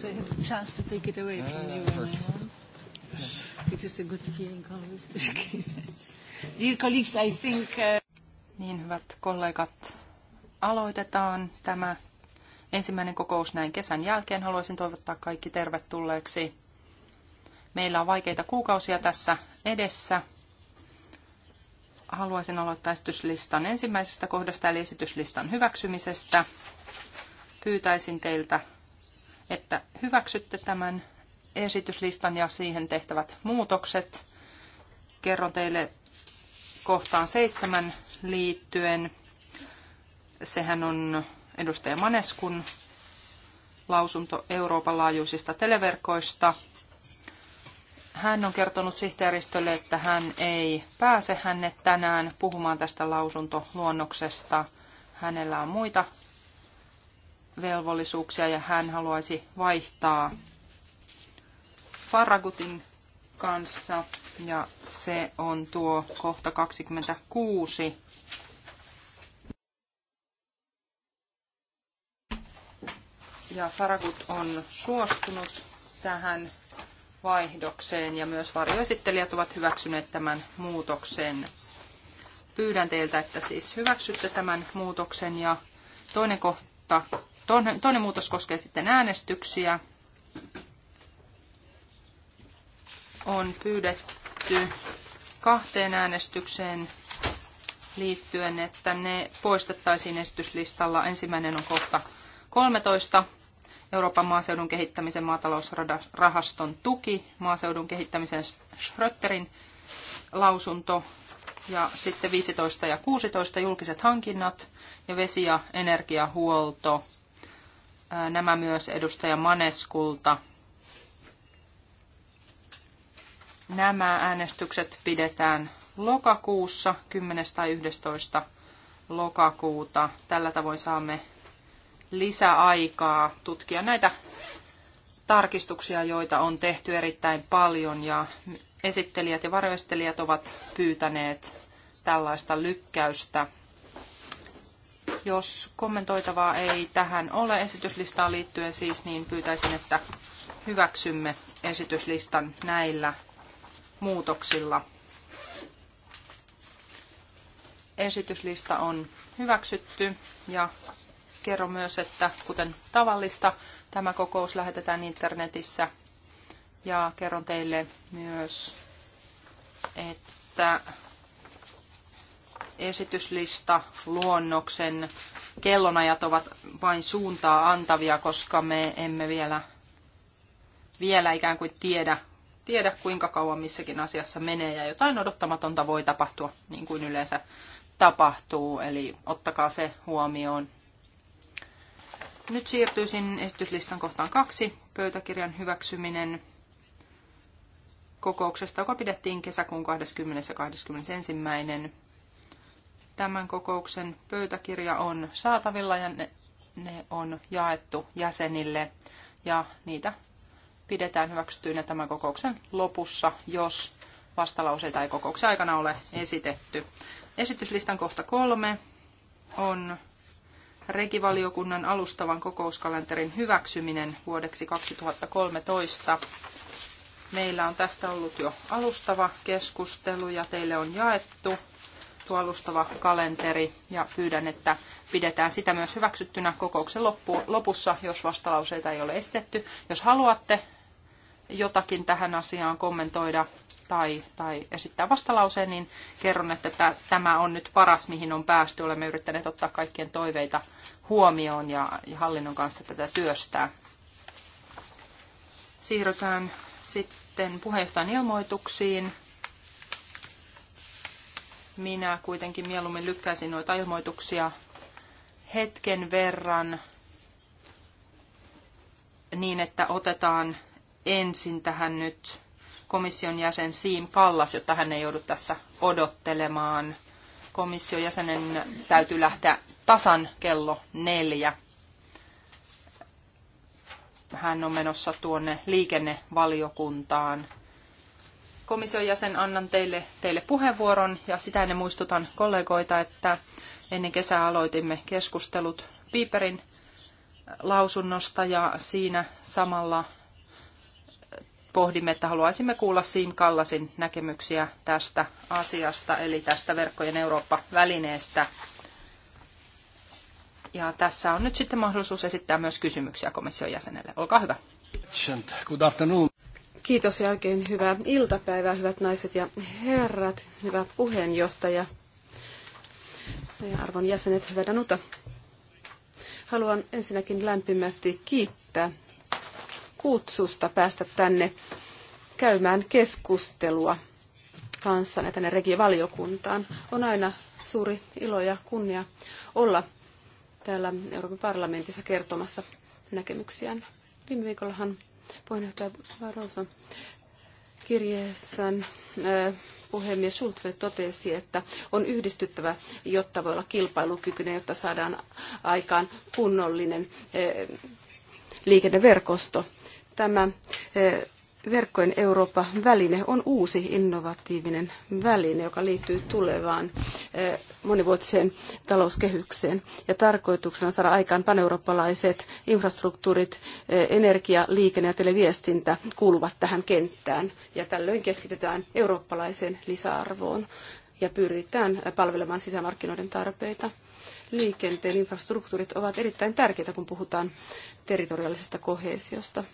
So have a chance to take it away from you ah, when I want. It is a good feeling always. Dear colleagues, I think... Uh, niin, hyvät kollegat, aloitetaan tämä ensimmäinen kokous näin kesän jälkeen. Haluaisin toivottaa kaikki tervetulleeksi. Meillä on vaikeita kuukausia tässä edessä. Haluaisin aloittaa esityslistan ensimmäisestä kohdasta eli esityslistan hyväksymisestä. Pyytäisin teiltä että hyväksytte tämän esityslistan ja siihen tehtävät muutokset. Kerron teille kohtaan seitsemän liittyen. Sehän on edustaja Maneskun lausunto Euroopan laajuisista televerkoista. Hän on kertonut sihteeristölle, että hän ei pääse hänne tänään puhumaan tästä lausuntoluonnoksesta. Hänellä on muita velvollisuuksia ja hän haluaisi vaihtaa Faragutin kanssa ja se on tuo kohta 26. Ja Faragut on suostunut tähän vaihdokseen ja myös varjoesittelijät ovat hyväksyneet tämän muutoksen. Pyydän teiltä, että siis hyväksytte tämän muutoksen ja toinen kohta Toinen, toinen muutos koskee sitten äänestyksiä. On pyydetty kahteen äänestykseen liittyen, että ne poistettaisiin esityslistalla. Ensimmäinen on kohta 13. Euroopan maaseudun kehittämisen maatalousrahaston tuki, maaseudun kehittämisen Schrötterin lausunto ja sitten 15 ja 16 julkiset hankinnat ja vesi- ja energiahuolto nämä myös edustaja Maneskulta. Nämä äänestykset pidetään lokakuussa 10. tai 11. lokakuuta. Tällä tavoin saamme lisäaikaa tutkia näitä tarkistuksia, joita on tehty erittäin paljon ja esittelijät ja varjoistelijat ovat pyytäneet tällaista lykkäystä jos kommentoitavaa ei tähän ole esityslistaan liittyen siis, niin pyytäisin, että hyväksymme esityslistan näillä muutoksilla. Esityslista on hyväksytty ja kerron myös, että kuten tavallista, tämä kokous lähetetään internetissä ja kerron teille myös, että esityslista luonnoksen kellonajat ovat vain suuntaa antavia, koska me emme vielä, vielä ikään kuin tiedä, tiedä, kuinka kauan missäkin asiassa menee ja jotain odottamatonta voi tapahtua, niin kuin yleensä tapahtuu, eli ottakaa se huomioon. Nyt siirtyisin esityslistan kohtaan kaksi, pöytäkirjan hyväksyminen kokouksesta, joka pidettiin kesäkuun 20. ja 21. Tämän kokouksen pöytäkirja on saatavilla ja ne, ne on jaettu jäsenille ja niitä pidetään hyväksyttyinä tämän kokouksen lopussa, jos vastalauseita ei kokouksen aikana ole esitetty. Esityslistan kohta kolme on regivaliokunnan alustavan kokouskalenterin hyväksyminen vuodeksi 2013. Meillä on tästä ollut jo alustava keskustelu ja teille on jaettu tuo alustava kalenteri ja pyydän, että pidetään sitä myös hyväksyttynä kokouksen loppu, lopussa, jos vastalauseita ei ole estetty. Jos haluatte jotakin tähän asiaan kommentoida tai, tai esittää vastalauseen, niin kerron, että tämä on nyt paras, mihin on päästy. Olemme yrittäneet ottaa kaikkien toiveita huomioon ja, ja hallinnon kanssa tätä työstää. Siirrytään sitten puheenjohtajan ilmoituksiin. Minä kuitenkin mieluummin lykkäisin noita ilmoituksia hetken verran niin, että otetaan ensin tähän nyt komission jäsen Siim Kallas, jotta hän ei joudu tässä odottelemaan. Komission jäsenen täytyy lähteä tasan kello neljä. Hän on menossa tuonne liikennevaliokuntaan komission jäsen, annan teille, teille puheenvuoron ja sitä ennen muistutan kollegoita, että ennen kesää aloitimme keskustelut Piiperin äh, lausunnosta ja siinä samalla äh, pohdimme, että haluaisimme kuulla Siim Kallasin näkemyksiä tästä asiasta, eli tästä verkkojen Eurooppa-välineestä. Ja tässä on nyt sitten mahdollisuus esittää myös kysymyksiä komission jäsenelle. Olkaa hyvä. Good afternoon. Kiitos ja oikein hyvää iltapäivää, hyvät naiset ja herrat, hyvä puheenjohtaja ja arvon jäsenet, hyvä Danuta. Haluan ensinnäkin lämpimästi kiittää kutsusta päästä tänne käymään keskustelua kanssanne tänne regivaliokuntaan. On aina suuri ilo ja kunnia olla täällä Euroopan parlamentissa kertomassa näkemyksiään. Viime viikollahan Puheenjohtaja Barroso kirjeessään puhemies Schultzille totesi, että on yhdistyttävä, jotta voi olla kilpailukykyinen, jotta saadaan aikaan kunnollinen liikenneverkosto. Tämä Verkkojen Eurooppa-väline on uusi innovatiivinen väline, joka liittyy tulevaan eh, monivuotiseen talouskehykseen. Ja tarkoituksena on saada aikaan paneurooppalaiset infrastruktuurit, eh, energia, liikenne ja televiestintä kuuluvat tähän kenttään. Ja tällöin keskitytään eurooppalaiseen lisäarvoon ja pyritään eh, palvelemaan sisämarkkinoiden tarpeita. Liikenteen infrastruktuurit ovat erittäin tärkeitä, kun puhutaan territoriaalisesta kohesiosta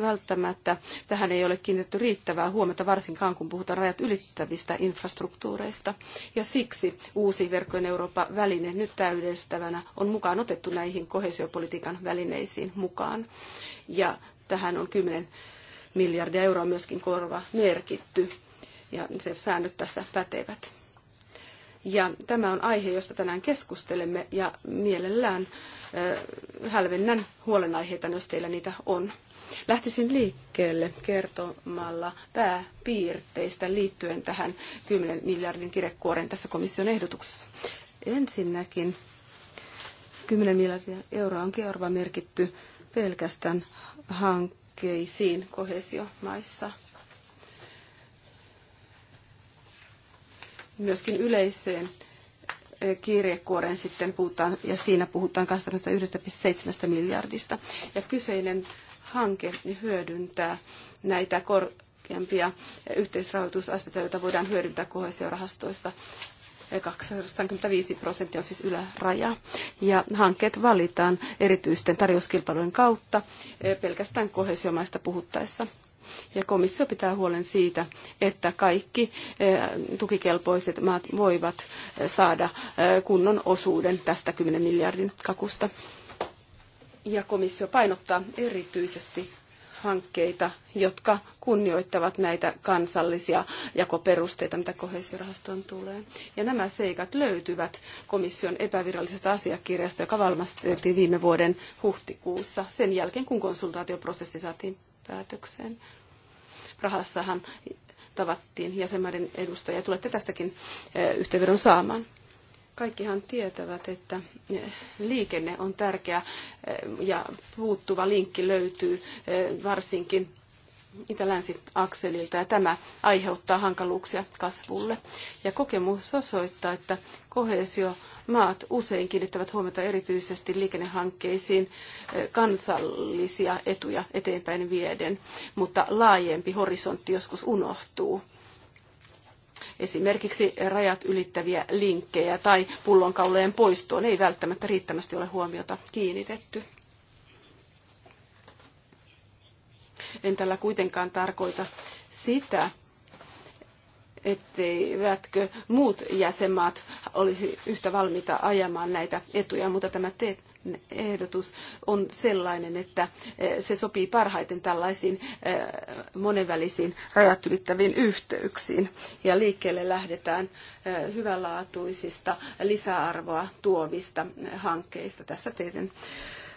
välttämättä tähän ei ole kiinnitetty riittävää huomiota, varsinkaan kun puhutaan rajat ylittävistä infrastruktuureista. Ja siksi uusi verkkojen Eurooppa-väline nyt täydentävänä on mukaan otettu näihin kohesiopolitiikan välineisiin mukaan. Ja tähän on 10 miljardia euroa myöskin korva merkitty. Ja se säännöt tässä pätevät. Ja tämä on aihe, josta tänään keskustelemme ja mielellään äh, hälvennän huolenaiheita, jos teillä niitä on. Lähtisin liikkeelle kertomalla pääpiirteistä liittyen tähän 10 miljardin kirjekuoreen tässä komission ehdotuksessa. Ensinnäkin 10 miljardia euroa on Georva merkitty pelkästään hankkeisiin kohesiomaissa. Myöskin yleiseen eh, kirjekuoreen sitten puhutaan, ja siinä puhutaan 1,7 miljardista. Ja kyseinen hanke hyödyntää näitä korkeampia yhteisrahoitusasteita, joita voidaan hyödyntää kohesiorahastoissa. 25 prosenttia on siis yläraja. Ja hankkeet valitaan erityisten tarjouskilpailujen kautta eh, pelkästään kohesiomaista puhuttaessa. Ja komissio pitää huolen siitä, että kaikki eh, tukikelpoiset maat voivat eh, saada kunnon osuuden tästä 10 miljardin kakusta. Ja komissio painottaa erityisesti hankkeita, jotka kunnioittavat näitä kansallisia jakoperusteita, mitä kohesiorahastoon tulee. Ja nämä seikat löytyvät komission epävirallisesta asiakirjasta, joka valmisteltiin viime vuoden huhtikuussa, sen jälkeen kun konsultaatioprosessi saatiin päätökseen. Rahassahan tavattiin jäsenmaiden edustajia. Tulette tästäkin eh, yhteenvedon saamaan. Kaikkihan tietävät, että eh, liikenne on tärkeä eh, ja puuttuva linkki löytyy eh, varsinkin itä-länsi-akselilta ja tämä aiheuttaa hankaluuksia kasvulle. Ja kokemus osoittaa, että kohesio maat usein kiinnittävät huomiota erityisesti liikennehankkeisiin kansallisia etuja eteenpäin vieden, mutta laajempi horisontti joskus unohtuu esimerkiksi rajat ylittäviä linkkejä tai pullonkaulojen poistoon ei välttämättä riittävästi ole huomiota kiinnitetty. En tällä kuitenkaan tarkoita sitä, etteivätkö muut jäsenmaat olisi yhtä valmiita ajamaan näitä etuja, mutta tämä teet? ehdotus on sellainen, että eh, se sopii parhaiten tällaisiin eh, monenvälisiin rajat ylittäviin yhteyksiin. Ja liikkeelle lähdetään eh, hyvänlaatuisista lisäarvoa tuovista hankkeista tässä teidän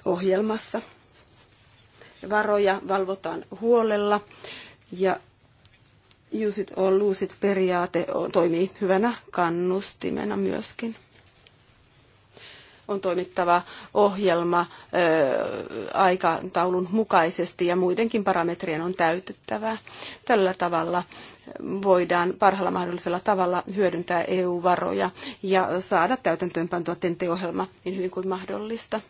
ohjelmassa. Varoja valvotaan huolella ja use it or lose it periaate toimii hyvänä kannustimena myöskin on toimittava ohjelma aikataulun mukaisesti ja muidenkin parametrien on täytettävä. Tällä tavalla voidaan parhaalla mahdollisella tavalla hyödyntää EU-varoja ja saada täytäntöönpantua TENTE-ohjelma niin hyvin kuin mahdollista.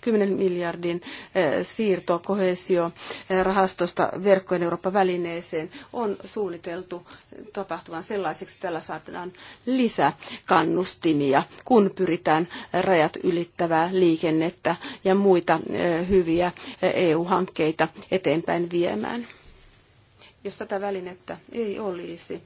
10 miljardin eh, siirto kohesio eh, rahastosta verkkojen Eurooppa-välineeseen on suunniteltu tapahtuvan sellaiseksi, että tällä saadaan lisäkannustimia, kun pyritään rajat ylittävää liikennettä ja muita eh, hyviä EU-hankkeita e eteenpäin viemään. Jos tätä välinettä ei olisi,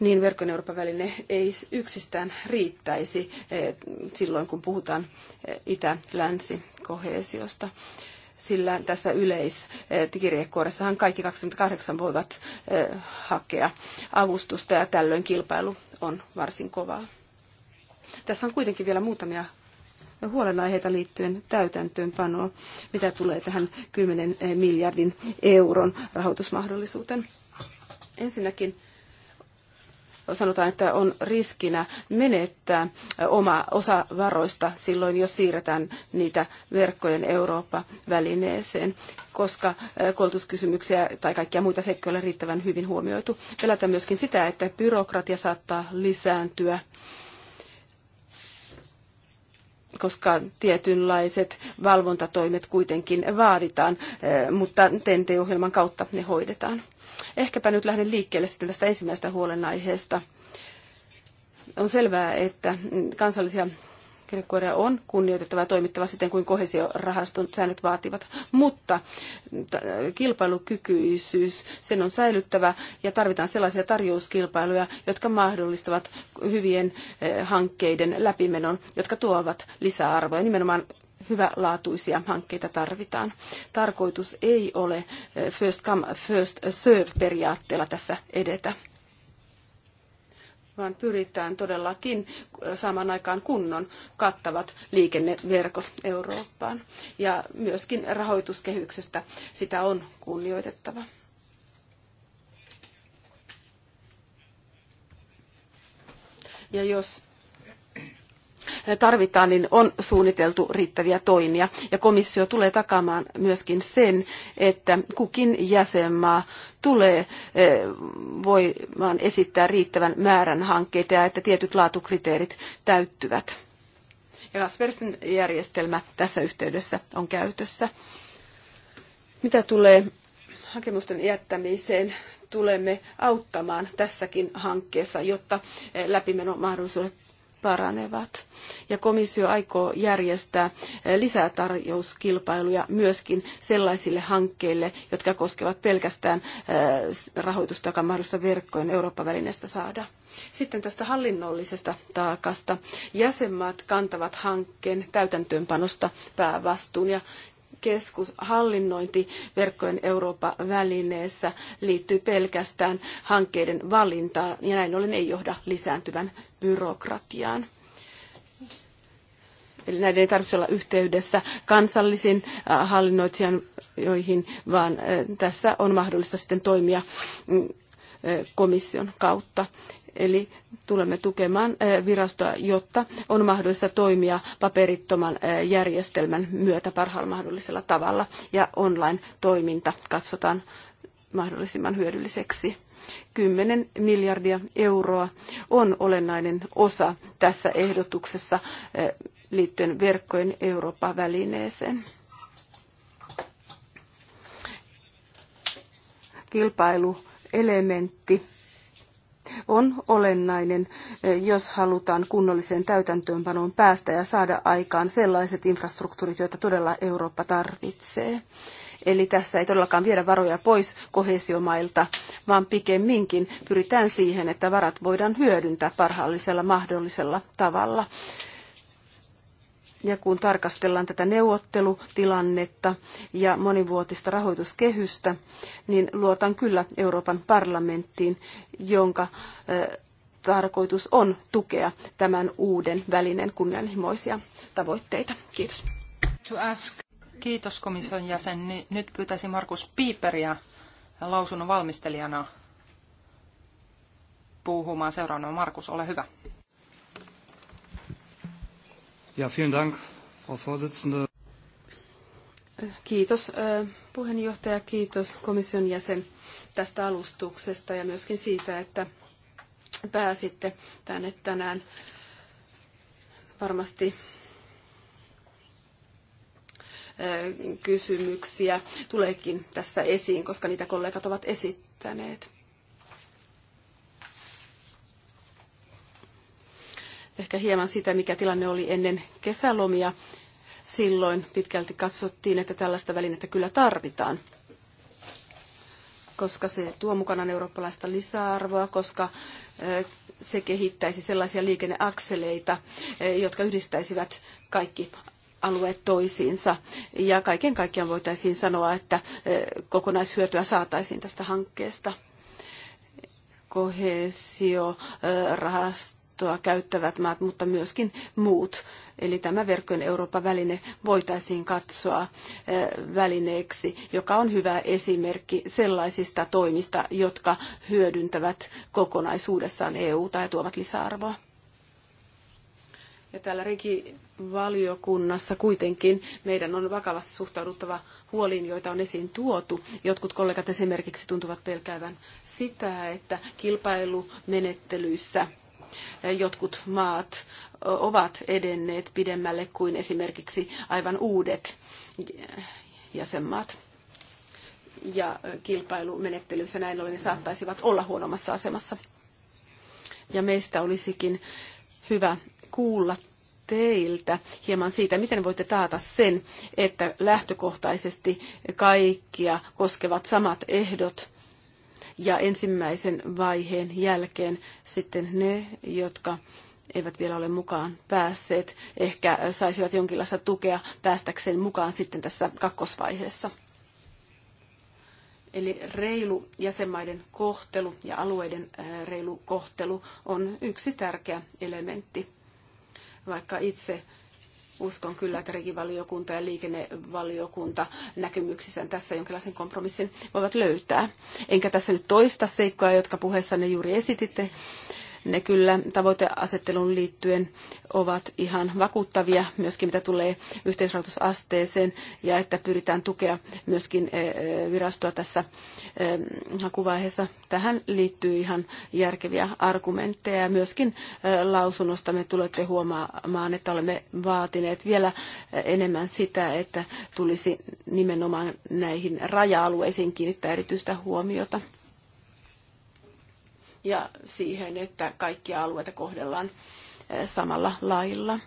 niin verkon Euroopan väline ei yksistään riittäisi eh, silloin, kun puhutaan eh, itä-länsi-kohesiosta sillä tässä yleiskirjekuoressahan eh, kaikki 28 voivat hakea avustusta ja tällöin kilpailu on varsin kovaa. Tässä on kuitenkin vielä muutamia huolenaiheita liittyen täytäntöönpanoon, mitä tulee tähän 10 miljardin euron rahoitusmahdollisuuteen. Ensinnäkin sanotaan, että on riskinä menettää oma osa varoista silloin, jos siirretään niitä verkkojen Eurooppa-välineeseen, koska koulutuskysymyksiä tai kaikkia muita seikkoja ole riittävän hyvin huomioitu. Pelätään myöskin sitä, että byrokratia saattaa lisääntyä koska tietynlaiset valvontatoimet kuitenkin vaaditaan, eh, mutta TNT-ohjelman kautta ne hoidetaan. Ehkäpä nyt lähden liikkeelle sitten tästä ensimmäisestä huolenaiheesta. On selvää, että mm, kansallisia Kirkkoja on kunnioitettava ja toimittava siten kuin kohesiorahaston säännöt vaativat. Mutta kilpailukykyisyys, sen on säilyttävä ja tarvitaan sellaisia tarjouskilpailuja, jotka mahdollistavat hyvien eh, hankkeiden läpimenon, jotka tuovat lisäarvoa. Nimenomaan hyvälaatuisia hankkeita tarvitaan. Tarkoitus ei ole eh, first come, first serve periaatteella tässä edetä vaan pyritään todellakin saamaan aikaan kunnon kattavat liikenneverkot Eurooppaan. Ja myöskin rahoituskehyksestä sitä on kunnioitettava. Ja jos tarvitaan, niin on suunniteltu riittäviä toimia. Ja komissio tulee takaamaan myöskin sen, että kukin jäsenmaa tulee eh, voimaan esittää riittävän määrän hankkeita ja että tietyt laatukriteerit täyttyvät. Ja Kaspersin järjestelmä tässä yhteydessä on käytössä. Mitä tulee hakemusten jättämiseen, tulemme auttamaan tässäkin hankkeessa, jotta eh, läpimenomahdollisuudet paranevat. Ja komissio aikoo järjestää eh, lisätarjouskilpailuja myöskin sellaisille hankkeille, jotka koskevat pelkästään eh, rahoitusta, joka on mahdollista verkkojen Eurooppa-välineestä saada. Sitten tästä hallinnollisesta taakasta. Jäsenmaat kantavat hankkeen täytäntöönpanosta päävastuun ja keskushallinnointi verkkojen Eurooppa-välineessä liittyy pelkästään hankkeiden valintaan ja näin ollen ei johda lisääntyvän byrokratiaan. Eli näiden ei tarvitse olla yhteydessä kansallisiin äh, hallinnoitsijoihin, vaan äh, tässä on mahdollista sitten toimia mm, äh, komission kautta. Eli tulemme tukemaan virastoa, jotta on mahdollista toimia paperittoman järjestelmän myötä parhaalla mahdollisella tavalla ja online-toiminta katsotaan mahdollisimman hyödylliseksi. 10 miljardia euroa on olennainen osa tässä ehdotuksessa eh, liittyen verkkojen Eurooppa-välineeseen. Kilpailuelementti on olennainen, eh, jos halutaan kunnolliseen täytäntöönpanoon päästä ja saada aikaan sellaiset infrastruktuurit, joita todella Eurooppa tarvitsee. Eli tässä ei todellakaan viedä varoja pois kohesiomailta, vaan pikemminkin pyritään siihen, että varat voidaan hyödyntää parhaallisella mahdollisella tavalla. Ja kun tarkastellaan tätä neuvottelutilannetta ja monivuotista rahoituskehystä, niin luotan kyllä Euroopan parlamenttiin, jonka tarkoitus on tukea tämän uuden välinen kunnianhimoisia tavoitteita. Kiitos. Kiitos komission jäsen. Nyt pyytäisin Markus Piiperiä lausunnon valmistelijana puhumaan seuraavana. Markus, ole hyvä. Ja, vielen Dank, Frau Vorsitzende. Kiitos puheenjohtaja, kiitos komission jäsen tästä alustuksesta ja myöskin siitä, että pääsitte tänne tänään. Varmasti kysymyksiä tuleekin tässä esiin, koska niitä kollegat ovat esittäneet. Ehkä hieman sitä, mikä tilanne oli ennen kesälomia. Silloin pitkälti katsottiin, että tällaista välinettä kyllä tarvitaan koska se tuo mukanaan eurooppalaista lisäarvoa, koska se kehittäisi sellaisia liikenneakseleita, jotka yhdistäisivät kaikki alue toisiinsa. Ja kaiken kaikkiaan voitaisiin sanoa, että kokonaishyötyä saataisiin tästä hankkeesta. Kohesiorahasto käyttävät maat, mutta myöskin muut. Eli tämä verkkojen Euroopan väline voitaisiin katsoa välineeksi, joka on hyvä esimerkki sellaisista toimista, jotka hyödyntävät kokonaisuudessaan EU tai tuovat lisäarvoa. Ja täällä Regi valiokunnassa kuitenkin meidän on vakavasti suhtauduttava huoliin, joita on esiin tuotu. Jotkut kollegat esimerkiksi tuntuvat pelkäävän sitä, että kilpailumenettelyissä jotkut maat ovat edenneet pidemmälle kuin esimerkiksi aivan uudet jäsenmaat. Ja kilpailumenettelyissä näin ollen saattaisivat olla huonommassa asemassa. Ja meistä olisikin hyvä kuulla teiltä hieman siitä, miten voitte taata sen, että lähtökohtaisesti kaikkia koskevat samat ehdot ja ensimmäisen vaiheen jälkeen sitten ne, jotka eivät vielä ole mukaan päässeet, ehkä saisivat jonkinlaista tukea päästäkseen mukaan sitten tässä kakkosvaiheessa. Eli reilu jäsenmaiden kohtelu ja alueiden reilu kohtelu on yksi tärkeä elementti vaikka itse uskon kyllä, että regivaliokunta ja liikennevaliokunta näkymyksissään tässä jonkinlaisen kompromissin voivat löytää. Enkä tässä nyt toista seikkoja, jotka puheessanne juuri esititte, ne kyllä tavoiteasettelun liittyen ovat ihan vakuuttavia myöskin mitä tulee yhteisrahoitusasteeseen ja että pyritään tukea myöskin eh, eh, virastoa tässä eh, hakuvaiheessa. Tähän liittyy ihan järkeviä argumentteja ja myöskin lausunnosta me tulette huomaamaan, että olemme vaatineet vielä enemmän sitä, että tulisi nimenomaan näihin raja-alueisiin kiinnittää erityistä huomiota ja siihen, että kaikkia alueita kohdellaan eh, samalla lailla.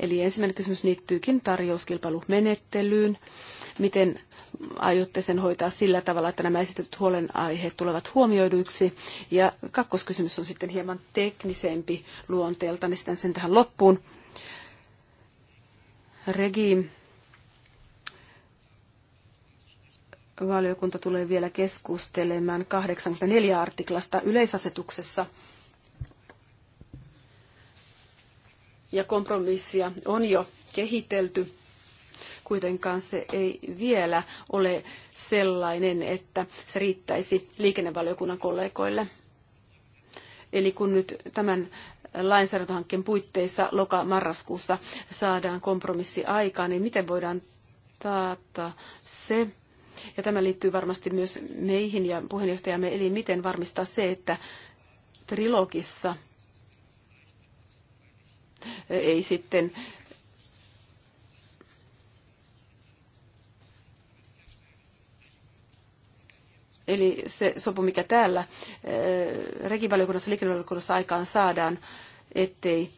Eli ensimmäinen kysymys liittyykin tarjouskilpailumenettelyyn. Miten aiotte sen hoitaa sillä tavalla, että nämä esitetyt huolenaiheet tulevat huomioiduiksi? Ja kakkoskysymys on sitten hieman teknisempi luonteelta, niin sitten sen tähän loppuun. Regime valiokunta tulee vielä keskustelemaan 84 artiklasta yleisasetuksessa. Ja kompromissia on jo kehitelty. Kuitenkaan se ei vielä ole sellainen, että se riittäisi liikennevaliokunnan kollegoille. Eli kun nyt tämän lainsäädäntöhankkeen puitteissa loka-marraskuussa saadaan kompromissi aikaan, niin miten voidaan taata se, ja tämä liittyy varmasti myös meihin ja puheenjohtajamme, eli miten varmistaa se, että trilogissa ei sitten Eli se sopu, mikä täällä äh, regivaliokunnassa ja liikennevaliokunnassa aikaan saadaan, ettei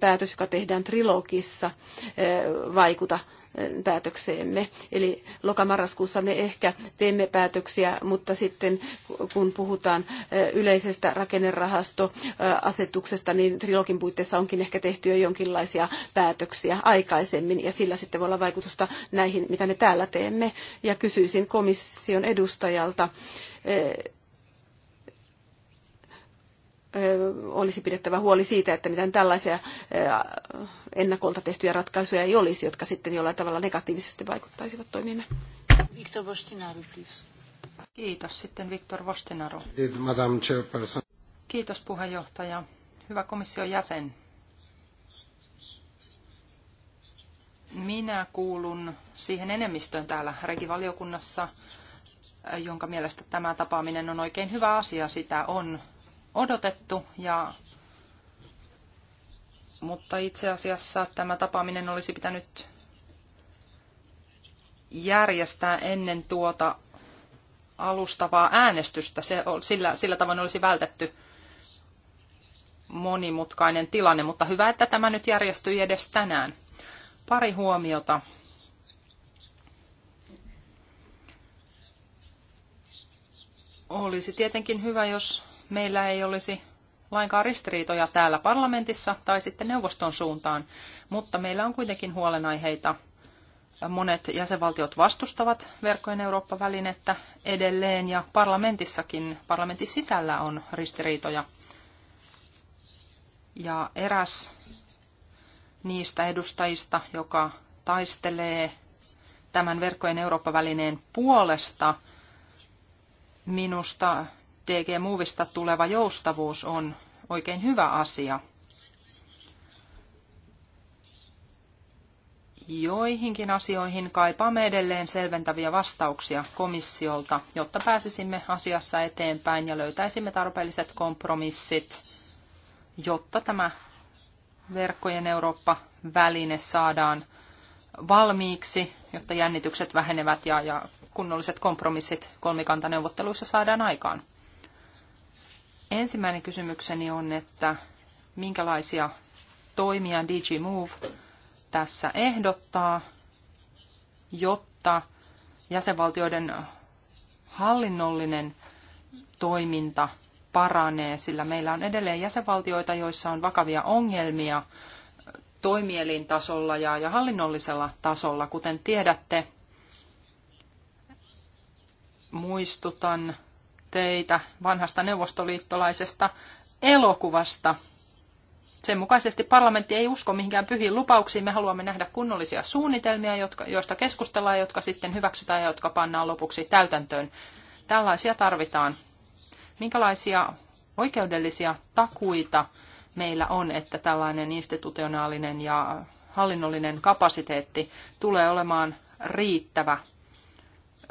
päätös, joka tehdään trilogissa, äh, vaikuta päätökseemme. Eli lokamarraskuussa me ehkä teemme päätöksiä, mutta sitten kun puhutaan yleisestä rakennerahastoasetuksesta, niin trilogin puitteissa onkin ehkä tehty jo jonkinlaisia päätöksiä aikaisemmin, ja sillä sitten voi olla vaikutusta näihin, mitä me täällä teemme. Ja kysyisin komission edustajalta, olisi pidettävä huoli siitä, että mitään tällaisia ennakolta tehtyjä ratkaisuja ei olisi, jotka sitten jollain tavalla negatiivisesti vaikuttaisivat toimimme. Viktor Vostinaru, please. Kiitos. Sitten Viktor Vostinaru. Chairperson. Kiitos puheenjohtaja. Hyvä komission jäsen. Minä kuulun siihen enemmistöön täällä regivaliokunnassa, jonka mielestä tämä tapaaminen on oikein hyvä asia. Sitä on odotettu, ja, mutta itse asiassa tämä tapaaminen olisi pitänyt järjestää ennen tuota alustavaa äänestystä. Se, sillä, sillä tavoin olisi vältetty monimutkainen tilanne, mutta hyvä, että tämä nyt järjestyi edes tänään. Pari huomiota. Olisi tietenkin hyvä, jos meillä ei olisi lainkaan ristiriitoja täällä parlamentissa tai sitten neuvoston suuntaan, mutta meillä on kuitenkin huolenaiheita. Monet jäsenvaltiot vastustavat verkkojen Eurooppa-välinettä edelleen ja parlamentissakin, parlamentin sisällä on ristiriitoja. Ja eräs niistä edustajista, joka taistelee tämän verkkojen Eurooppa-välineen puolesta, minusta DG Movista tuleva joustavuus on oikein hyvä asia. Joihinkin asioihin kaipaamme edelleen selventäviä vastauksia komissiolta, jotta pääsisimme asiassa eteenpäin ja löytäisimme tarpeelliset kompromissit, jotta tämä verkkojen Eurooppa-väline saadaan valmiiksi, jotta jännitykset vähenevät ja, ja kunnolliset kompromissit kolmikantaneuvotteluissa saadaan aikaan. Ensimmäinen kysymykseni on, että minkälaisia toimia DigiMove Move tässä ehdottaa, jotta jäsenvaltioiden hallinnollinen toiminta paranee, sillä meillä on edelleen jäsenvaltioita, joissa on vakavia ongelmia toimielintasolla ja, ja hallinnollisella tasolla. Kuten tiedätte, muistutan teitä vanhasta neuvostoliittolaisesta elokuvasta. Sen mukaisesti parlamentti ei usko mihinkään pyhiin lupauksiin. Me haluamme nähdä kunnollisia suunnitelmia, jotka, joista keskustellaan, jotka sitten hyväksytään ja jotka pannaan lopuksi täytäntöön. Tällaisia tarvitaan. Minkälaisia oikeudellisia takuita meillä on, että tällainen institutionaalinen ja hallinnollinen kapasiteetti tulee olemaan riittävä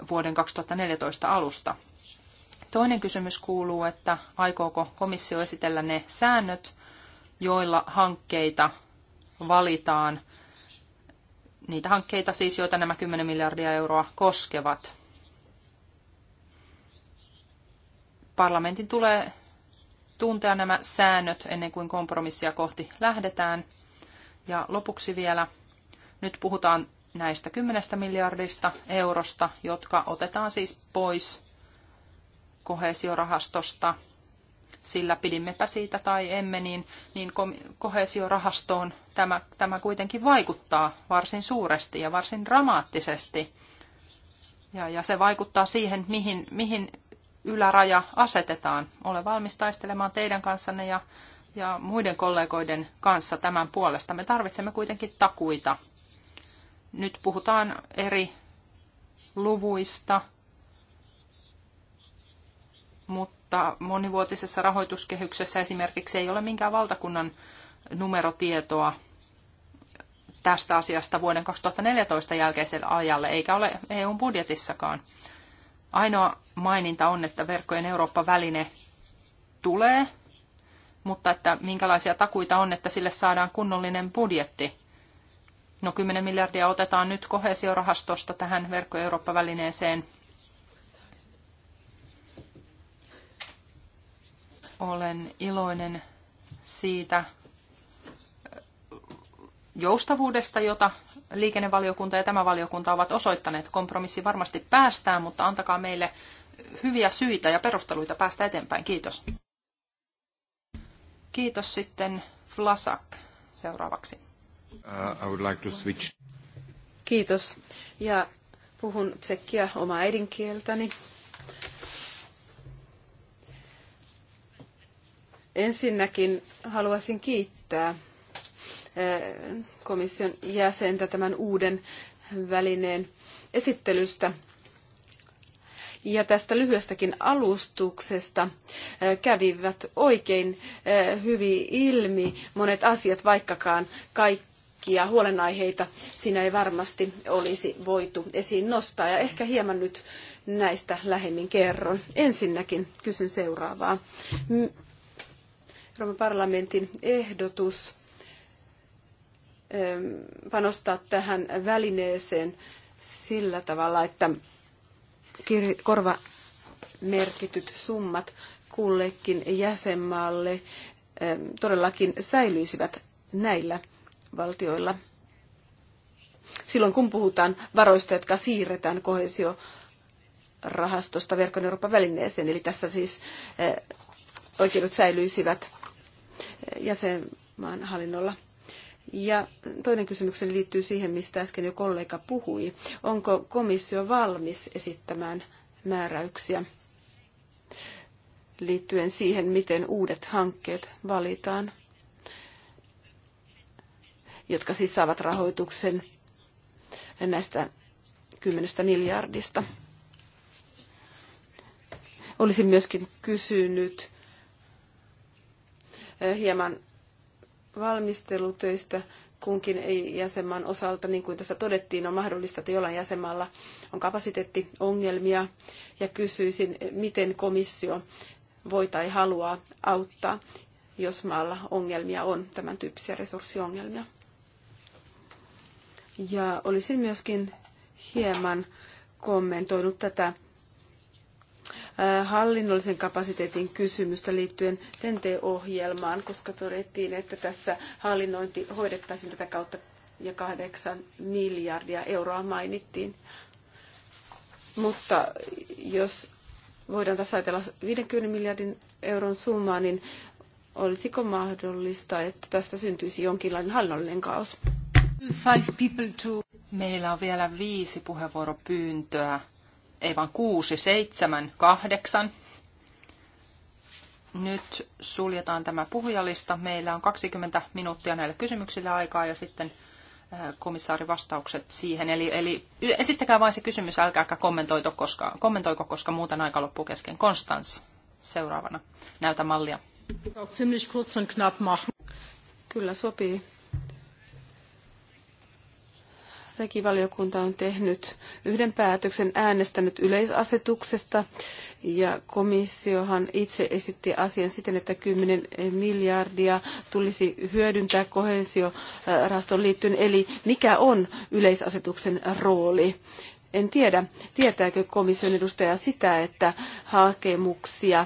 vuoden 2014 alusta. Toinen kysymys kuuluu, että aikooko komissio esitellä ne säännöt, joilla hankkeita valitaan, niitä hankkeita siis, joita nämä 10 miljardia euroa koskevat. Parlamentin tulee tuntea nämä säännöt ennen kuin kompromissia kohti lähdetään. Ja lopuksi vielä, nyt puhutaan näistä 10 miljardista eurosta, jotka otetaan siis pois kohesiorahastosta, sillä pidimmepä siitä tai emme, niin, niin kohesiorahastoon tämä, tämä kuitenkin vaikuttaa varsin suuresti ja varsin dramaattisesti. Ja, ja se vaikuttaa siihen, mihin, mihin yläraja asetetaan. Olen valmis taistelemaan teidän kanssanne ja, ja muiden kollegoiden kanssa tämän puolesta. Me tarvitsemme kuitenkin takuita. Nyt puhutaan eri luvuista, mutta monivuotisessa rahoituskehyksessä esimerkiksi ei ole minkään valtakunnan numerotietoa tästä asiasta vuoden 2014 jälkeiselle ajalle, eikä ole EUn budjetissakaan. Ainoa maininta on, että verkkojen Eurooppa-väline tulee, mutta että minkälaisia takuita on, että sille saadaan kunnollinen budjetti. No 10 miljardia otetaan nyt kohesiorahastosta tähän verkko Eurooppa-välineeseen – Olen iloinen siitä joustavuudesta, jota liikennevaliokunta ja tämä valiokunta ovat osoittaneet. Kompromissi varmasti päästään, mutta antakaa meille hyviä syitä ja perusteluita päästä eteenpäin. Kiitos. Kiitos sitten Flasak seuraavaksi. Uh, I would like to switch. Kiitos. Ja puhun tsekkiä omaa äidinkieltäni. Ensinnäkin haluaisin kiittää komission jäsentä tämän uuden välineen esittelystä ja tästä lyhyestäkin alustuksesta kävivät oikein hyvin ilmi monet asiat, vaikkakaan kaikkia huolenaiheita siinä ei varmasti olisi voitu esiin nostaa. Ja ehkä hieman nyt näistä lähemmin kerron. Ensinnäkin kysyn seuraavaa. Euroopan parlamentin ehdotus ähm, panostaa tähän välineeseen sillä tavalla, että korva merkityt summat kullekin jäsenmaalle ähm, todellakin säilyisivät näillä valtioilla. Silloin kun puhutaan varoista, jotka siirretään rahastosta verkon Euroopan välineeseen, eli tässä siis äh, oikeudet säilyisivät jäsenmaan hallinnolla. Ja toinen kysymykseni liittyy siihen, mistä äsken jo kollega puhui. Onko komissio valmis esittämään määräyksiä liittyen siihen, miten uudet hankkeet valitaan, jotka siis saavat rahoituksen näistä kymmenestä miljardista. Olisin myöskin kysynyt hieman valmistelutöistä kunkin ei jäsenmaan osalta, niin kuin tässä todettiin, on mahdollista, että jollain jäsenmaalla on kapasiteettiongelmia, ja kysyisin, miten komissio voi tai haluaa auttaa, jos maalla ongelmia on, tämän tyyppisiä resurssiongelmia. Ja olisin myöskin hieman kommentoinut tätä hallinnollisen kapasiteetin kysymystä liittyen TENTE-ohjelmaan, koska todettiin, että tässä hallinnointi hoidettaisiin tätä kautta ja kahdeksan miljardia euroa mainittiin. Mutta jos voidaan tässä ajatella 50 miljardin euron summaa, niin olisiko mahdollista, että tästä syntyisi jonkinlainen hallinnollinen kaos? Meillä on vielä viisi puheenvuoropyyntöä ei vaan kuusi, seitsemän, kahdeksan. Nyt suljetaan tämä puhujalista. Meillä on 20 minuuttia näille kysymyksille aikaa ja sitten komissaari vastaukset siihen. Eli, eli esittäkää vain se kysymys, älkääkä kommentoiko, koska, kommentoiko, koska muuten aika loppuu kesken. Konstans, seuraavana. Näytä mallia. Kyllä sopii perustuslakivaliokunta on tehnyt yhden päätöksen äänestänyt yleisasetuksesta ja komissiohan itse esitti asian siten, että 10 miljardia tulisi hyödyntää kohesiorahaston liittyen. Eli mikä on yleisasetuksen rooli? En tiedä, tietääkö komission edustaja sitä, että hakemuksia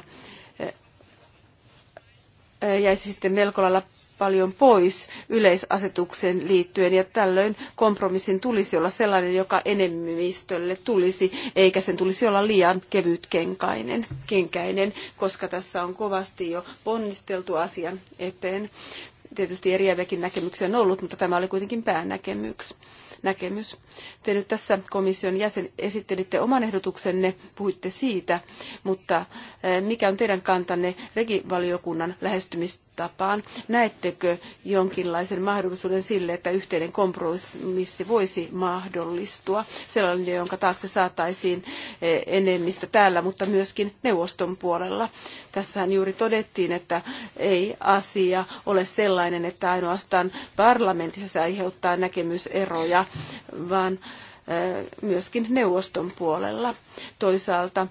eh, jäisi sitten melko lailla paljon pois yleisasetukseen liittyen ja tällöin kompromissin tulisi olla sellainen, joka enemmistölle tulisi, eikä sen tulisi olla liian kevytkenkainen, kenkäinen, koska tässä on kovasti jo ponnisteltu asian eteen. Tietysti eriäviäkin näkemyksiä on ollut, mutta tämä oli kuitenkin päänäkemyks näkemys. Te nyt tässä komission jäsen esittelitte oman ehdotuksenne, puhuitte siitä, mutta eh, mikä on teidän kantanne regivaliokunnan lähestymistä tapaan. Näettekö jonkinlaisen mahdollisuuden sille, että yhteinen kompromissi voisi mahdollistua, sellainen, jonka taakse saataisiin e, enemmistö täällä, mutta myöskin neuvoston puolella? Tässähän juuri todettiin, että ei asia ole sellainen, että ainoastaan parlamentissa se aiheuttaa näkemyseroja, vaan myöskin neuvoston puolella. Toisaalta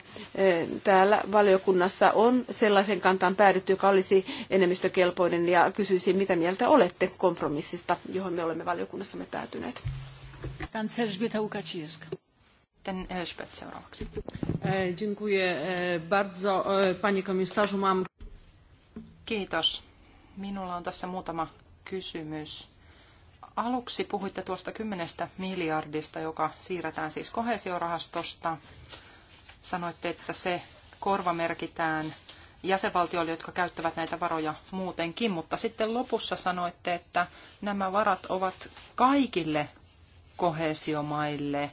täällä valiokunnassa on sellaisen kantaan päädytty, joka olisi enemmistökelpoinen ja kysyisin, mitä mieltä olette kompromissista, johon me olemme valiokunnassamme päätyneet. Kanserzbieta Łukacijewska. Ten e, Elżbet seuraavaksi. E, dziękuję e, bardzo, panie komisarzu. Mam... Kiitos. Minulla on tässä muutama kysymys. Aluksi puhuitte tuosta 10 miljardista, joka siirretään siis kohesiorahastosta. Sanoitte, että se korvamerkitään jäsenvaltioille, jotka käyttävät näitä varoja muutenkin, mutta sitten lopussa sanoitte, että nämä varat ovat kaikille kohesiomaille.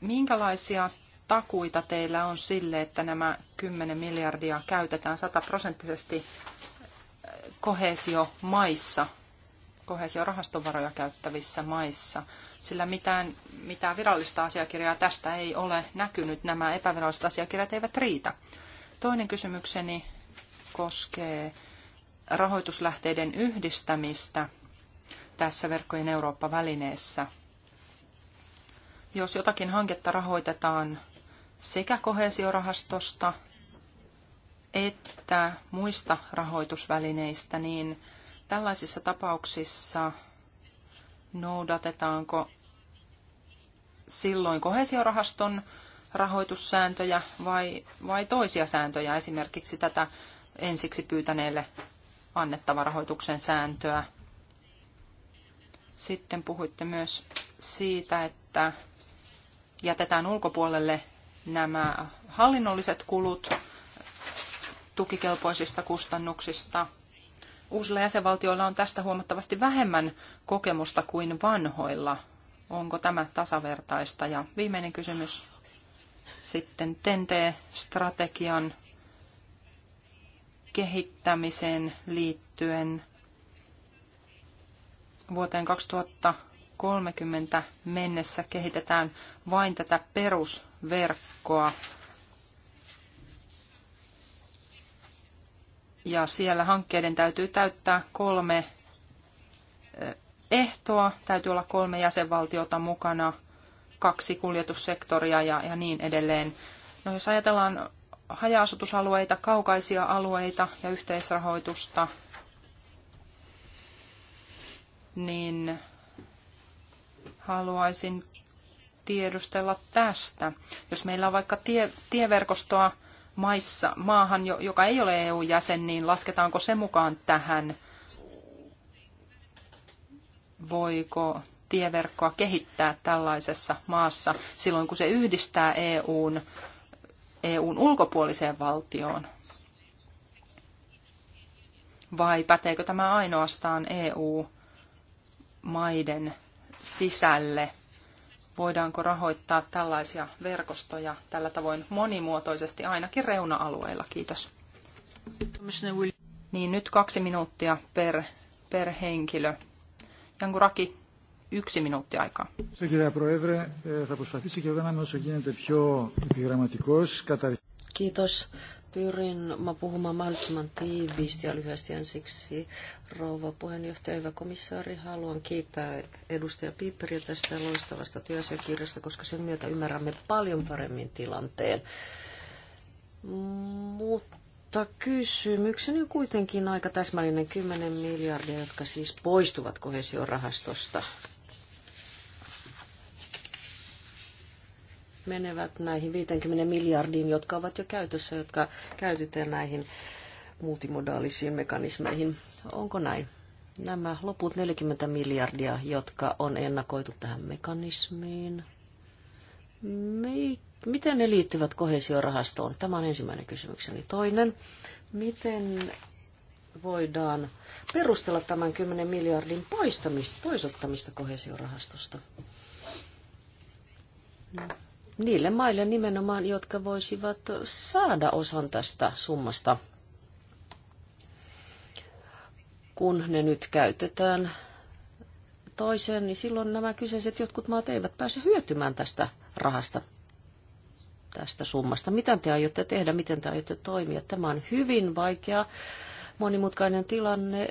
Minkälaisia takuita teillä on sille, että nämä 10 miljardia käytetään sataprosenttisesti kohesiomaissa kohesiorahastovaroja käyttävissä maissa, sillä mitään, mitään virallista asiakirjaa tästä ei ole näkynyt. Nämä epäviralliset asiakirjat eivät riitä. Toinen kysymykseni koskee rahoituslähteiden yhdistämistä tässä verkkojen Eurooppa-välineessä. Jos jotakin hanketta rahoitetaan sekä kohesiorahastosta että muista rahoitusvälineistä, niin Tällaisissa tapauksissa noudatetaanko silloin kohesiorahaston rahoitussääntöjä vai, vai toisia sääntöjä, esimerkiksi tätä ensiksi pyytäneelle annettava rahoituksen sääntöä. Sitten puhuitte myös siitä, että jätetään ulkopuolelle nämä hallinnolliset kulut tukikelpoisista kustannuksista – uusilla jäsenvaltioilla on tästä huomattavasti vähemmän kokemusta kuin vanhoilla. Onko tämä tasavertaista? Ja viimeinen kysymys sitten TENTE-strategian kehittämiseen liittyen vuoteen 2030 mennessä kehitetään vain tätä perusverkkoa ja siellä hankkeiden täytyy täyttää kolme ehtoa, täytyy olla kolme jäsenvaltiota mukana, kaksi kuljetussektoria ja, ja niin edelleen. No jos ajatellaan haja-asutusalueita, kaukaisia alueita ja yhteisrahoitusta, niin haluaisin tiedustella tästä. Jos meillä on vaikka tie, tieverkostoa maissa, maahan, joka ei ole EU-jäsen, niin lasketaanko se mukaan tähän? Voiko tieverkkoa kehittää tällaisessa maassa silloin, kun se yhdistää EUn, EUn ulkopuoliseen valtioon? Vai päteekö tämä ainoastaan EU-maiden sisälle? voidaanko rahoittaa tällaisia verkostoja tällä tavoin monimuotoisesti ainakin reuna-alueilla. Kiitos. Niin nyt kaksi minuuttia per, per henkilö. raki yksi minuutti aikaa. Eh, no eh, Kiitos. Pyrin puhumaan mahdollisimman tiiviisti ja lyhyesti ensiksi. Rouva puheenjohtaja, hyvä komissaari, haluan kiittää edustaja Piipperiä tästä loistavasta työasiakirjasta, koska sen myötä ymmärrämme paljon paremmin tilanteen. Mutta kysymykseni on kuitenkin aika täsmällinen 10 miljardia, jotka siis poistuvat kohesiorahastosta menevät näihin 50 miljardiin, jotka ovat jo käytössä, jotka käytetään näihin multimodaalisiin mekanismeihin. Onko näin? Nämä loput 40 miljardia, jotka on ennakoitu tähän mekanismiin, miten ne liittyvät kohesiorahastoon? Tämä on ensimmäinen kysymykseni. Toinen, miten voidaan perustella tämän 10 miljardin poistamista, poisottamista kohesiorahastosta? niille maille nimenomaan, jotka voisivat saada osan tästä summasta, kun ne nyt käytetään toiseen, niin silloin nämä kyseiset jotkut maat eivät pääse hyötymään tästä rahasta, tästä summasta. Mitä te aiotte tehdä, miten te aiotte toimia? Tämä on hyvin vaikea, monimutkainen tilanne,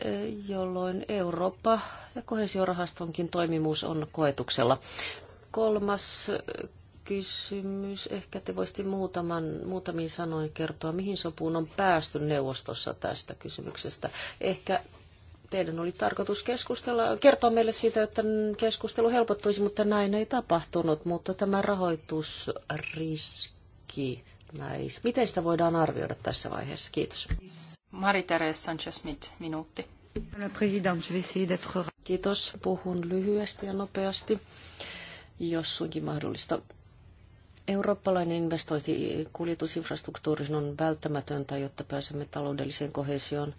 jolloin Eurooppa ja kohesiorahastonkin toimimus on koetuksella. Kolmas kysymys. Ehkä te voisitte muutaman, muutamiin sanoin kertoa, mihin sopuun on päästy neuvostossa tästä kysymyksestä. Ehkä teidän oli tarkoitus keskustella, kertoa meille siitä, että keskustelu helpottuisi, mutta näin ei tapahtunut. Mutta tämä rahoitusriski, näis. miten sitä voidaan arvioida tässä vaiheessa? Kiitos. marie therese Sanchez-Smith, minuutti. Kiitos. Puhun lyhyesti ja nopeasti, jos suinkin mahdollista. Eurooppalainen investointi kuljetusinfrastruktuuriin on välttämätöntä, jotta pääsemme taloudelliseen kohesioon.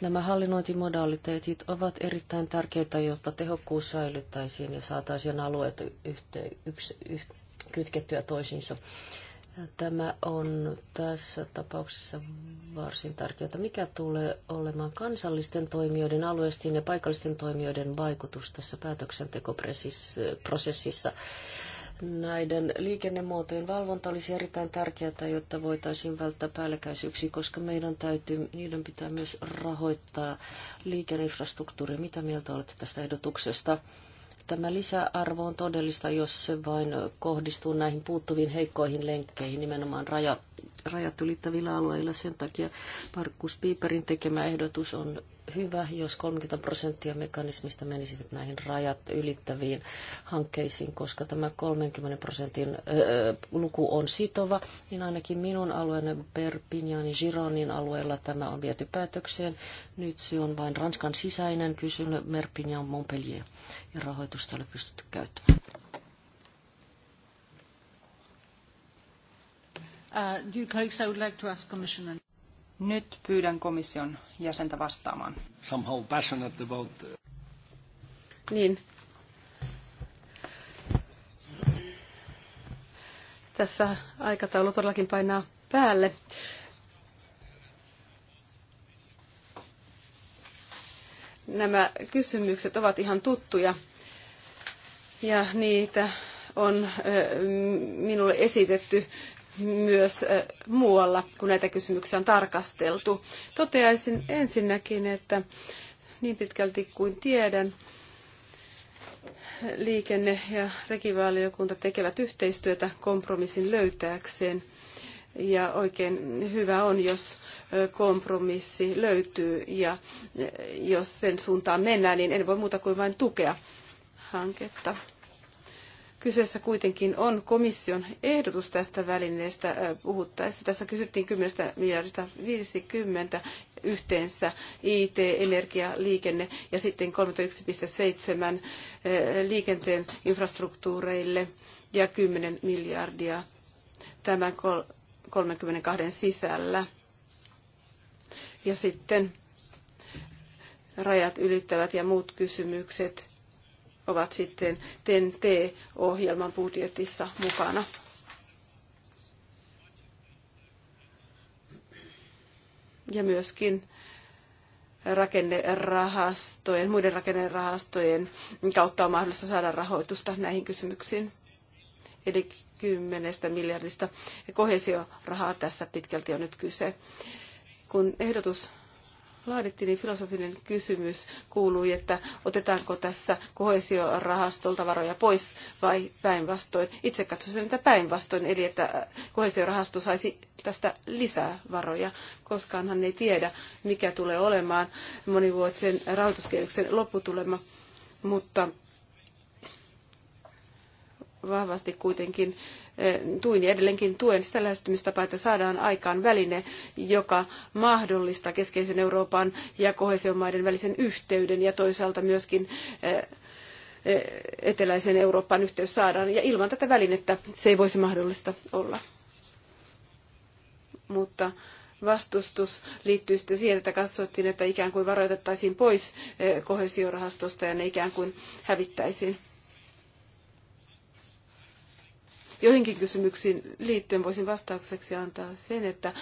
Nämä hallinnointimodaliteetit ovat erittäin tärkeitä, jotta tehokkuus säilyttäisiin ja saataisiin alueet yhteen, yks, yh, kytkettyä toisiinsa. Tämä on tässä tapauksessa varsin tärkeää. Mikä tulee olemaan kansallisten toimijoiden, alueisten ja paikallisten toimijoiden vaikutus tässä päätöksentekoprosessissa? näiden liikennemuotojen valvonta olisi erittäin tärkeää, jotta voitaisiin välttää päällekkäisyyksiä, koska meidän täytyy, niiden pitää myös rahoittaa liikenneinfrastruktuuria. Mitä mieltä olette tästä ehdotuksesta? Tämä lisäarvo on todellista, jos se vain kohdistuu näihin puuttuviin heikkoihin lenkkeihin, nimenomaan raja, rajat ylittävillä alueilla. Sen takia Markus Piiperin tekemä ehdotus on hyvä, jos 30 prosenttia mekanismista menisivät näihin rajat ylittäviin hankkeisiin, koska tämä 30 prosentin öö, luku on sitova, niin ainakin minun alueeni ja Gironin alueella tämä on viety päätökseen. Nyt se on vain Ranskan sisäinen kysymys Merpignan Montpellier ja rahoitusta oli pystytty käyttämään. Uh, dear colleagues, I would like to ask Commissioner. Nyt pyydän komission jäsentä vastaamaan. Somehow passionate about... Uh, niin. Tässä aikataulu todellakin painaa päälle. Nämä kysymykset ovat ihan tuttuja ja niitä on minulle esitetty myös eh, muualla, kun näitä kysymyksiä on tarkasteltu. Toteaisin ensinnäkin, että niin pitkälti kuin tiedän, liikenne- ja rekivaaliokunta tekevät yhteistyötä kompromissin löytääkseen. Ja oikein hyvä on, jos kompromissi löytyy ja eh, jos sen suuntaan mennään, niin en voi muuta kuin vain tukea hanketta. Kyseessä kuitenkin on komission ehdotus tästä välineestä puhuttaessa. Tässä kysyttiin 10 miljardista 50 yhteensä IT, energia, liikenne ja sitten 31,7 liikenteen infrastruktuureille ja 10 miljardia tämän 32 sisällä. Ja sitten rajat ylittävät ja muut kysymykset ovat sitten TEN-T-ohjelman budjetissa mukana. Ja myöskin rakennerahastojen, muiden rakennerahastojen kautta on mahdollista saada rahoitusta näihin kysymyksiin. Eli kymmenestä miljardista kohesiorahaa tässä pitkälti on nyt kyse. Kun ehdotus laadittiin, niin filosofinen kysymys kuului, että otetaanko tässä kohesiorahastolta varoja pois vai päinvastoin. Itse katsoisin, että päinvastoin, eli että kohesiorahasto saisi tästä lisää varoja. Koskaanhan ei tiedä, mikä tulee olemaan monivuotisen rahoituskehyksen lopputulema, mutta vahvasti kuitenkin tuin ja edelleenkin tuen sitä lähestymistapaa, että saadaan aikaan väline, joka mahdollistaa keskeisen Euroopan ja kohesiomaiden välisen yhteyden ja toisaalta myöskin eh, eh, eteläisen Euroopan yhteys saadaan. Ja ilman tätä välinettä se ei voisi mahdollista olla. Mutta vastustus liittyy sitten siihen, että katsottiin, että ikään kuin varoitettaisiin pois eh, kohesiorahastosta ja ne ikään kuin hävittäisiin. Joihinkin kysymyksiin liittyen voisin vastaukseksi antaa sen, että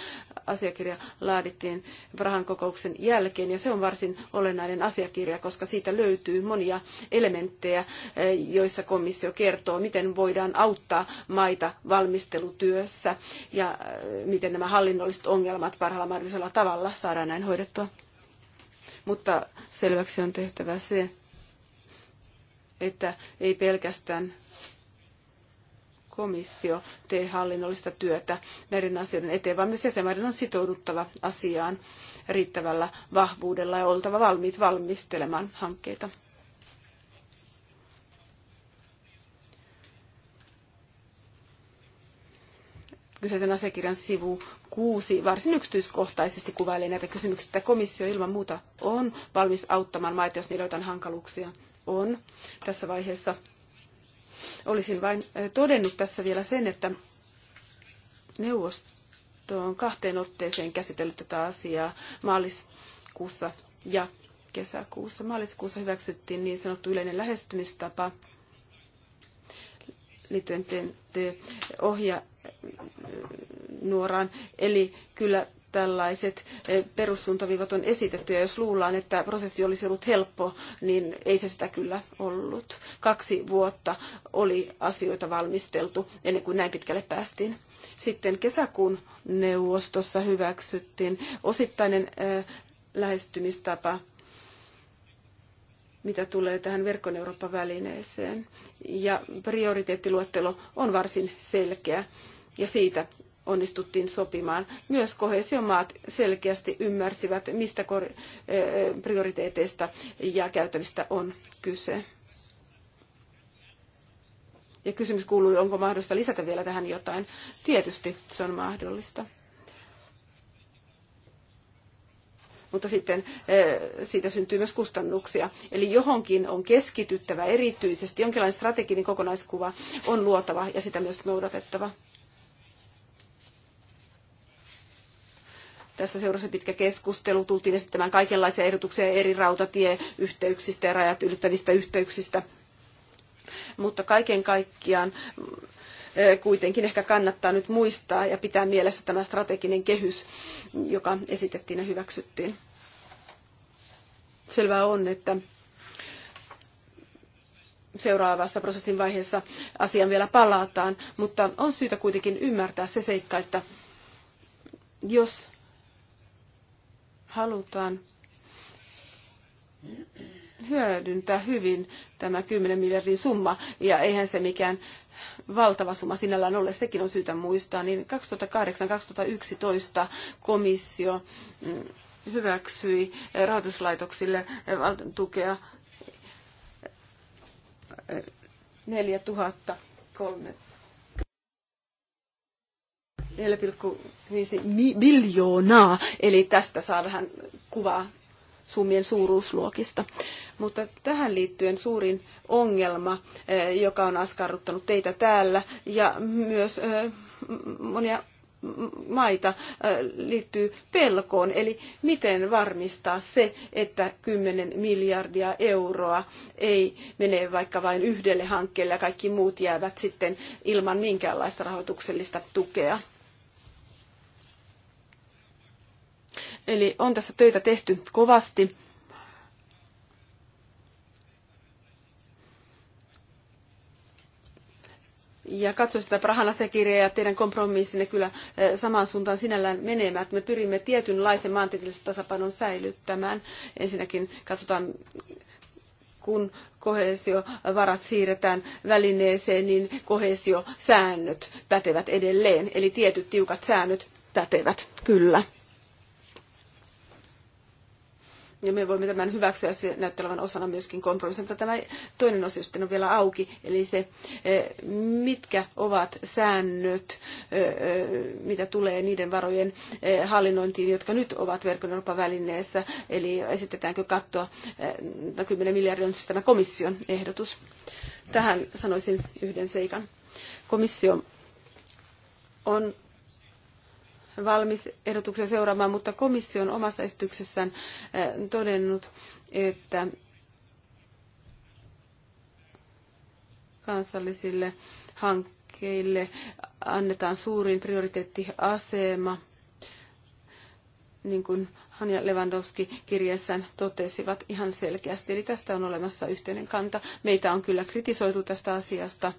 asiakirja laadittiin Prahan kokouksen jälkeen ja se on varsin olennainen asiakirja, koska siitä löytyy monia elementtejä, eh, joissa komissio kertoo, miten voidaan auttaa maita valmistelutyössä ja eh, miten nämä hallinnolliset ongelmat parhaalla mahdollisella tavalla saadaan näin hoidettua. Mutta selväksi on tehtävä se, että ei pelkästään komissio tee hallinnollista työtä näiden asioiden eteen, vaan myös jäsenmaiden on sitouduttava asiaan riittävällä vahvuudella ja oltava valmiit valmistelemaan hankkeita. kyseisen asiakirjan sivu 6 varsin yksityiskohtaisesti kuvailee näitä kysymyksiä. Komissio ilman muuta on valmis auttamaan maita, jos niillä jotain hankaluuksia on tässä vaiheessa Olisin vain eh, todennut tässä vielä sen, että neuvosto on kahteen otteeseen käsitellyt tätä asiaa maaliskuussa ja kesäkuussa. Maaliskuussa hyväksyttiin niin sanottu yleinen lähestymistapa liittyen ohja nuoraan. Eli kyllä tällaiset eh, perussuuntaviivat on esitetty, ja jos luullaan, että prosessi olisi ollut helppo, niin ei se sitä kyllä ollut. Kaksi vuotta oli asioita valmisteltu ennen kuin näin pitkälle päästiin. Sitten kesäkuun neuvostossa hyväksyttiin osittainen eh, lähestymistapa mitä tulee tähän verkon Eurooppa-välineeseen. Ja prioriteettiluettelo on varsin selkeä ja siitä onnistuttiin sopimaan. Myös kohesiomaat selkeästi ymmärsivät, mistä eh, prioriteeteista ja käytävistä on kyse. Ja kysymys kuuluu, onko mahdollista lisätä vielä tähän jotain. Tietysti se on mahdollista. mutta sitten eh, siitä syntyy myös kustannuksia. Eli johonkin on keskityttävä erityisesti, jonkinlainen strateginen kokonaiskuva on luotava ja sitä myös noudatettava. Tästä seurasi pitkä keskustelu. Tultiin esittämään kaikenlaisia ehdotuksia eri rautatieyhteyksistä ja rajat ylittävistä yhteyksistä. Mutta kaiken kaikkiaan mm, eh, kuitenkin ehkä kannattaa nyt muistaa ja pitää mielessä tämä strateginen kehys, joka esitettiin ja hyväksyttiin. Selvää on, että seuraavassa prosessin vaiheessa asiaan vielä palataan, mutta on syytä kuitenkin ymmärtää se seikka, että jos halutaan hyödyntää hyvin tämä 10 miljardin summa, ja eihän se mikään valtava summa sinällään ole, sekin on syytä muistaa, niin 2008-2011 komissio mm, hyväksyi rahoituslaitoksille tukea 4300 eh, 4,5 biljoonaa, eli tästä saa vähän kuvaa summien suuruusluokista. Mutta tähän liittyen suurin ongelma, eh, joka on askarruttanut teitä täällä ja myös eh, monia maita eh, liittyy pelkoon. Eli miten varmistaa se, että 10 miljardia euroa ei mene vaikka vain yhdelle hankkeelle ja kaikki muut jäävät sitten ilman minkäänlaista rahoituksellista tukea. Eli on tässä töitä tehty kovasti. ja katsoin sitä Prahan asiakirjaa ja teidän kompromissinne kyllä eh, samaan suuntaan sinällään menemät. Me pyrimme tietynlaisen maantieteellisen tasapainon säilyttämään. Ensinnäkin katsotaan, kun kohesiovarat siirretään välineeseen, niin kohesiosäännöt pätevät edelleen. Eli tietyt tiukat säännöt pätevät, kyllä ja me voimme tämän hyväksyä, se näyttää olevan osana myöskin kompromissia, mutta tämä toinen osio sitten on vielä auki, eli se, eh, mitkä ovat säännöt, eh, eh, mitä tulee niiden varojen hallinnointiin, jotka nyt ovat verkon Euroopan välineessä, eli esitetäänkö kattoa 10 no, miljardia on siis tämä komission ehdotus. Tähän sanoisin yhden seikan. Komissio on valmis ehdotuksen seuraamaan, mutta komissio on omassa esityksessään eh, todennut, että kansallisille hankkeille annetaan suurin prioriteettiasema, niin kuin Hanja Lewandowski kirjeessään totesivat ihan selkeästi. Eli tästä on olemassa yhteinen kanta. Meitä on kyllä kritisoitu tästä asiasta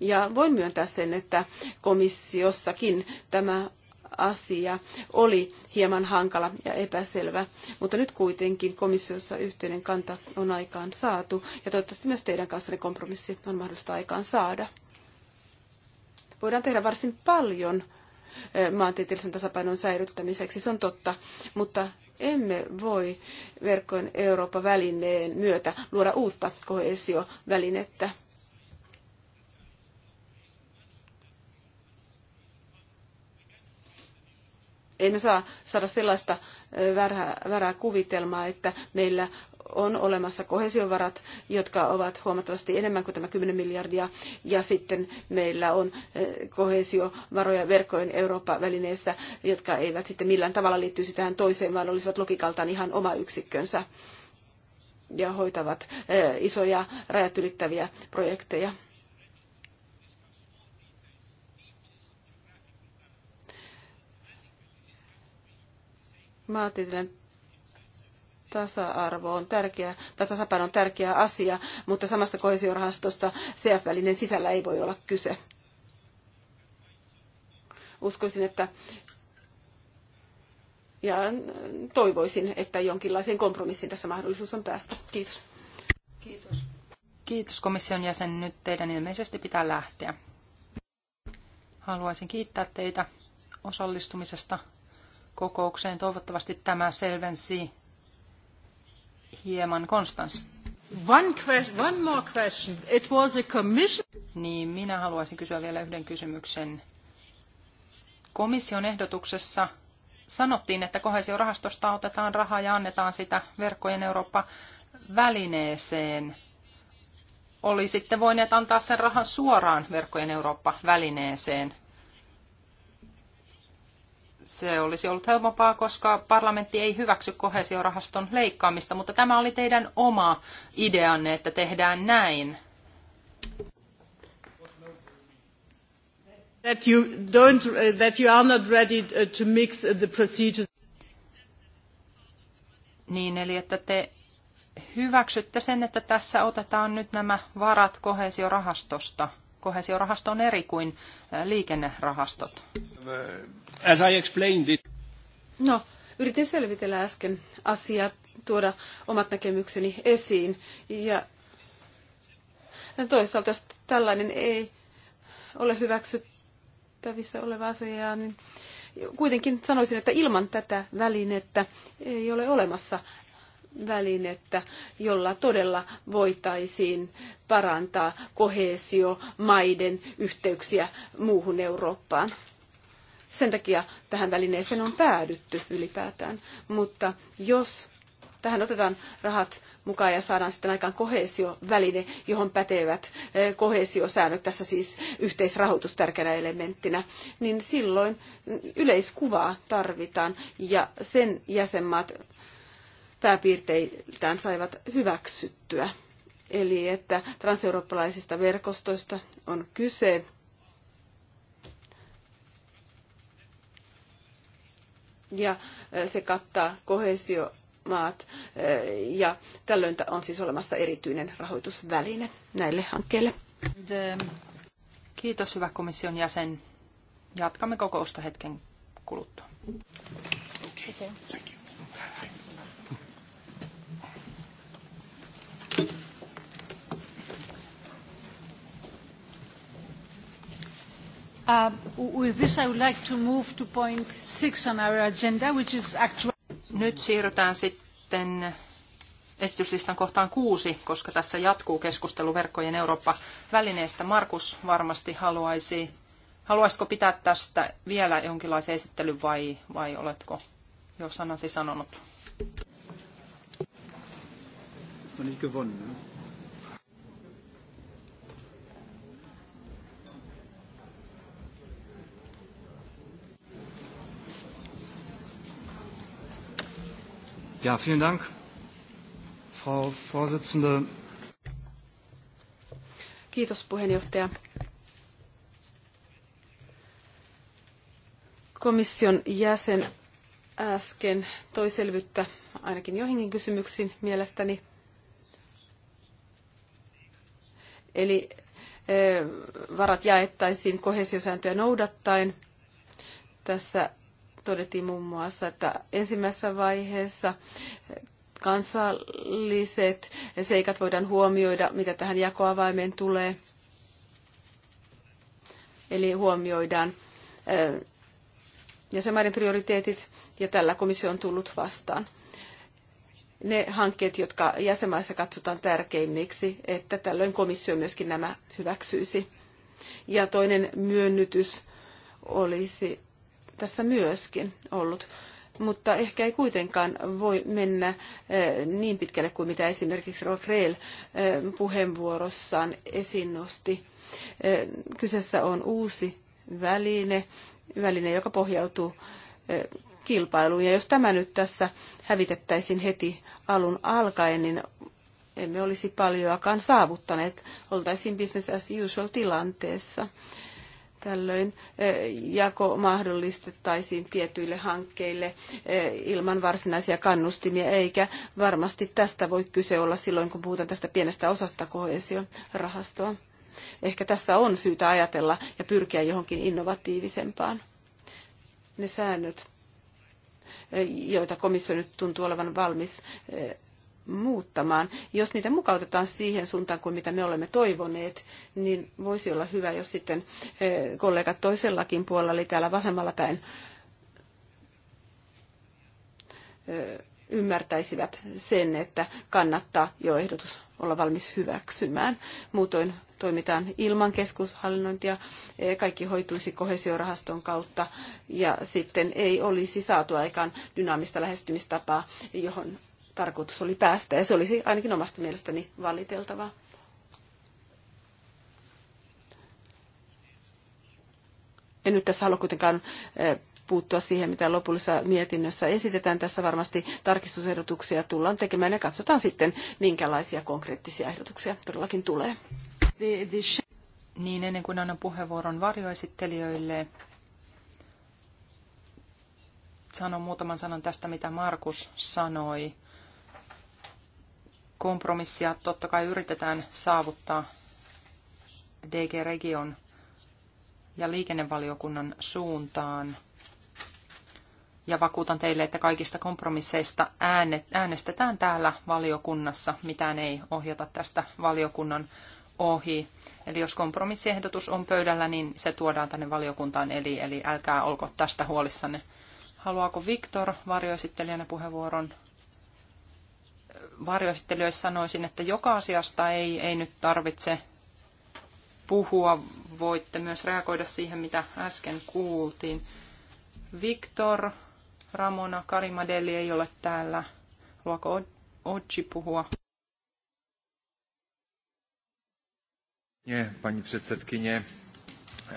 ja voin myöntää sen, että komissiossakin tämä asia oli hieman hankala ja epäselvä, mutta nyt kuitenkin komissiossa yhteinen kanta on aikaan saatu ja toivottavasti myös teidän kanssanne kompromissi on mahdollista aikaan saada. Voidaan tehdä varsin paljon eh, maantieteellisen tasapainon säilyttämiseksi, se on totta, mutta emme voi verkkojen Euroopan välineen myötä luoda uutta koheesiovälinettä. emme saa saada sellaista väärää, väärää kuvitelmaa, että meillä on olemassa kohesiovarat, jotka ovat huomattavasti enemmän kuin tämä 10 miljardia, ja sitten meillä on kohesiovaroja verkkojen Eurooppa-välineessä, jotka eivät sitten millään tavalla liittyisi tähän toiseen, vaan olisivat logikaltaan ihan oma yksikkönsä ja hoitavat isoja rajat ylittäviä projekteja. maatilan tasa-arvo on tärkeä, tai tasapaino on tärkeä asia, mutta samasta kohesiorahastosta CF-välinen sisällä ei voi olla kyse. Uskoisin, että ja toivoisin, että jonkinlaiseen kompromissiin tässä mahdollisuus on päästä. Kiitos. Kiitos. Kiitos komission jäsen. Nyt teidän ilmeisesti pitää lähteä. Haluaisin kiittää teitä osallistumisesta kokoukseen. Toivottavasti tämä selvensi hieman Konstans. One, question, one more question. It was a commission. Niin, minä haluaisin kysyä vielä yhden kysymyksen. Komission ehdotuksessa sanottiin, että kohesiorahastosta otetaan rahaa ja annetaan sitä verkkojen Eurooppa-välineeseen. Olisitte voineet antaa sen rahan suoraan verkkojen Eurooppa-välineeseen. Se olisi ollut helpompaa, koska parlamentti ei hyväksy kohesiorahaston leikkaamista, mutta tämä oli teidän oma ideanne, että tehdään näin. That you, don't, uh, that you are not ready uh, to mix the procedures. Niin, eli että te hyväksytte sen, että tässä otetaan nyt nämä varat kohesiorahastosta – koheesiorahasto on eri kuin liikennerahastot. As I explained it. No, yritin selvitellä äsken asiaa, tuoda omat näkemykseni esiin. Ja toisaalta, jos tällainen ei ole hyväksyttävissä oleva asia, niin kuitenkin sanoisin, että ilman tätä välinettä ei ole olemassa välinettä, jolla todella voitaisiin parantaa koheesiomaiden yhteyksiä muuhun Eurooppaan. Sen takia tähän välineeseen on päädytty ylipäätään. Mutta jos tähän otetaan rahat mukaan ja saadaan sitten aikaan kohesioväline, johon pätevät eh, kohesiosäännöt, tässä siis yhteisrahoitus tärkeänä elementtinä, niin silloin yleiskuvaa tarvitaan ja sen jäsenmaat pääpiirteiltään saivat hyväksyttyä. Eli että transeurooppalaisista verkostoista on kyse. Ja se kattaa kohesiomaat ja tällöin on siis olemassa erityinen rahoitusväline näille hankkeille. Kiitos hyvä komission jäsen. Jatkamme kokousta hetken kuluttua. Okay. Thank you. Um, with this I would like to move to point six on our agenda, which is actual... Nyt siirrytään sitten esityslistan kohtaan kuusi, koska tässä jatkuu keskustelu verkkojen Eurooppa-välineestä. Markus varmasti haluaisi, haluaisitko pitää tästä vielä jonkinlaisen esittelyn vai, vai oletko jo sanasi sanonut? Das ist noch nicht gewonnen, ne? Ja, vielen Dank, Frau Vorsitzende. Kiitos puheenjohtaja. Komission jäsen äsken toi selvyyttä ainakin joihinkin kysymyksiin mielestäni. Eli eh, varat jaettaisiin kohesiosääntöjä noudattaen. Tässä todettiin muun muassa, että ensimmäisessä vaiheessa kansalliset seikat voidaan huomioida, mitä tähän jakoavaimeen tulee. Eli huomioidaan äh, jäsenmaiden prioriteetit, ja tällä komissio on tullut vastaan ne hankkeet, jotka jäsenmaissa katsotaan tärkeimmiksi, että tällöin komissio myöskin nämä hyväksyisi. Ja toinen myönnytys olisi tässä myöskin ollut. Mutta ehkä ei kuitenkaan voi mennä eh, niin pitkälle kuin mitä esimerkiksi Rolf Rehl eh, puheenvuorossaan esiin nosti. Eh, kyseessä on uusi väline, väline joka pohjautuu kilpailuun. Ja jos tämä nyt tässä hävitettäisiin heti alun alkaen, niin emme olisi paljoakaan saavuttaneet. Oltaisiin business as usual tilanteessa. Tällöin e, jako mahdollistettaisiin tietyille hankkeille e, ilman varsinaisia kannustimia, eikä varmasti tästä voi kyse olla silloin, kun puhutaan tästä pienestä osasta kohesiorahastoa. Ehkä tässä on syytä ajatella ja pyrkiä johonkin innovatiivisempaan. Ne säännöt, e, joita komissio nyt tuntuu olevan valmis muuttamaan. Jos niitä mukautetaan siihen suuntaan kuin mitä me olemme toivoneet, niin voisi olla hyvä, jos sitten eh, kollegat toisellakin puolella, eli täällä vasemmalla päin, eh, ymmärtäisivät sen, että kannattaa jo ehdotus olla valmis hyväksymään. Muutoin toimitaan ilman keskushallinnointia, eh, kaikki hoituisi kohesiorahaston kautta ja sitten ei olisi saatu aikaan dynaamista lähestymistapaa, johon tarkoitus oli päästä, ja se olisi ainakin omasta mielestäni valiteltavaa. En nyt tässä halua kuitenkaan eh, puuttua siihen, mitä lopullisessa mietinnössä esitetään. Tässä varmasti tarkistusehdotuksia tullaan tekemään ja katsotaan sitten, minkälaisia konkreettisia ehdotuksia todellakin tulee. Niin, ennen kuin annan puheenvuoron varjoesittelijöille, sanon muutaman sanan tästä, mitä Markus sanoi kompromissia totta kai yritetään saavuttaa DG Region ja liikennevaliokunnan suuntaan. Ja vakuutan teille, että kaikista kompromisseista äänestetään täällä valiokunnassa, mitään ei ohjata tästä valiokunnan ohi. Eli jos kompromissiehdotus on pöydällä, niin se tuodaan tänne valiokuntaan, eli, eli älkää olko tästä huolissanne. Haluaako Viktor varjoesittelijänä puheenvuoron? varjoesittelijöissä sanoisin, että joka asiasta ei, ei nyt tarvitse puhua. Voitte myös reagoida siihen, mitä äsken kuultiin. Viktor, Ramona, Karimadeli ei ole täällä. Luoko Oggi puhua? Paní předsedkyně, eh,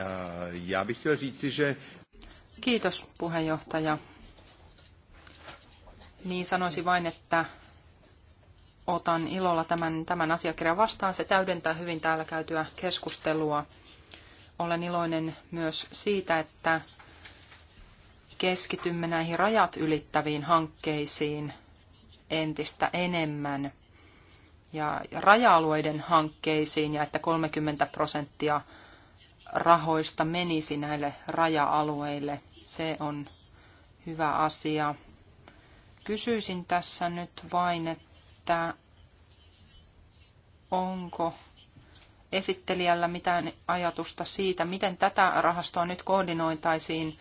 já bych chtěl říci, že... Kiitos puheenjohtaja. Niin sanoisin vain, että otan ilolla tämän, tämän asiakirjan vastaan. Se täydentää hyvin täällä käytyä keskustelua. Olen iloinen myös siitä, että keskitymme näihin rajat ylittäviin hankkeisiin entistä enemmän ja raja-alueiden hankkeisiin ja että 30 prosenttia rahoista menisi näille raja-alueille. Se on hyvä asia. Kysyisin tässä nyt vain, että että onko esittelijällä mitään ajatusta siitä, miten tätä rahastoa nyt koordinoitaisiin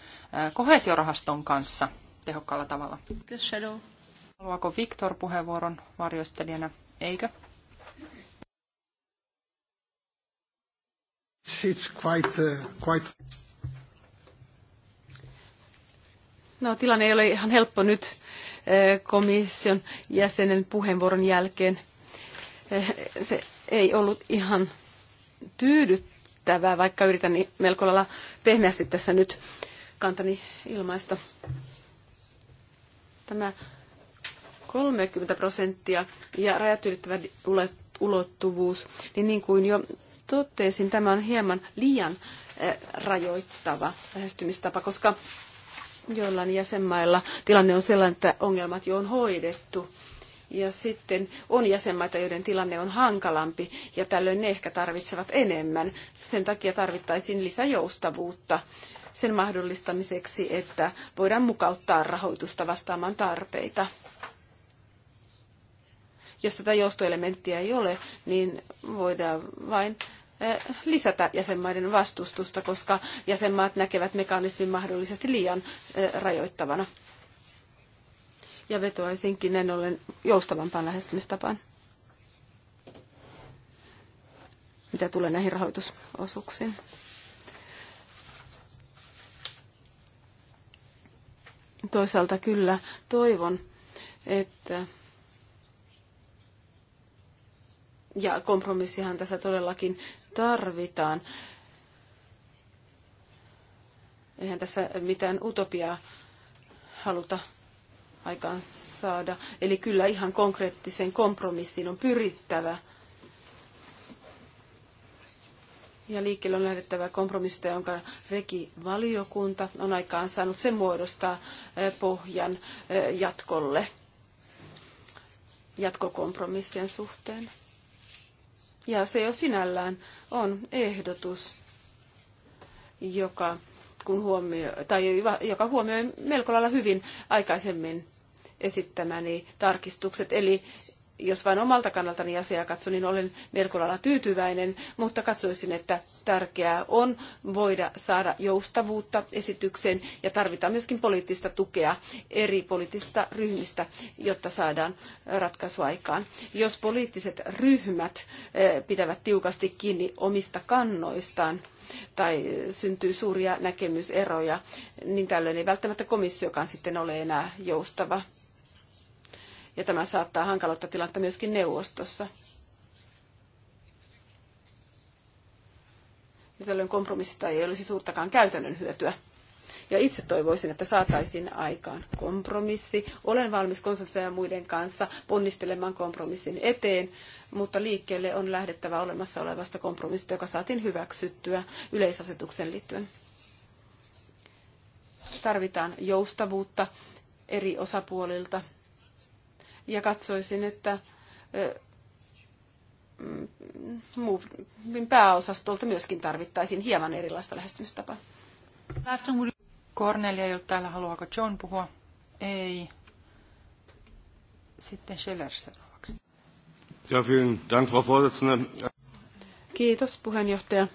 kohesiorahaston kanssa tehokkaalla tavalla. Haluaako Viktor puheenvuoron varjoistelijana? Eikö? It's quite, uh, quite... No, tilanne ei ole ihan helppo nyt komission jäsenen puheenvuoron jälkeen. Se ei ollut ihan tyydyttävää, vaikka yritän melko lailla pehmeästi tässä nyt kantani ilmaista. Tämä 30 prosenttia ja rajat ylittävä ulottuvuus, niin niin kuin jo totesin, tämä on hieman liian rajoittava lähestymistapa, koska joillain jäsenmailla tilanne on sellainen, että ongelmat jo on hoidettu. Ja sitten on jäsenmaita, joiden tilanne on hankalampi, ja tällöin ne ehkä tarvitsevat enemmän. Sen takia tarvittaisiin lisäjoustavuutta sen mahdollistamiseksi, että voidaan mukauttaa rahoitusta vastaamaan tarpeita. Jos tätä joustoelementtiä ei ole, niin voidaan vain lisätä jäsenmaiden vastustusta, koska jäsenmaat näkevät mekanismin mahdollisesti liian rajoittavana. Ja vetoaisinkin en ollen joustavampaan lähestymistapaan. mitä tulee näihin rahoitusosuuksiin. Toisaalta kyllä toivon, että ja kompromissihan tässä todellakin tarvitaan. Eihän tässä mitään utopiaa haluta aikaan saada. Eli kyllä ihan konkreettisen kompromissiin on pyrittävä. Ja liikkeelle on lähdettävä kompromissista, jonka rekivaliokunta on aikaan saanut. sen muodostaa eh, pohjan eh, jatkolle jatkokompromissien suhteen. Ja se jo sinällään on ehdotus, joka, kun huomio tai joka huomioi melko lailla hyvin aikaisemmin esittämäni tarkistukset. Eli jos vain omalta kannaltani asiaa katson, niin olen melko lailla tyytyväinen, mutta katsoisin, että tärkeää on voida saada joustavuutta esitykseen ja tarvitaan myöskin poliittista tukea eri poliittisista ryhmistä, jotta saadaan ratkaisu aikaan. Jos poliittiset ryhmät eh, pitävät tiukasti kiinni omista kannoistaan, tai syntyy suuria näkemyseroja, niin tällöin ei välttämättä komissiokaan sitten ole enää joustava ja tämä saattaa hankaloittaa tilannetta myöskin neuvostossa. Ja tällöin kompromissista ei olisi suurtakaan käytännön hyötyä. Ja itse toivoisin, että saataisiin aikaan kompromissi. Olen valmis konsultteja ja muiden kanssa ponnistelemaan kompromissin eteen, mutta liikkeelle on lähdettävä olemassa olevasta kompromissista, joka saatiin hyväksyttyä yleisasetuksen liittyen. Tarvitaan joustavuutta eri osapuolilta ja katsoisin, että muun mm, pääosastolta myöskin tarvittaisiin hieman erilaista lähestymistapaa. Cornelia ei ole täällä. Haluaako John puhua? Ei. Sitten Scheller seuraavaksi. Ja, vielen Dank, Frau Vorsitzende. Kiitos puheenjohtaja.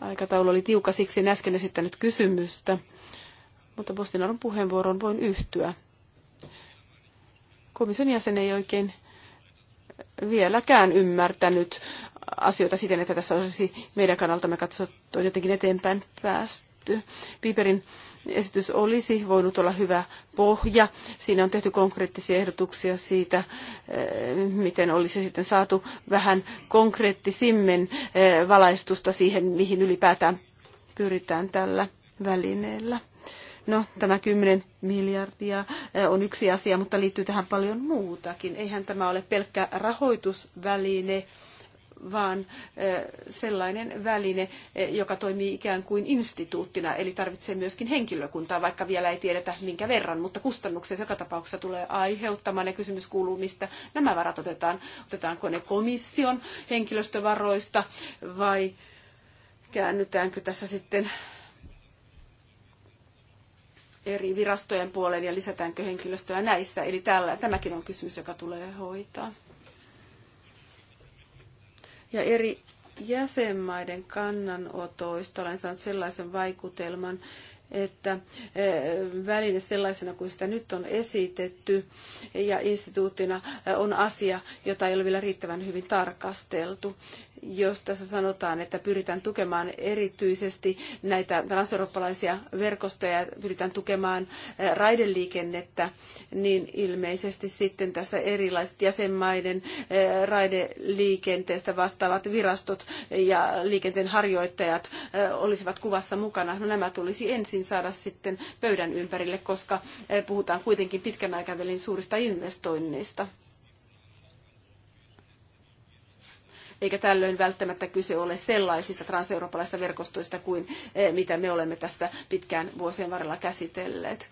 Aikataulu oli tiukka, siksi en äsken esittänyt kysymystä, mutta Bostinaron puheenvuoron voin yhtyä komission jäsen ei oikein vieläkään ymmärtänyt asioita siten, että tässä olisi meidän kannaltamme katsottu jotenkin eteenpäin päästy. Piperin esitys olisi voinut olla hyvä pohja. Siinä on tehty konkreettisia ehdotuksia siitä, eh, miten olisi sitten saatu vähän konkreettisimmin eh, valaistusta siihen, mihin ylipäätään pyritään tällä välineellä. No, tämä 10 miljardia eh, on yksi asia, mutta liittyy tähän paljon muutakin. Eihän tämä ole pelkkä rahoitusväline, vaan eh, sellainen väline, eh, joka toimii ikään kuin instituuttina, eli tarvitsee myöskin henkilökuntaa, vaikka vielä ei tiedetä minkä verran, mutta kustannuksia joka tapauksessa tulee aiheuttamaan. Ja kysymys kuuluu, mistä nämä varat otetaan. Otetaanko ne komission henkilöstövaroista vai käännytäänkö tässä sitten eri virastojen puoleen ja lisätäänkö henkilöstöä näissä. Eli tällä, tämäkin on kysymys, joka tulee hoitaa. Ja eri jäsenmaiden kannanotoista olen saanut sellaisen vaikutelman, että eh, väline sellaisena kuin sitä nyt on esitetty ja instituuttina eh, on asia, jota ei ole vielä riittävän hyvin tarkasteltu. Jos tässä sanotaan, että pyritään tukemaan erityisesti näitä transeurooppalaisia verkostoja, pyritään tukemaan eh, raideliikennettä, niin ilmeisesti sitten tässä erilaiset jäsenmaiden raideliikenteestä vastaavat virastot ja liikenteen harjoittajat olisivat kuvassa mukana. No, nämä tulisi ensin voitaisiin saada sitten pöydän ympärille, koska eh, puhutaan kuitenkin pitkän aikavälin suurista investoinneista. eikä tällöin välttämättä kyse ole sellaisista transeurooppalaisista verkostoista kuin eh, mitä me olemme tässä pitkään vuosien varrella käsitelleet.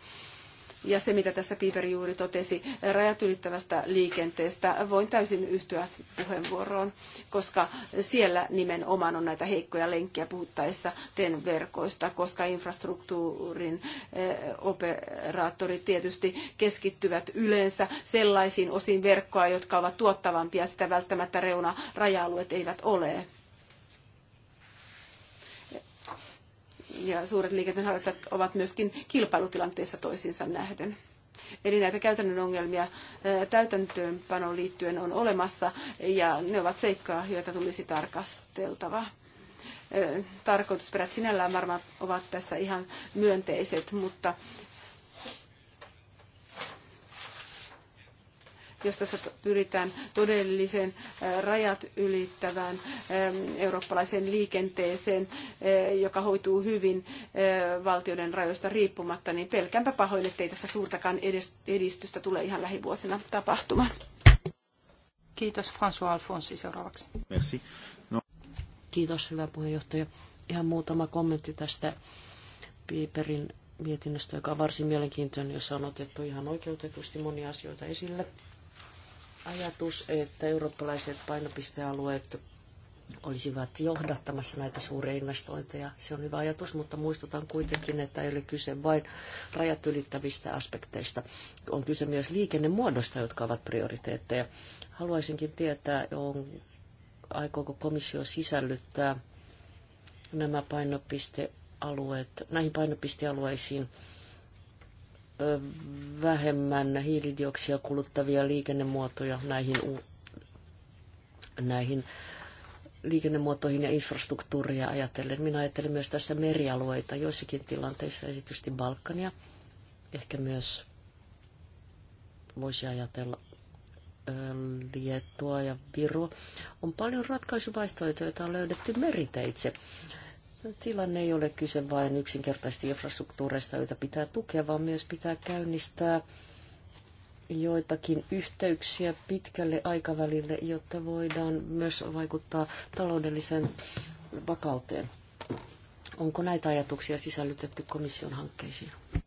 Ja se, mitä tässä Piiperi juuri totesi rajat ylittävästä liikenteestä, voin täysin yhtyä puheenvuoroon, koska siellä nimenomaan on näitä heikkoja lenkkiä puhuttaessa TEN-verkoista, koska infrastruktuurin eh, operaattorit tietysti keskittyvät yleensä sellaisiin osiin verkkoa, jotka ovat tuottavampia, sitä välttämättä reuna-raja-alueet eivät ole ja suuret liikenteenharjoittajat ovat myöskin kilpailutilanteessa toisiinsa nähden. Eli näitä käytännön ongelmia täytäntöönpanoon liittyen on olemassa ja ne ovat seikkaa, joita tulisi tarkasteltava. Tarkoitusperät sinällään varmaan ovat tässä ihan myönteiset, mutta jos tässä pyritään todellisen rajat ylittävään eurooppalaiseen liikenteeseen, joka hoituu hyvin valtioiden rajoista riippumatta, niin pelkäänpä pahoin, ettei tässä suurtakaan edistystä tule ihan lähivuosina tapahtumaan. Kiitos François Alfonsi seuraavaksi. Merci. No. Kiitos hyvä puheenjohtaja. Ihan muutama kommentti tästä Piperin mietinnöstä, joka on varsin mielenkiintoinen, jossa on otettu ihan oikeutetusti monia asioita esille ajatus, että eurooppalaiset painopistealueet olisivat johdattamassa näitä suuria investointeja. Se on hyvä ajatus, mutta muistutan kuitenkin, että ei ole kyse vain rajat ylittävistä aspekteista. On kyse myös liikennemuodosta, jotka ovat prioriteetteja. Haluaisinkin tietää, on, aikooko komissio sisällyttää nämä painopistealueet, näihin painopistealueisiin vähemmän hiilidioksidia kuluttavia liikennemuotoja näihin, näihin liikennemuotoihin ja infrastruktuuria ajatellen. Minä ajattelen myös tässä merialueita, joissakin tilanteissa esitysti Balkania, ehkä myös voisi ajatella lietua ja Viru. On paljon ratkaisuvaihtoehtoja, joita on löydetty meriteitse. Tilanne ei ole kyse vain yksinkertaisesti infrastruktuureista, joita pitää tukea, vaan myös pitää käynnistää joitakin yhteyksiä pitkälle aikavälille, jotta voidaan myös vaikuttaa taloudelliseen vakauteen. Onko näitä ajatuksia sisällytetty komission hankkeisiin? Uh,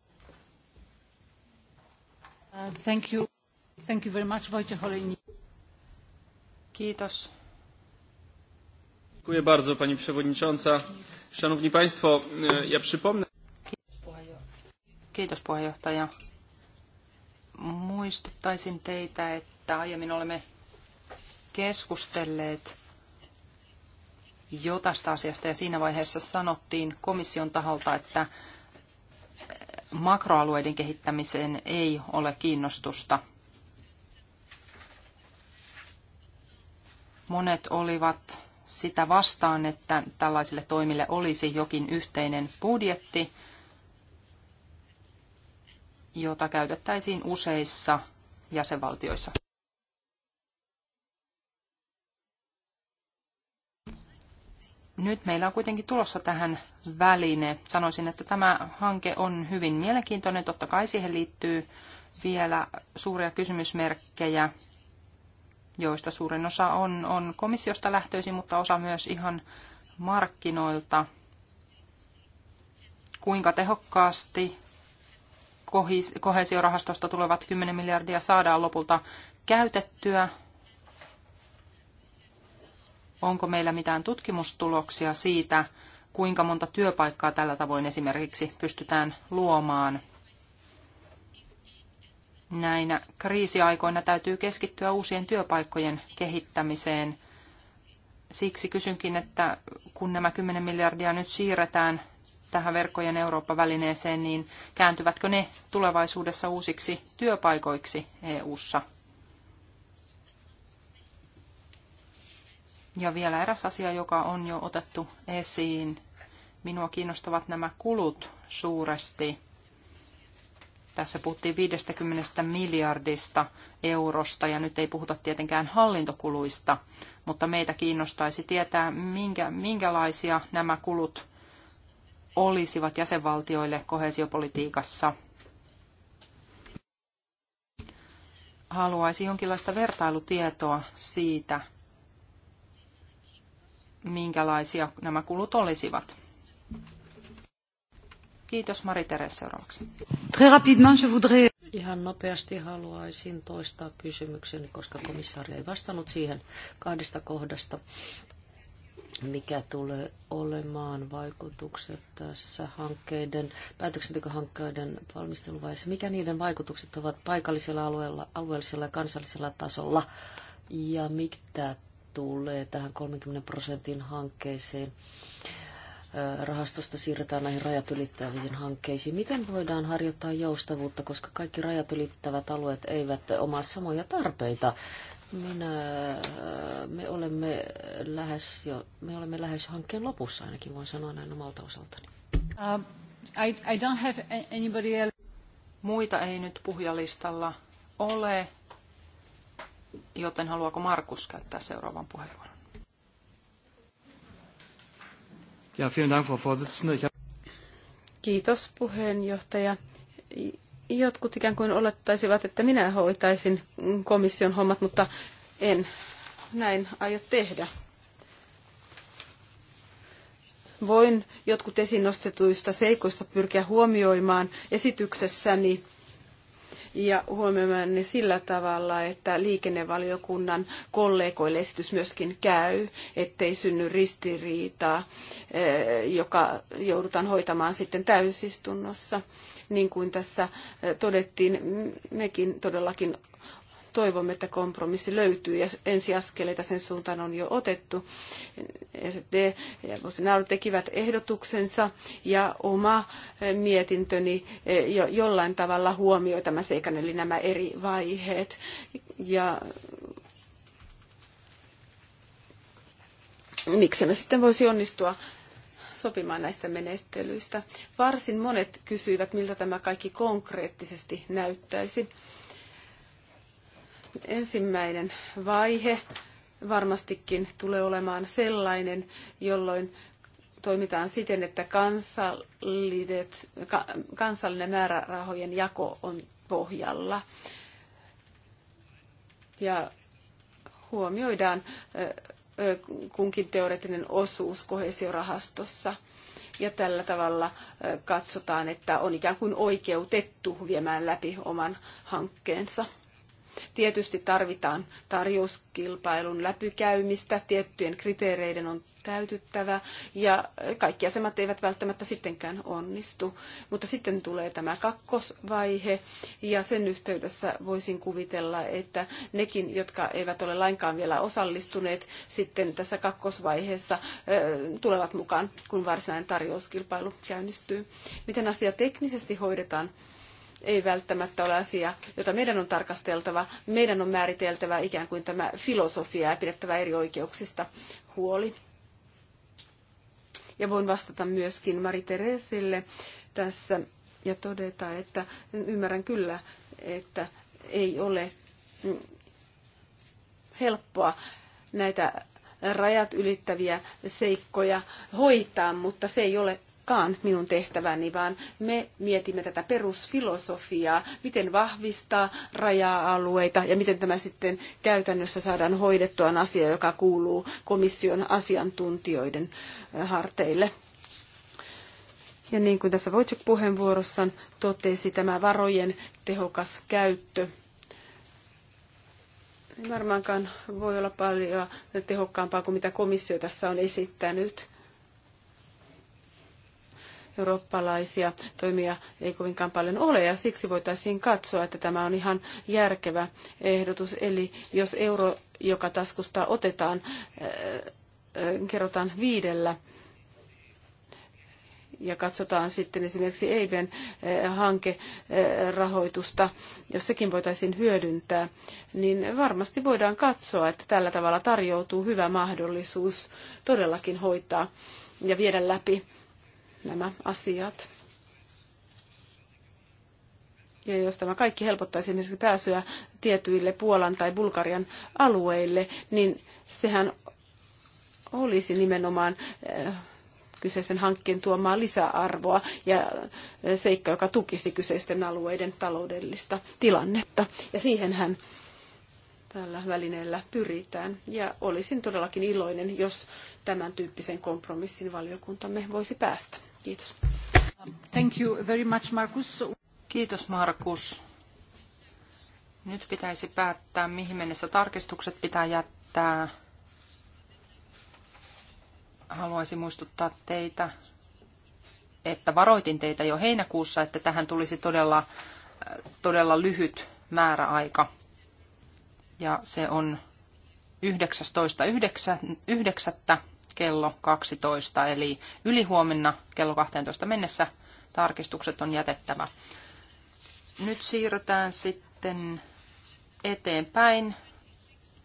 thank you. Thank you very much, Kiitos Dziękuję bardzo, pani przewodnicząca. Szanowni państwo, e, ja przypomnę... Kiitos puheenjohtaja. Muistuttaisin teitä, että aiemmin olemme keskustelleet jo tästä asiasta ja siinä vaiheessa sanottiin komission taholta, että e, makroalueiden kehittämiseen ei ole kiinnostusta. Monet olivat sitä vastaan, että tällaisille toimille olisi jokin yhteinen budjetti, jota käytettäisiin useissa jäsenvaltioissa. Nyt meillä on kuitenkin tulossa tähän väline. Sanoisin, että tämä hanke on hyvin mielenkiintoinen. Totta kai siihen liittyy vielä suuria kysymysmerkkejä joista suurin osa on, on komissiosta lähtöisin, mutta osa myös ihan markkinoilta. Kuinka tehokkaasti kohesiorahastosta tulevat 10 miljardia saadaan lopulta käytettyä? Onko meillä mitään tutkimustuloksia siitä, kuinka monta työpaikkaa tällä tavoin esimerkiksi pystytään luomaan – Näinä kriisiaikoina täytyy keskittyä uusien työpaikkojen kehittämiseen. Siksi kysynkin, että kun nämä 10 miljardia nyt siirretään tähän verkkojen Eurooppa-välineeseen, niin kääntyvätkö ne tulevaisuudessa uusiksi työpaikoiksi EU-ssa? Ja vielä eräs asia, joka on jo otettu esiin. Minua kiinnostavat nämä kulut suuresti. Tässä puhuttiin 50 miljardista eurosta ja nyt ei puhuta tietenkään hallintokuluista, mutta meitä kiinnostaisi tietää, minkä, minkälaisia nämä kulut olisivat jäsenvaltioille kohesiopolitiikassa. Haluaisin jonkinlaista vertailutietoa siitä, minkälaisia nämä kulut olisivat. Kiitos Mari Teres seuraavaksi. Ihan nopeasti haluaisin toistaa kysymykseni, koska komissaari ei vastannut siihen kahdesta kohdasta. Mikä tulee olemaan vaikutukset tässä hankkeiden, päätöksentekohankkeiden valmisteluvaiheessa? Mikä niiden vaikutukset ovat paikallisella alueella, alueellisella ja kansallisella tasolla? Ja mitä tulee tähän 30 prosentin hankkeeseen? rahastosta siirretään näihin rajat ylittäviin hankkeisiin. Miten voidaan harjoittaa joustavuutta, koska kaikki rajat ylittävät alueet eivät omaa samoja tarpeita? Minä, me olemme lähes jo, me olemme lähes hankkeen lopussa ainakin, voin sanoa näin omalta osaltani. Uh, I, I don't have anybody else. Muita ei nyt puhujalistalla ole, joten haluaako Markus käyttää seuraavan puheenvuoron? Ja, vielen Dank, Frau Vorsitzende. Ich Kiitos puheenjohtaja. Jotkut ikään kuin olettaisivat, että minä hoitaisin komission hommat, mutta en näin aio tehdä. Voin jotkut esiin nostetuista seikoista pyrkiä huomioimaan esityksessäni ja huomioimaan ne sillä tavalla, että liikennevaliokunnan kollegoille esitys myöskin käy, ettei synny ristiriitaa, eh, joka joudutaan hoitamaan sitten täysistunnossa. Niin kuin tässä eh, todettiin, mekin todellakin toivomme, että kompromissi löytyy ja ensiaskeleita sen suuntaan on jo otettu. SD ja Bolsonaro tekivät ehdotuksensa ja oma mietintöni e, jo, jollain tavalla huomioi tämän seikan, eli nämä eri vaiheet. Ja miksi me sitten voisi onnistua sopimaan näistä menettelyistä. Varsin monet kysyivät, miltä tämä kaikki konkreettisesti näyttäisi. Ensimmäinen vaihe varmastikin tulee olemaan sellainen, jolloin toimitaan siten, että kansalliset, kansallinen määrärahojen jako on pohjalla. Ja huomioidaan kunkin teoreettinen osuus kohesiorahastossa. Ja tällä tavalla katsotaan, että on ikään kuin oikeutettu viemään läpi oman hankkeensa. Tietysti tarvitaan tarjouskilpailun läpikäymistä, tiettyjen kriteereiden on täytyttävä ja kaikki asemat eivät välttämättä sittenkään onnistu. Mutta sitten tulee tämä kakkosvaihe ja sen yhteydessä voisin kuvitella, että nekin, jotka eivät ole lainkaan vielä osallistuneet, sitten tässä kakkosvaiheessa tulevat mukaan, kun varsinainen tarjouskilpailu käynnistyy. Miten asia teknisesti hoidetaan? ei välttämättä ole asia, jota meidän on tarkasteltava. Meidän on määriteltävä ikään kuin tämä filosofia ja pidettävä eri oikeuksista huoli. Ja voin vastata myöskin Mari Teresille tässä ja todeta, että ymmärrän kyllä, että ei ole helppoa näitä rajat ylittäviä seikkoja hoitaa, mutta se ei ole todellakaan minun tehtäväni, vaan me mietimme tätä perusfilosofiaa, miten vahvistaa raja-alueita ja miten tämä sitten käytännössä saadaan hoidettua asia, joka kuuluu komission asiantuntijoiden harteille. Ja niin kuin tässä Wojciech puheenvuorossaan totesi, tämä varojen tehokas käyttö ei varmaankaan voi olla paljon tehokkaampaa kuin mitä komissio tässä on esittänyt eurooppalaisia toimia ei kovinkaan paljon ole ja siksi voitaisiin katsoa, että tämä on ihan järkevä ehdotus. Eli jos euro, joka taskusta otetaan, kerrotaan viidellä, ja katsotaan sitten esimerkiksi EIBen hankerahoitusta, jos sekin voitaisiin hyödyntää, niin varmasti voidaan katsoa, että tällä tavalla tarjoutuu hyvä mahdollisuus todellakin hoitaa ja viedä läpi nämä asiat. Ja jos tämä kaikki helpottaisi esimerkiksi pääsyä tietyille Puolan tai Bulgarian alueille, niin sehän olisi nimenomaan eh, kyseisen hankkeen tuomaa lisäarvoa ja eh, seikka, joka tukisi kyseisten alueiden taloudellista tilannetta. Ja siihenhän tällä välineellä pyritään. Ja olisin todellakin iloinen, jos tämän tyyppisen kompromissin valiokuntamme voisi päästä. Kiitos. Thank you very much, Markus. Kiitos, Markus. Nyt pitäisi päättää, mihin mennessä tarkistukset pitää jättää. Haluaisin muistuttaa teitä, että varoitin teitä jo heinäkuussa, että tähän tulisi todella, todella lyhyt määräaika. Ja se on 19.9 kello 12, eli ylihuomenna kello 12 mennessä tarkistukset on jätettävä. Nyt siirrytään sitten eteenpäin.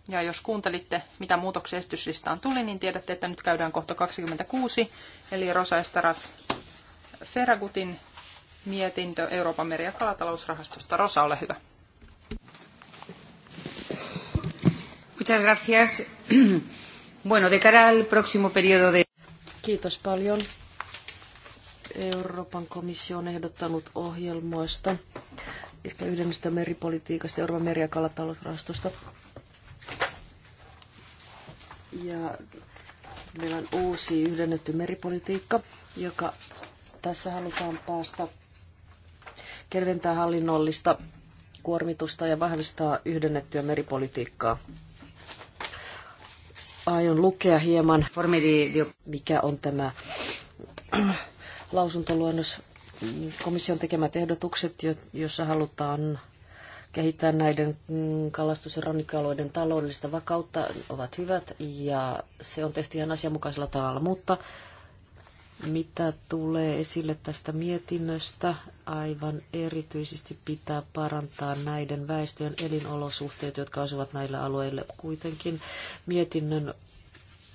Ja jos kuuntelitte, mitä muutoksia esityslistaan tuli, niin tiedätte, että nyt käydään kohta 26, eli Rosa Estaras Ferragutin mietintö Euroopan meri- ja kalatalousrahastosta. Rosa, ole hyvä. Muchas gracias. Bueno, de cara al próximo periodo de... Kiitos paljon. Euroopan komissio on ehdottanut ohjelmoista, ehkä yhdennestä meripolitiikasta, Euroopan meri- ja kalatalousrahastosta. Ja meillä on uusi yhdennetty meripolitiikka, joka tässä halutaan päästä keventää hallinnollista kuormitusta ja vahvistaa yhdennettyä meripolitiikkaa aion lukea hieman, mikä on tämä lausuntoluonnos, komission tekemät ehdotukset, joissa halutaan kehittää näiden mm, kalastus- ja rannikkoalueiden taloudellista vakautta, ovat hyvät ja se on tehty ihan asianmukaisella tavalla, mutta mitä tulee esille tästä mietinnöstä, aivan erityisesti pitää parantaa näiden väestöjen elinolosuhteet, jotka asuvat näillä alueilla. Kuitenkin mietinnön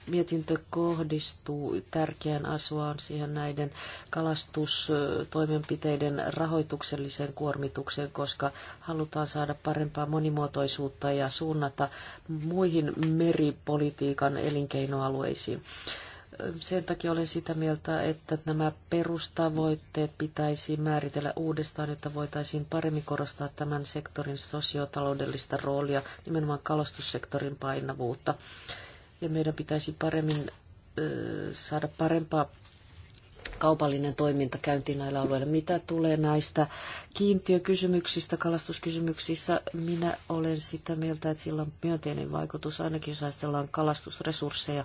mietintö kohdistuu tärkeään asuaan siihen näiden kalastustoimenpiteiden rahoitukselliseen kuormitukseen, koska halutaan saada parempaa monimuotoisuutta ja suunnata muihin meripolitiikan elinkeinoalueisiin sen takia olen sitä mieltä, että nämä perustavoitteet pitäisi määritellä uudestaan, että voitaisiin paremmin korostaa tämän sektorin sosiotaloudellista roolia, nimenomaan kalastussektorin painavuutta. Ja meidän pitäisi paremmin saada parempaa kaupallinen toiminta käyntiin näillä alueilla. Mitä tulee näistä kiintiökysymyksistä, kalastuskysymyksissä, minä olen sitä mieltä, että sillä on myönteinen vaikutus, ainakin jos ajatellaan kalastusresursseja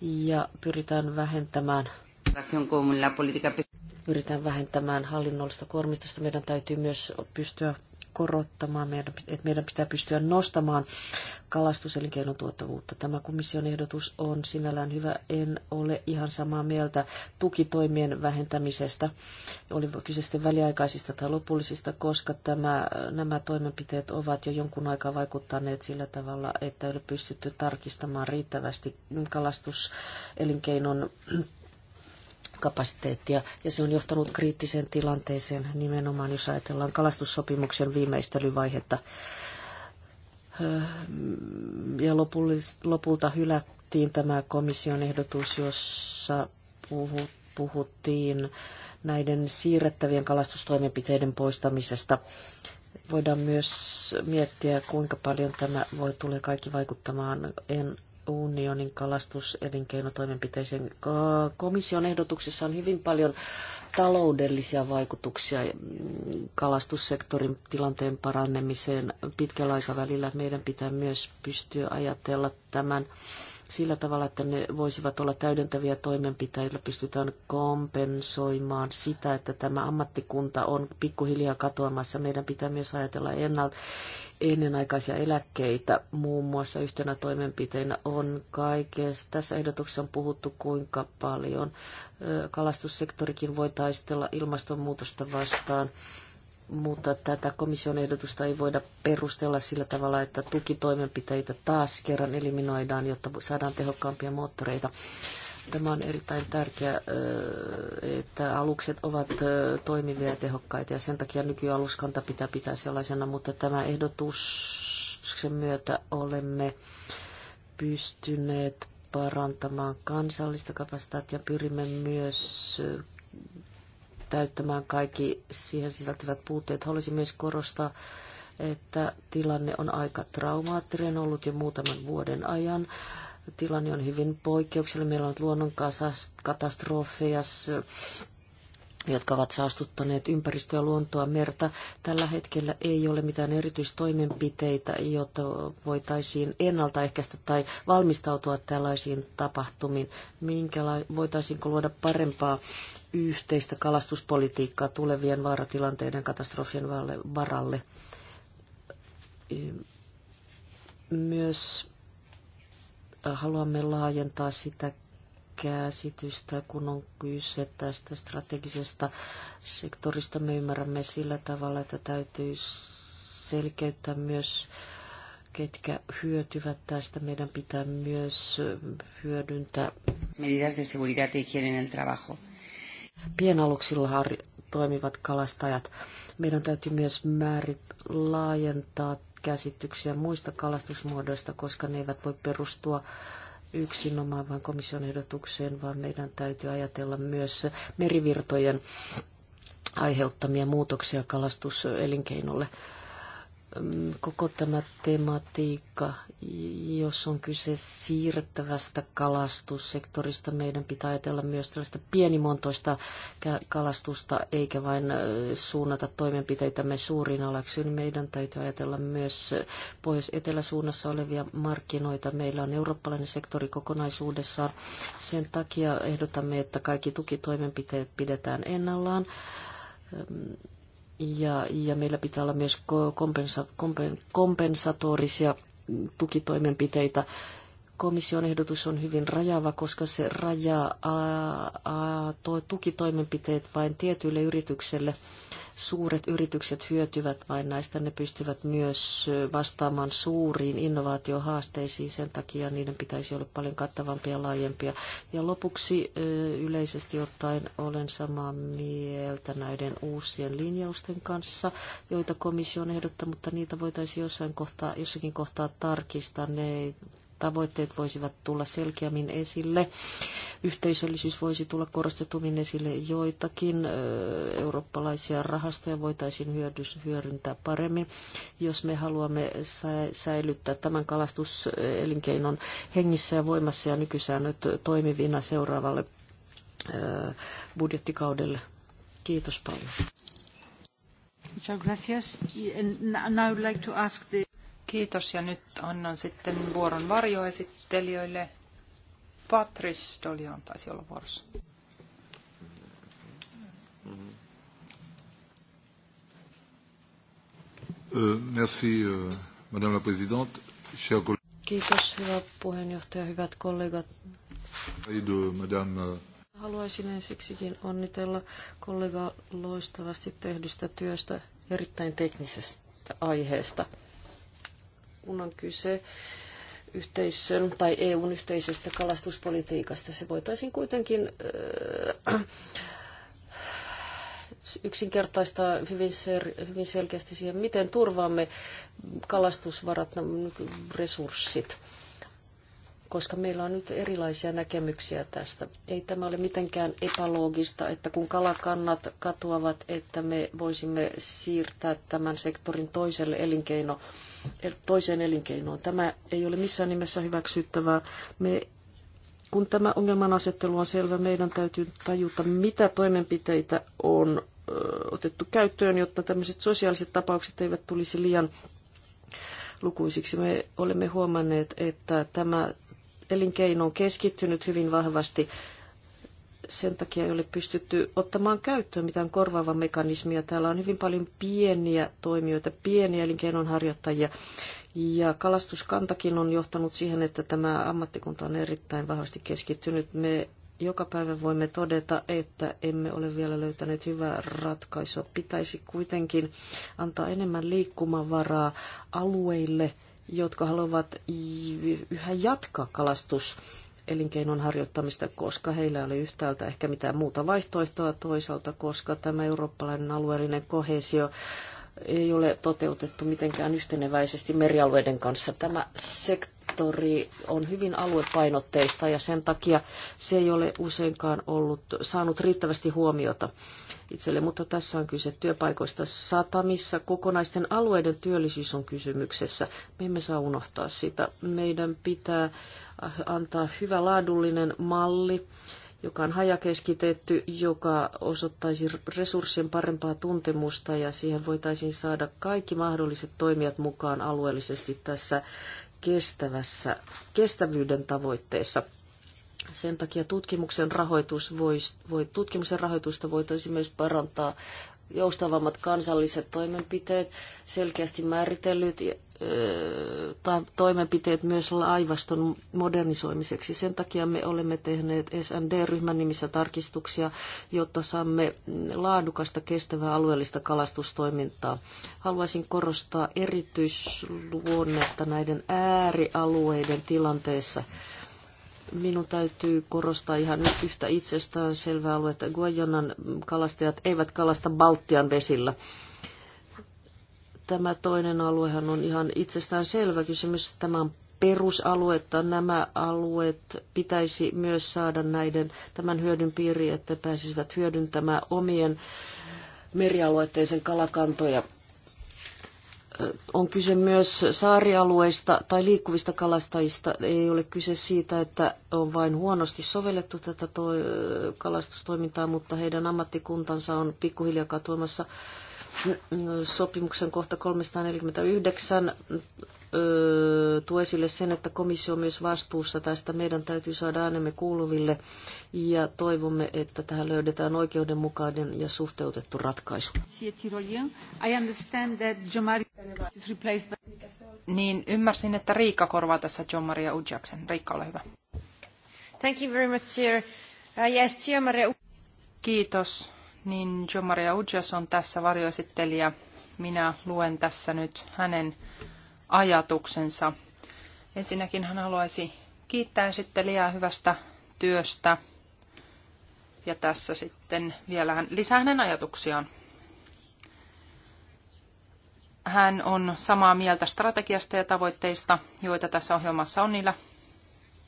ja pyritään vähentämään pyritään vähentämään hallinnollista kuormitusta. Meidän täytyy myös pystyä korottamaan, meidän, että meidän pitää pystyä nostamaan kalastuselinkeinon tuottavuutta. Tämä komission ehdotus on sinällään hyvä. En ole ihan samaa mieltä tukitoimien vähentämisestä, oli kyse sitten väliaikaisista tai lopullisista, koska tämä, nämä toimenpiteet ovat jo jonkun aikaa vaikuttaneet sillä tavalla, että ei ole pystytty tarkistamaan riittävästi kalastuselinkeinon kapasiteettia, ja se on johtanut kriittiseen tilanteeseen nimenomaan, jos ajatellaan kalastussopimuksen viimeistelyvaihetta. Öö, ja lopulta hylättiin tämä komission ehdotus, jossa puhuttiin näiden siirrettävien kalastustoimenpiteiden poistamisesta. Voidaan myös miettiä, kuinka paljon tämä voi tulee kaikki vaikuttamaan en unionin kalastuselinkeinotoimenpiteisiin. Komission ehdotuksessa on hyvin paljon taloudellisia vaikutuksia mm, kalastussektorin tilanteen parannemiseen pitkällä aikavälillä. Meidän pitää myös pystyä ajatella tämän sillä tavalla, että ne voisivat olla täydentäviä toimenpiteitä, pystytään kompensoimaan sitä, että tämä ammattikunta on pikkuhiljaa katoamassa. Meidän pitää myös ajatella ennalta ennenaikaisia eläkkeitä muun muassa yhtenä toimenpiteenä on kaikessa. Tässä ehdotuksessa on puhuttu kuinka paljon kalastussektorikin voi taistella ilmastonmuutosta vastaan, mutta tätä komission ehdotusta ei voida perustella sillä tavalla, että tukitoimenpiteitä taas kerran eliminoidaan, jotta saadaan tehokkaampia moottoreita. Tämä on erittäin tärkeää, että alukset ovat toimivia ja tehokkaita ja sen takia nykyaluskanta pitää pitää sellaisena, mutta tämä ehdotuksen myötä olemme pystyneet parantamaan kansallista kapasiteettia. Pyrimme myös täyttämään kaikki siihen sisältyvät puutteet. Haluaisin myös korostaa, että tilanne on aika traumaattinen ollut jo muutaman vuoden ajan tilanne on hyvin poikkeuksellinen. Meillä on luonnon katastrofeja, jotka ovat saastuttaneet ympäristöä, luontoa, merta. Tällä hetkellä ei ole mitään erityistoimenpiteitä, jotta voitaisiin ennaltaehkäistä tai valmistautua tällaisiin tapahtumiin. Minkäla- voitaisiinko luoda parempaa yhteistä kalastuspolitiikkaa tulevien vaaratilanteiden katastrofien varalle? Myös haluamme laajentaa sitä käsitystä, kun on kyse tästä strategisesta sektorista. Me ymmärrämme sillä tavalla, että täytyy selkeyttää myös ketkä hyötyvät tästä. Meidän pitää myös hyödyntää medidas de seguridad y en el trabajo. Pienaluksilla har- toimivat kalastajat. Meidän täytyy myös määrit laajentaa käsityksiä muista kalastusmuodoista, koska ne eivät voi perustua yksinomaan vain komission ehdotukseen, vaan meidän täytyy ajatella myös merivirtojen aiheuttamia muutoksia kalastuselinkeinolle koko tämä tematiikka, jos on kyse siirtävästä kalastussektorista, meidän pitää ajatella myös tällaista pienimontoista kalastusta, eikä vain suunnata toimenpiteitämme suurin alaksi. Niin meidän täytyy ajatella myös pohjois-eteläsuunnassa olevia markkinoita. Meillä on eurooppalainen sektori kokonaisuudessaan. Sen takia ehdotamme, että kaikki tukitoimenpiteet pidetään ennallaan ja, ja meillä pitää olla myös kompensa, kompen, kompensatorisia tukitoimenpiteitä. Komission ehdotus on hyvin rajava, koska se rajaa a, a, tukitoimenpiteet vain tietyille yritykselle – suuret yritykset hyötyvät vain näistä, ne pystyvät myös vastaamaan suuriin innovaatiohaasteisiin, sen takia niiden pitäisi olla paljon kattavampia ja laajempia. Ja lopuksi yleisesti ottaen olen samaa mieltä näiden uusien linjausten kanssa, joita komissio on ehdottanut, mutta niitä voitaisiin jossain kohtaa, jossakin kohtaa tarkistaa. Ne tavoitteet voisivat tulla selkeämmin esille. Yhteisöllisyys voisi tulla korostetummin esille joitakin. Eurooppalaisia rahastoja voitaisiin hyödyntää paremmin, jos me haluamme säilyttää tämän kalastuselinkeinon hengissä ja voimassa ja nykysäännöt toimivina seuraavalle budjettikaudelle. Kiitos paljon. gracias. Eh, now like to ask the... Kiitos ja nyt annan sitten vuoron varjoesittelijöille. Patris Dolion taisi olla vuorossa. Euh, merci, euh, madame la présidente. Kiitos, hyvä puheenjohtaja, hyvät kollegat. Euh, Haluaisin ensiksikin onnitella kollega loistavasti tehdystä työstä erittäin teknisestä aiheesta kun on kyse yhteisön tai EUn yhteisestä kalastuspolitiikasta. Se voitaisiin kuitenkin äh, yksinkertaistaa hyvin, sel- hyvin selkeästi siihen, miten turvaamme kalastusvarat, resurssit koska meillä on nyt erilaisia näkemyksiä tästä. Ei tämä ole mitenkään epäloogista, että kun kalakannat katoavat, että me voisimme siirtää tämän sektorin toiselle elinkeino, toiseen elinkeinoon. Tämä ei ole missään nimessä hyväksyttävää. Me kun tämä ongelman asettelu on selvä, meidän täytyy tajuta, mitä toimenpiteitä on otettu käyttöön, jotta tämmöiset sosiaaliset tapaukset eivät tulisi liian lukuisiksi. Me olemme huomanneet, että tämä elinkeino on keskittynyt hyvin vahvasti. Sen takia ei ole pystytty ottamaan käyttöön mitään korvaavaa mekanismia. Täällä on hyvin paljon pieniä toimijoita, pieniä elinkeinonharjoittajia. Ja kalastuskantakin on johtanut siihen, että tämä ammattikunta on erittäin vahvasti keskittynyt. Me joka päivä voimme todeta, että emme ole vielä löytäneet hyvää ratkaisua. Pitäisi kuitenkin antaa enemmän liikkumavaraa alueille – jotka haluavat yhä jatkaa kalastus elinkeinon harjoittamista, koska heillä oli yhtäältä ehkä mitään muuta vaihtoehtoa toisaalta, koska tämä eurooppalainen alueellinen kohesio ei ole toteutettu mitenkään yhteneväisesti merialueiden kanssa. Tämä sektori on hyvin aluepainotteista ja sen takia se ei ole useinkaan ollut, saanut riittävästi huomiota itselle, mutta tässä on kyse työpaikoista satamissa. Kokonaisten alueiden työllisyys on kysymyksessä. Me emme saa unohtaa sitä. Meidän pitää antaa hyvä laadullinen malli joka on hajakeskitetty, joka osoittaisi resurssien parempaa tuntemusta ja siihen voitaisiin saada kaikki mahdolliset toimijat mukaan alueellisesti tässä kestävässä, kestävyyden tavoitteessa. Sen takia tutkimuksen, rahoitus voisi, voi, tutkimuksen rahoitusta voitaisiin myös parantaa joustavammat kansalliset toimenpiteet, selkeästi määritellyt toimenpiteet myös laivaston modernisoimiseksi. Sen takia me olemme tehneet SND-ryhmän nimissä tarkistuksia, jotta saamme mm, laadukasta kestävää alueellista kalastustoimintaa. Haluaisin korostaa erityisluonnetta näiden äärialueiden tilanteessa minun täytyy korostaa ihan nyt yhtä itsestään selvää aluetta. Guajonan kalastajat eivät kalasta Baltian vesillä. Tämä toinen aluehan on ihan itsestään selvä kysymys. Tämä on perusaluetta. Nämä alueet pitäisi myös saada näiden, tämän hyödyn piiriin, että pääsisivät hyödyntämään omien merialueiden kalakantoja – on kyse myös saarialueista tai liikkuvista kalastajista. Ei ole kyse siitä, että on vain huonosti sovellettu tätä toi, kalastustoimintaa, mutta heidän ammattikuntansa on pikkuhiljaa katuamassa sopimuksen kohta 349 tuo esille sen, että komissio on myös vastuussa tästä. Meidän täytyy saada äänemme kuuluville ja toivomme, että tähän löydetään oikeudenmukainen ja suhteutettu ratkaisu. I understand that Jomari... Niin ymmärsin, että Riikka korvaa tässä John Maria Ujaksen. Riikka, ole hyvä. Thank you very much, sir. Uh, yes, John Maria... Kiitos. Niin John Maria Ujas on tässä varjoesittelijä. Minä luen tässä nyt hänen ajatuksensa. Ensinnäkin hän haluaisi kiittää esittelijää hyvästä työstä. Ja tässä sitten vielä hän lisää hänen ajatuksiaan. Hän on samaa mieltä strategiasta ja tavoitteista, joita tässä ohjelmassa on. Niillä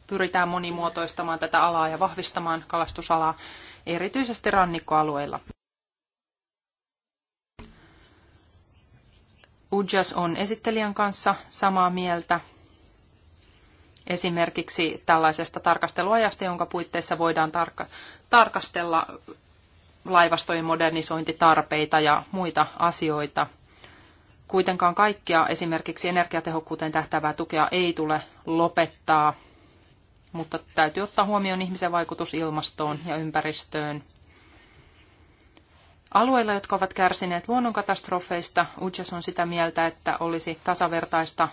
pyritään monimuotoistamaan tätä alaa ja vahvistamaan kalastusalaa erityisesti rannikkoalueilla. Ujas on esittelijän kanssa samaa mieltä esimerkiksi tällaisesta tarkasteluajasta, jonka puitteissa voidaan tarka- tarkastella laivastojen modernisointitarpeita ja muita asioita – Kuitenkaan kaikkia esimerkiksi energiatehokkuuteen tähtäävää tukea ei tule lopettaa, mutta täytyy ottaa huomioon ihmisen vaikutus ilmastoon ja ympäristöön. Alueilla, jotka ovat kärsineet luonnonkatastrofeista, Ujas on sitä mieltä, että olisi tasavertaista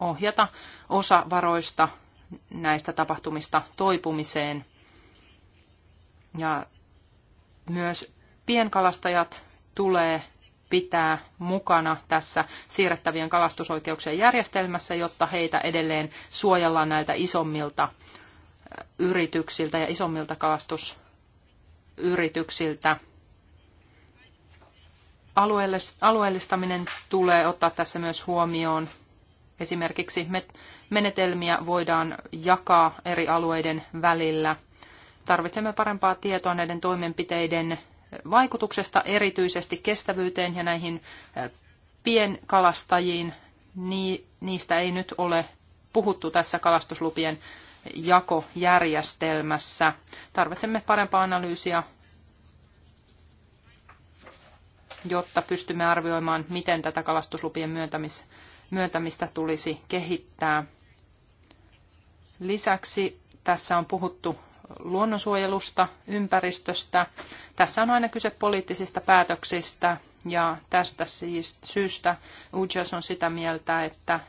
ohjata osa varoista näistä tapahtumista toipumiseen. Ja myös pienkalastajat tulee pitää mukana tässä siirrettävien kalastusoikeuksien järjestelmässä, jotta heitä edelleen suojellaan näiltä isommilta yrityksiltä ja isommilta kalastusyrityksiltä. Alueellistaminen tulee ottaa tässä myös huomioon. Esimerkiksi menetelmiä voidaan jakaa eri alueiden välillä. Tarvitsemme parempaa tietoa näiden toimenpiteiden vaikutuksesta erityisesti kestävyyteen ja näihin pienkalastajiin. Niistä ei nyt ole puhuttu tässä kalastuslupien jakojärjestelmässä. Tarvitsemme parempaa analyysiä, jotta pystymme arvioimaan, miten tätä kalastuslupien myöntämis, myöntämistä tulisi kehittää. Lisäksi tässä on puhuttu luonnonsuojelusta, ympäristöstä. Tässä on aina kyse poliittisista päätöksistä ja tästä siis syystä UJAS on sitä mieltä, että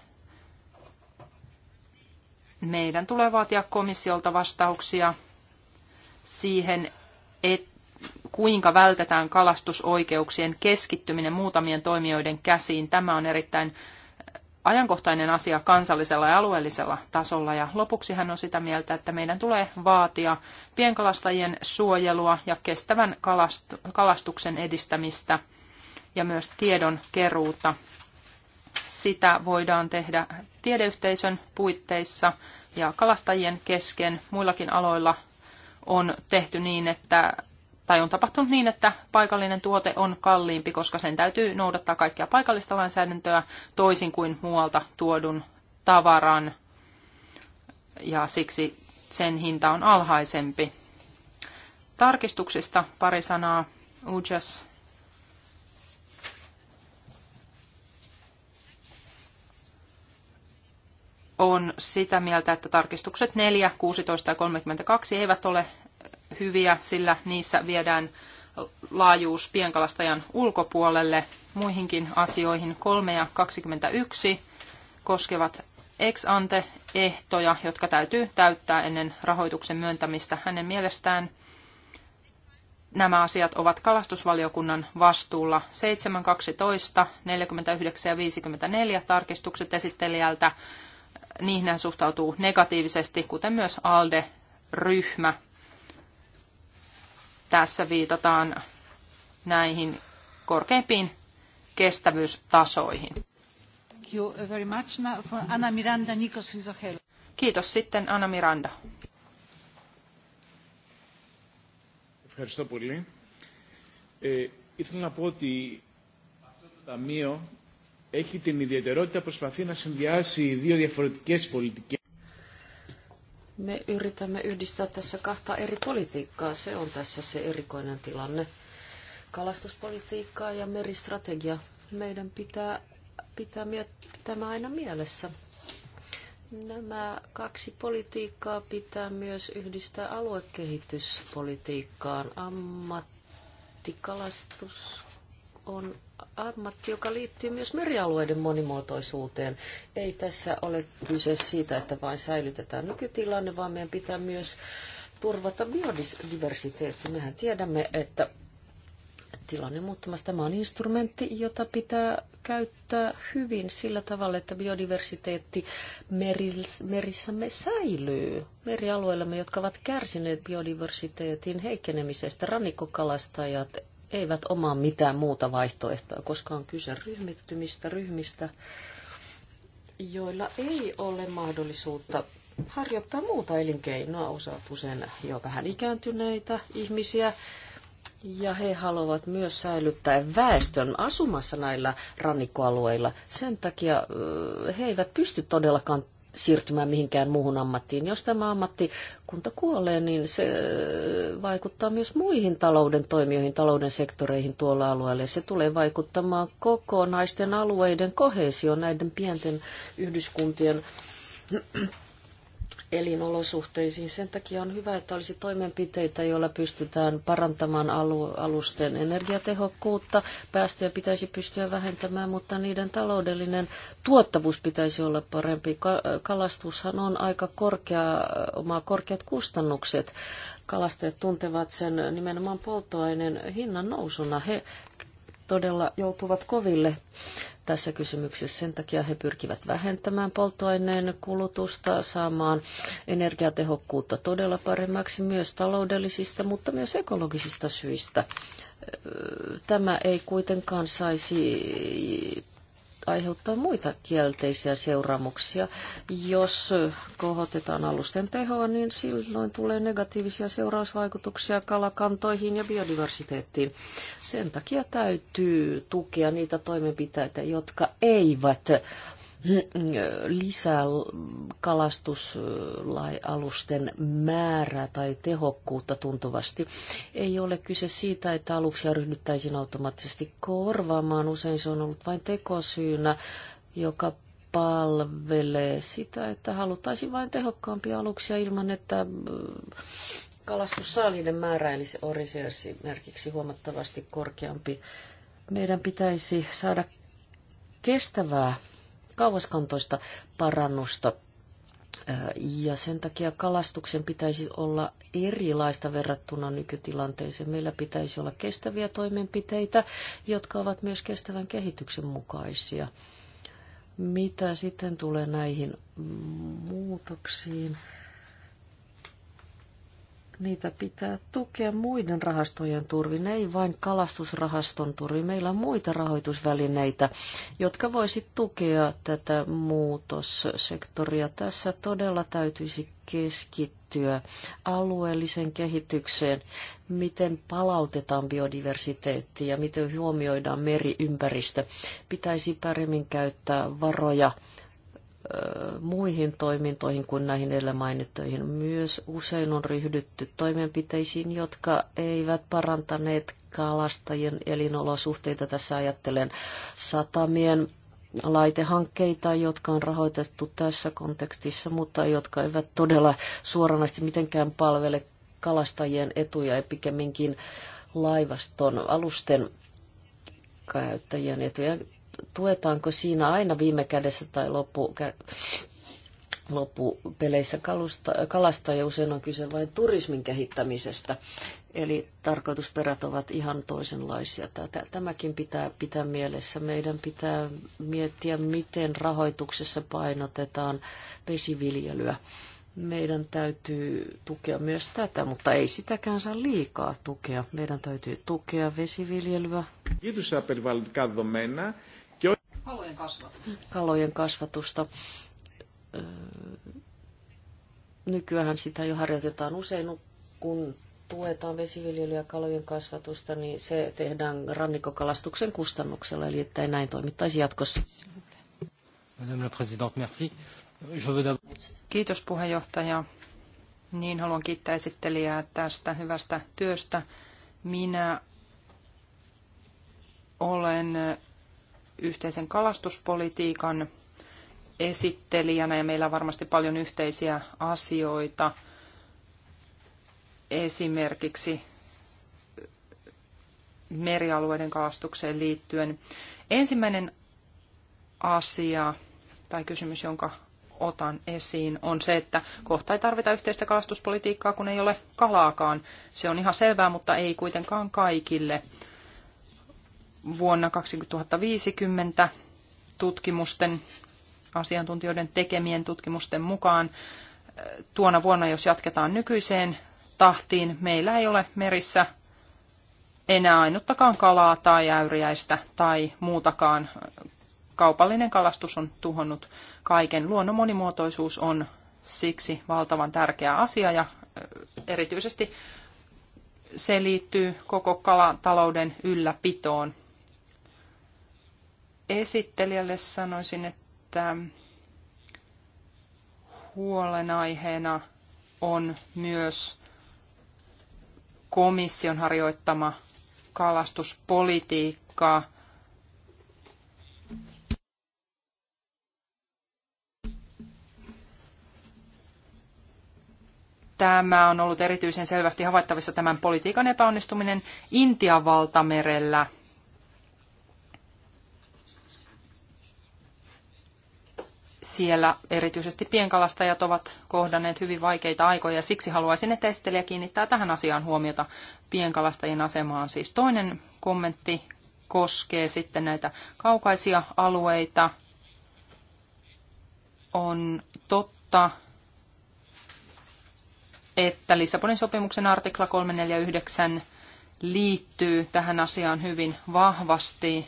meidän tulee vaatia komissiolta vastauksia siihen, että kuinka vältetään kalastusoikeuksien keskittyminen muutamien toimijoiden käsiin. Tämä on erittäin ajankohtainen asia kansallisella ja alueellisella tasolla. Ja lopuksi hän on sitä mieltä, että meidän tulee vaatia pienkalastajien suojelua ja kestävän kalastuksen edistämistä ja myös tiedon keruuta. Sitä voidaan tehdä tiedeyhteisön puitteissa ja kalastajien kesken muillakin aloilla on tehty niin, että tai on tapahtunut niin, että paikallinen tuote on kalliimpi, koska sen täytyy noudattaa kaikkia paikallista lainsäädäntöä toisin kuin muualta tuodun tavaran. Ja siksi sen hinta on alhaisempi. Tarkistuksista pari sanaa. Ujas on sitä mieltä, että tarkistukset 4, 16 ja 32 eivät ole hyviä, sillä niissä viedään laajuus pienkalastajan ulkopuolelle muihinkin asioihin 3 ja 21 koskevat ex ante ehtoja, jotka täytyy täyttää ennen rahoituksen myöntämistä. Hänen mielestään nämä asiat ovat kalastusvaliokunnan vastuulla 7, 12, 49 ja 54 tarkistukset esittelijältä. Niihin hän suhtautuu negatiivisesti, kuten myös ALDE-ryhmä tässä viitataan näihin korkeimpiin kestävyystasoihin. Thank you very much for Anna Miranda Nikos Kiitos sitten Anna Miranda. Ευχαριστώ πολύ. Ε, ήθελα να πω ότι αυτό το ταμείο έχει την ιδιαιτερότητα προσπαθεί να συνδυάσει δύο διαφορετικές πολιτικές me yritämme yhdistää tässä kahta eri politiikkaa. Se on tässä se erikoinen tilanne. Kalastuspolitiikkaa ja meristrategia. Meidän pitää pitää tämä aina mielessä. Nämä kaksi politiikkaa pitää myös yhdistää aluekehityspolitiikkaan. Ammattikalastus on ammatti, joka liittyy myös merialueiden monimuotoisuuteen. Ei tässä ole kyse siitä, että vain säilytetään nykytilanne, vaan meidän pitää myös turvata biodiversiteetti. Mehän tiedämme, että tilanne muuttumassa. Tämä on instrumentti, jota pitää käyttää hyvin sillä tavalla, että biodiversiteetti merissämme säilyy. Merialueillamme, jotka ovat kärsineet biodiversiteetin heikkenemisestä, rannikkokalastajat, eivät omaa mitään muuta vaihtoehtoa, koska on kyse ryhmittymistä ryhmistä, joilla ei ole mahdollisuutta harjoittaa muuta elinkeinoa, Osa usein jo vähän ikääntyneitä ihmisiä, ja he haluavat myös säilyttää väestön asumassa näillä rannikkoalueilla. Sen takia he eivät pysty todellakaan siirtymään mihinkään muuhun ammattiin. Jos tämä ammattikunta kuolee, niin se äh, vaikuttaa myös muihin talouden toimijoihin, talouden sektoreihin tuolla alueella. Se tulee vaikuttamaan koko naisten alueiden kohesioon näiden pienten yhdyskuntien elinolosuhteisiin. Sen takia on hyvä, että olisi toimenpiteitä, joilla pystytään parantamaan alusten energiatehokkuutta. Päästöjä pitäisi pystyä vähentämään, mutta niiden taloudellinen tuottavuus pitäisi olla parempi. Kalastushan on aika korkea, omaa korkeat kustannukset. Kalastajat tuntevat sen nimenomaan polttoaineen hinnan nousuna. He todella joutuvat koville tässä kysymyksessä. Sen takia he pyrkivät vähentämään polttoaineen kulutusta, saamaan energiatehokkuutta todella paremmaksi myös taloudellisista, mutta myös ekologisista syistä. Tämä ei kuitenkaan saisi aiheuttaa muita kielteisiä seuraamuksia. Jos kohotetaan alusten tehoa, niin silloin tulee negatiivisia seurausvaikutuksia kalakantoihin ja biodiversiteettiin. Sen takia täytyy tukea niitä toimenpiteitä, jotka eivät lisää kalastusalusten määrää tai tehokkuutta tuntuvasti. Ei ole kyse siitä, että aluksia ryhdyttäisiin automaattisesti korvaamaan. Usein se on ollut vain tekosyynä, joka palvelee sitä, että haluttaisiin vain tehokkaampia aluksia ilman, että äh, kalastussaaliiden määrä, eli se orisersi merkiksi huomattavasti korkeampi. Meidän pitäisi saada kestävää kauaskantoista parannusta. Ja sen takia kalastuksen pitäisi olla erilaista verrattuna nykytilanteeseen. Meillä pitäisi olla kestäviä toimenpiteitä, jotka ovat myös kestävän kehityksen mukaisia. Mitä sitten tulee näihin muutoksiin? niitä pitää tukea muiden rahastojen turvin, ei vain kalastusrahaston turvin. Meillä on muita rahoitusvälineitä, jotka voisi tukea tätä muutossektoria. Tässä todella täytyisi keskittyä alueelliseen kehitykseen, miten palautetaan biodiversiteetti ja miten huomioidaan meriympäristö. Pitäisi paremmin käyttää varoja – muihin toimintoihin kuin näihin edellä mainittuihin. Myös usein on ryhdytty toimenpiteisiin, jotka eivät parantaneet kalastajien elinolosuhteita. Tässä ajattelen satamien laitehankkeita, jotka on rahoitettu tässä kontekstissa, mutta jotka eivät todella suoranaisesti mitenkään palvele kalastajien etuja ja pikemminkin laivaston alusten käyttäjien etuja tuetaanko siinä aina viime kädessä tai loppu, loppupeleissä kalusta, kalasta ja usein on kyse vain turismin kehittämisestä. Eli tarkoitusperät ovat ihan toisenlaisia. Tätä, tämäkin pitää pitää mielessä. Meidän pitää miettiä, miten rahoituksessa painotetaan vesiviljelyä. Meidän täytyy tukea myös tätä, mutta ei sitäkään saa liikaa tukea. Meidän täytyy tukea vesiviljelyä. Kiitos, Kalojen kasvatusta. Kalojen kasvatusta. Nykyään sitä jo harjoitetaan usein, no, kun tuetaan vesiviljelyä ja kalojen kasvatusta, niin se tehdään rannikkokalastuksen kustannuksella, eli että ei näin toimittaisi jatkossa. Madame la Présidente, merci. Kiitos puheenjohtaja. Niin haluan kiittää esittelijää tästä hyvästä työstä. Minä olen yhteisen kalastuspolitiikan esittelijänä ja meillä on varmasti paljon yhteisiä asioita. Esimerkiksi merialueiden kalastukseen liittyen. Ensimmäinen asia tai kysymys, jonka otan esiin, on se, että kohta ei tarvita yhteistä kalastuspolitiikkaa, kun ei ole kalaakaan. Se on ihan selvää, mutta ei kuitenkaan kaikille vuonna 2050 tutkimusten, asiantuntijoiden tekemien tutkimusten mukaan äh, tuona vuonna, jos jatketaan nykyiseen tahtiin, meillä ei ole merissä enää ainuttakaan kalaa tai äyriäistä tai muutakaan. Kaupallinen kalastus on tuhonnut kaiken. Luonnon monimuotoisuus on siksi valtavan tärkeä asia ja äh, erityisesti se liittyy koko kalatalouden ylläpitoon esittelijälle sanoisin, että huolenaiheena on myös komission harjoittama kalastuspolitiikka. Tämä on ollut erityisen selvästi havaittavissa tämän politiikan epäonnistuminen Intian valtamerellä – Siellä erityisesti pienkalastajat ovat kohdanneet hyvin vaikeita aikoja ja siksi haluaisin, että esittelijä kiinnittää tähän asiaan huomiota pienkalastajien asemaan. Siis toinen kommentti koskee sitten näitä kaukaisia alueita. On totta, että Lissabonin sopimuksen artikla 349 liittyy tähän asiaan hyvin vahvasti,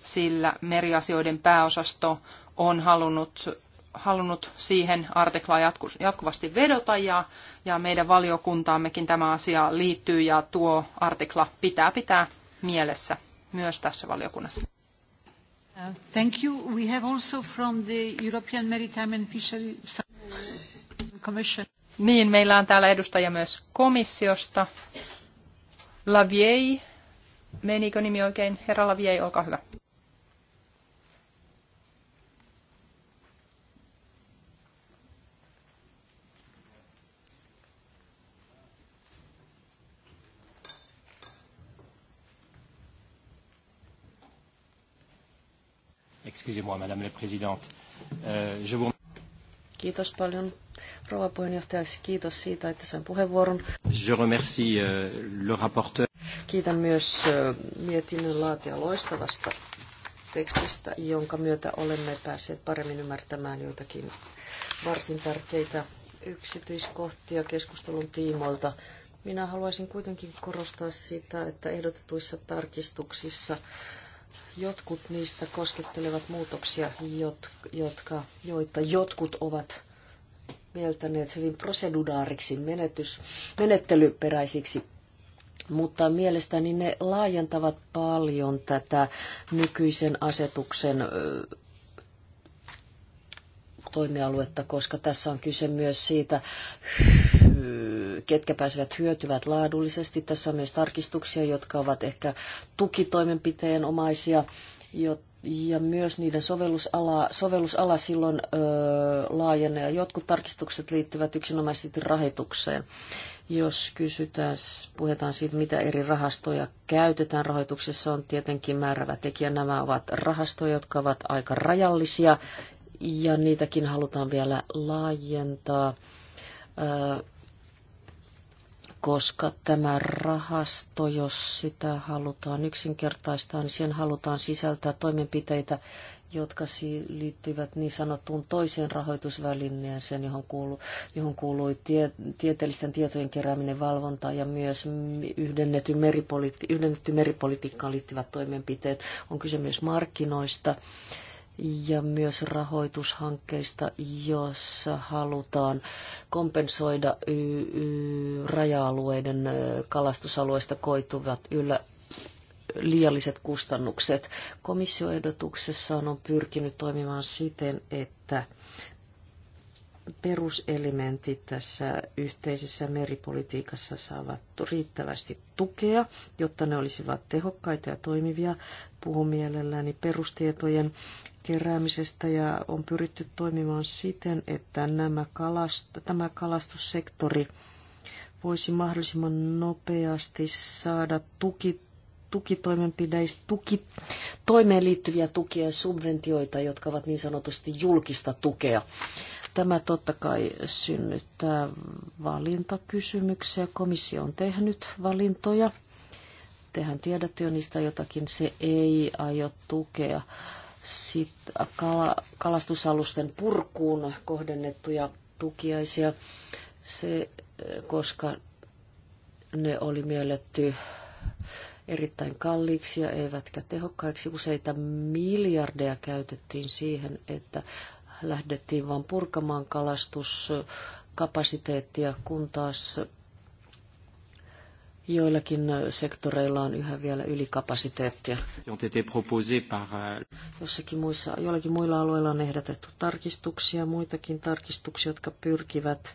sillä meriasioiden pääosasto on halunnut, halunnut siihen artiklaa jatku, jatkuvasti vedota ja, ja meidän valiokuntaammekin tämä asia liittyy ja tuo artikla pitää pitää mielessä myös tässä valiokunnassa. Uh, thank you. We have also from the European Maritime and Fishery Commission. Niin, meillä on täällä edustaja myös komissiosta. Laviei, menikö nimi oikein? Herra Laviei, olkaa hyvä. Excusez-moi, Madame la Présidente. Euh, je vous... Kiitos paljon rouva puheenjohtajaksi. Kiitos siitä, että sain puheenvuoron. Je remercie euh, le rapporteur. Kiitän myös mietinnön laatia loistavasta tekstistä, jonka myötä olemme päässeet paremmin ymmärtämään joitakin varsin tärkeitä yksityiskohtia keskustelun tiimoilta. Minä haluaisin kuitenkin korostaa sitä, että ehdotetuissa tarkistuksissa Jotkut niistä koskettelevat muutoksia, jotka, joita jotkut ovat mieltäneet hyvin prosedudaariksi menetys, menettelyperäisiksi, mutta mielestäni ne laajentavat paljon tätä nykyisen asetuksen toimialuetta, koska tässä on kyse myös siitä ketkä pääsevät hyötyvät laadullisesti. Tässä on myös tarkistuksia, jotka ovat ehkä tukitoimenpiteen omaisia, ja myös niiden sovellusala, sovellusala silloin ö, laajenee. Jotkut tarkistukset liittyvät yksinomaisesti rahoitukseen. Jos kysytään, puhutaan siitä, mitä eri rahastoja käytetään rahoituksessa, on tietenkin määrävä tekijä. Nämä ovat rahastoja, jotka ovat aika rajallisia ja niitäkin halutaan vielä laajentaa. Ö, koska tämä rahasto, jos sitä halutaan yksinkertaistaa, niin siihen halutaan sisältää toimenpiteitä, jotka liittyvät niin sanottuun toiseen rahoitusvälineeseen, johon, kuulu, johon kuului tie, tieteellisten tietojen kerääminen, valvonta ja myös yhdennetty, meripoliti, yhdennetty meripolitiikkaan liittyvät toimenpiteet. On kyse myös markkinoista. Äh, ja myös rahoitushankkeista, jossa halutaan kompensoida raja-alueiden kalastusalueista koituvat yllä liialliset kustannukset. Komissioehdotuksessaan on pyrkinyt toimimaan siten, että peruselementit tässä yhteisessä meripolitiikassa saavat riittävästi tukea, jotta ne olisivat tehokkaita ja toimivia. Puhun mielelläni perustietojen keräämisestä ja on pyritty toimimaan siten, että nämä kalast- tämä kalastussektori voisi mahdollisimman nopeasti saada tuki, tukitoimenpideistä, tuki, toimeen liittyviä tukia ja subventioita, jotka ovat niin sanotusti julkista tukea. Tämä totta kai synnyttää valintakysymyksiä. Komissio on tehnyt valintoja. Tehän tiedätte jo niistä jotakin. Se ei aio tukea sitten kalastusalusten purkuun kohdennettuja tukiaisia, se, koska ne oli mielletty erittäin kalliiksi ja eivätkä tehokkaiksi. Useita miljardeja käytettiin siihen, että lähdettiin vain purkamaan kalastuskapasiteettia, kun taas Joillakin sektoreilla on yhä vielä ylikapasiteettia. Euh, Jossakin muissa, joillakin muilla alueilla on ehdotettu tarkistuksia, muitakin tarkistuksia, jotka pyrkivät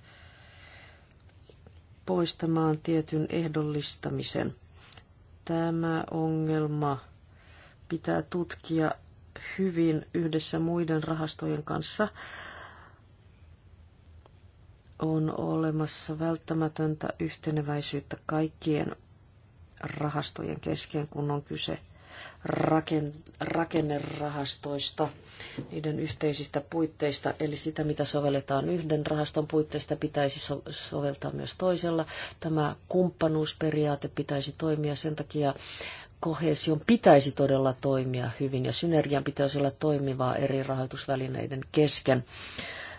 poistamaan tietyn ehdollistamisen. Tämä ongelma pitää tutkia hyvin yhdessä muiden rahastojen kanssa on olemassa välttämätöntä yhteneväisyyttä kaikkien rahastojen kesken, kun on kyse raken, rakennerahastoista, niiden yhteisistä puitteista, eli sitä mitä sovelletaan yhden rahaston puitteista pitäisi so- soveltaa myös toisella. Tämä kumppanuusperiaate pitäisi toimia sen takia, kohesion pitäisi todella toimia hyvin ja synergian pitäisi olla toimivaa eri rahoitusvälineiden kesken.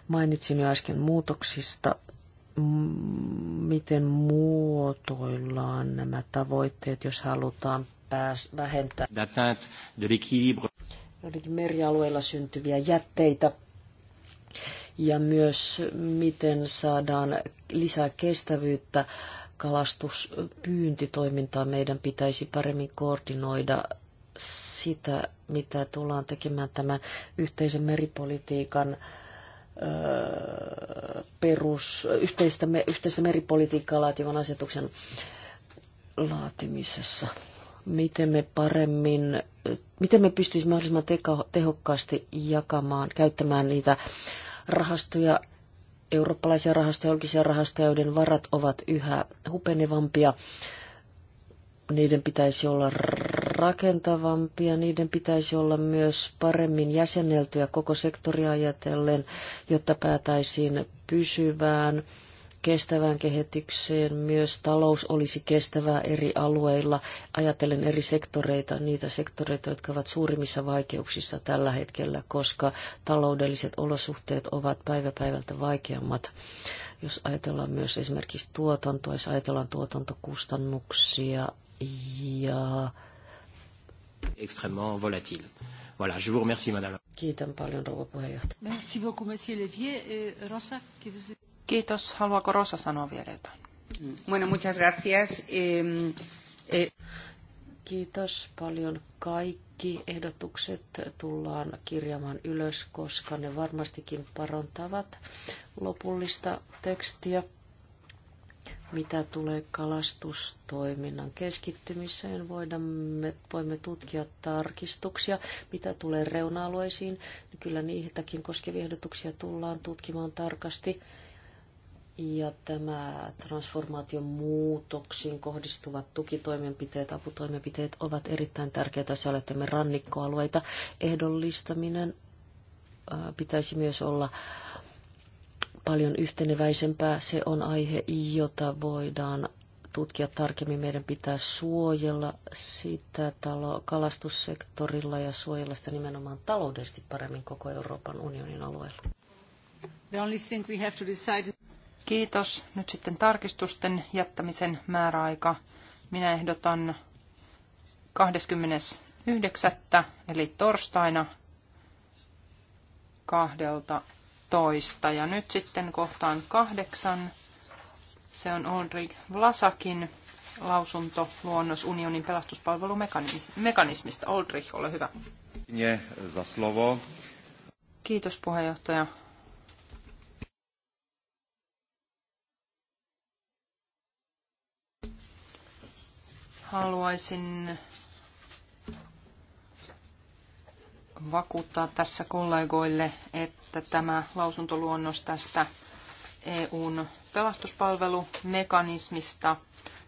Mainitsin jo äsken muutoksista, miten muotoillaan nämä tavoitteet, jos halutaan pääs- vähentää joidenkin merialueilla syntyviä jätteitä ja myös miten saadaan lisää kestävyyttä kalastuspyyntitoimintaa. Meidän pitäisi paremmin koordinoida sitä, mitä tullaan tekemään tämän yhteisen meripolitiikan äh, perus, yhteistä, yhteistä meripolitiikkaa laativan asetuksen laatimisessa. Miten me paremmin, miten me pystyisimme mahdollisimman teko, tehokkaasti jakamaan, käyttämään niitä rahastoja, eurooppalaisia rahastoja, julkisia rahastoja, joiden varat ovat yhä hupenevampia. Niiden pitäisi olla rakentavampia, niiden pitäisi olla myös paremmin jäsenneltyä koko sektoria ajatellen, jotta päätäisiin pysyvään kestävään kehitykseen, myös talous olisi kestävää eri alueilla, ajatellen eri sektoreita, niitä sektoreita, jotka ovat suurimmissa vaikeuksissa tällä hetkellä, koska taloudelliset olosuhteet ovat päivä päivältä vaikeammat. Jos ajatellaan myös esimerkiksi tuotantoa, jos ajatellaan tuotantokustannuksia ja extrêmement volatile. Voilà, je vous remercie, madame. Kiitän paljon, rouva puheenjohtaja. Merci beaucoup, monsieur Levier. Euh, Rosa, kiitos. Kiitos. Haluaako Rosa sanoa vielä jotain? Bueno, muchas gracias. Eh, eh. Kiitos paljon kaikki ehdotukset tullaan kirjaamaan ylös, koska ne varmastikin parantavat lopullista tekstiä. Mitä tulee kalastustoiminnan keskittymiseen, voidamme, voimme tutkia tarkistuksia. Mitä tulee reuna-alueisiin, niin kyllä niitäkin koskevia ehdotuksia tullaan tutkimaan tarkasti. Ja tämä transformaation muutoksiin kohdistuvat tukitoimenpiteet, aputoimenpiteet ovat erittäin tärkeitä. Se olemme rannikkoalueita. Ehdollistaminen pitäisi myös olla äh, paljon yhteneväisempää. Se on aihe, jota voidaan tutkia tarkemmin. Meidän pitää suojella sitä talo- kalastussektorilla ja suojella sitä nimenomaan taloudellisesti paremmin koko Euroopan unionin alueella. Kiitos. Nyt sitten tarkistusten jättämisen määräaika. Minä ehdotan 29. eli torstaina kahdelta toista Ja nyt sitten kohtaan kahdeksan. Se on Ulrik Vlasakin lausunto luonnos unionin pelastuspalvelumekanismista. Oldrich, ole hyvä. Kiitos puheenjohtaja. Haluaisin vakuuttaa tässä kollegoille, että että tämä lausuntoluonnos tästä EUn pelastuspalvelumekanismista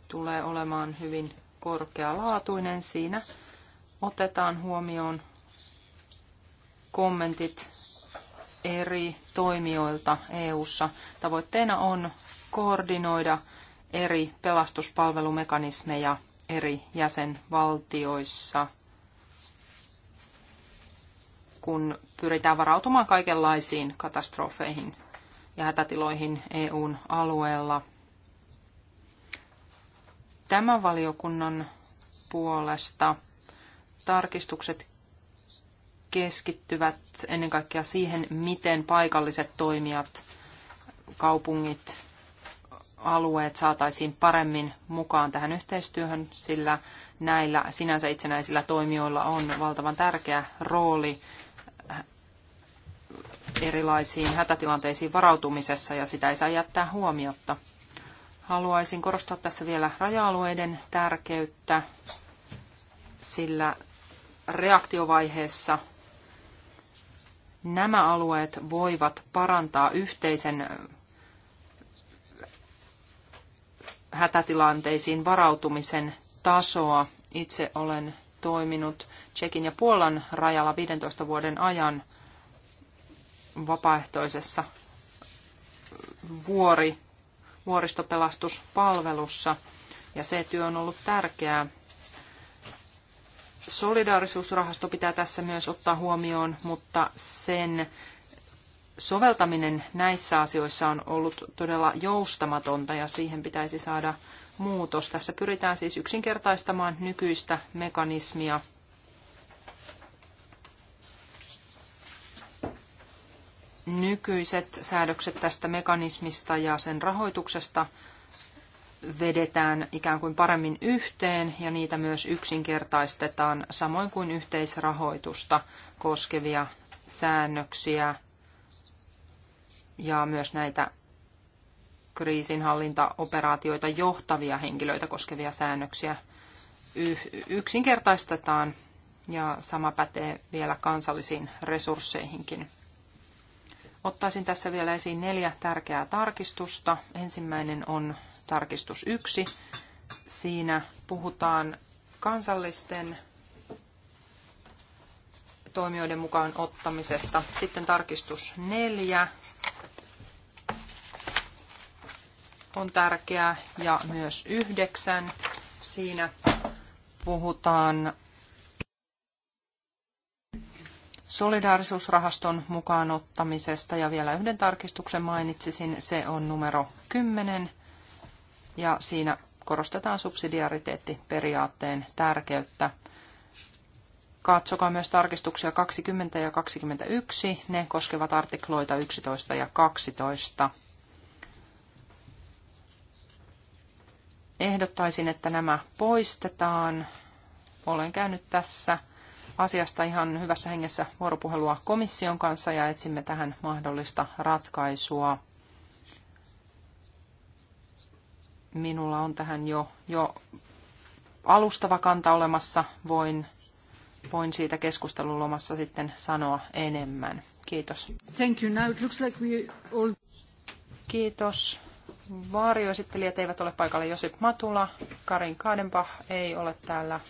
tulee olemaan hyvin korkealaatuinen. Siinä otetaan huomioon kommentit eri toimijoilta EU:ssa. Tavoitteena on koordinoida eri pelastuspalvelumekanismeja eri jäsenvaltioissa, kun pyritään varautumaan kaikenlaisiin katastrofeihin ja hätätiloihin EUn alueella. Tämän valiokunnan puolesta tarkistukset keskittyvät ennen kaikkea siihen, miten paikalliset toimijat, kaupungit, alueet saataisiin paremmin mukaan tähän yhteistyöhön, sillä näillä sinänsä itsenäisillä toimijoilla on valtavan tärkeä rooli erilaisiin hätätilanteisiin varautumisessa ja sitä ei saa jättää huomiotta. Haluaisin korostaa tässä vielä raja-alueiden tärkeyttä, sillä reaktiovaiheessa nämä alueet voivat parantaa yhteisen hätätilanteisiin varautumisen tasoa. Itse olen toiminut Tsekin ja Puolan rajalla 15 vuoden ajan vapaaehtoisessa vuori, vuoristopelastuspalvelussa. Ja se työ on ollut tärkeää. Solidaarisuusrahasto pitää tässä myös ottaa huomioon, mutta sen soveltaminen näissä asioissa on ollut todella joustamatonta ja siihen pitäisi saada muutos. Tässä pyritään siis yksinkertaistamaan nykyistä mekanismia – nykyiset säädökset tästä mekanismista ja sen rahoituksesta vedetään ikään kuin paremmin yhteen ja niitä myös yksinkertaistetaan, samoin kuin yhteisrahoitusta koskevia säännöksiä ja myös näitä kriisinhallintaoperaatioita johtavia henkilöitä koskevia säännöksiä yksinkertaistetaan ja sama pätee vielä kansallisiin resursseihinkin. Ottaisin tässä vielä esiin neljä tärkeää tarkistusta. Ensimmäinen on tarkistus yksi. Siinä puhutaan kansallisten toimijoiden mukaan ottamisesta. Sitten tarkistus neljä on tärkeää ja myös yhdeksän. Siinä puhutaan solidaarisuusrahaston mukaan ottamisesta. Ja vielä yhden tarkistuksen mainitsisin, se on numero 10. Ja siinä korostetaan subsidiariteettiperiaatteen tärkeyttä. Katsokaa myös tarkistuksia 20 ja 21. Ne koskevat artikloita 11 ja 12. Ehdottaisin, että nämä poistetaan. Olen käynyt tässä asiasta ihan hyvässä hengessä vuoropuhelua komission kanssa ja etsimme tähän mahdollista ratkaisua. Minulla on tähän jo, jo alustava kanta olemassa. Voin, voin siitä keskustelun lomassa sitten sanoa enemmän. Kiitos. Thank you. Now it looks like we all... Kiitos. Vaarioesittelijät eivät ole paikalla. Josip Matula, Karin Kaadenbach ei ole täällä.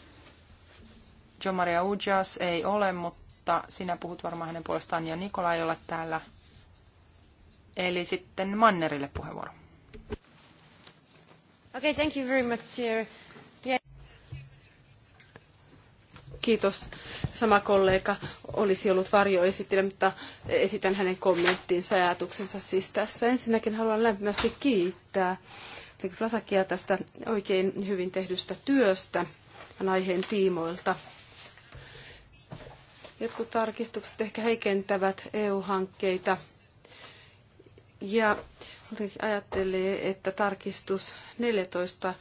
Jo Maria Ujas ei ole, mutta sinä puhut varmaan hänen puolestaan ja Nikola ei ole täällä. Eli sitten Mannerille puheenvuoro. Okay, thank you very much, sir. Yeah. Kiitos. Sama kollega olisi ollut varjoesittelijä, mutta esitän hänen kommenttinsa ja ajatuksensa siis tässä. Ensinnäkin haluan lämpimästi kiittää Flasakia tästä oikein hyvin tehdystä työstä aiheen tiimoilta. Jotkut tarkistukset ehkä heikentävät EU-hankkeita. Ja ajattelee, että tarkistus 14,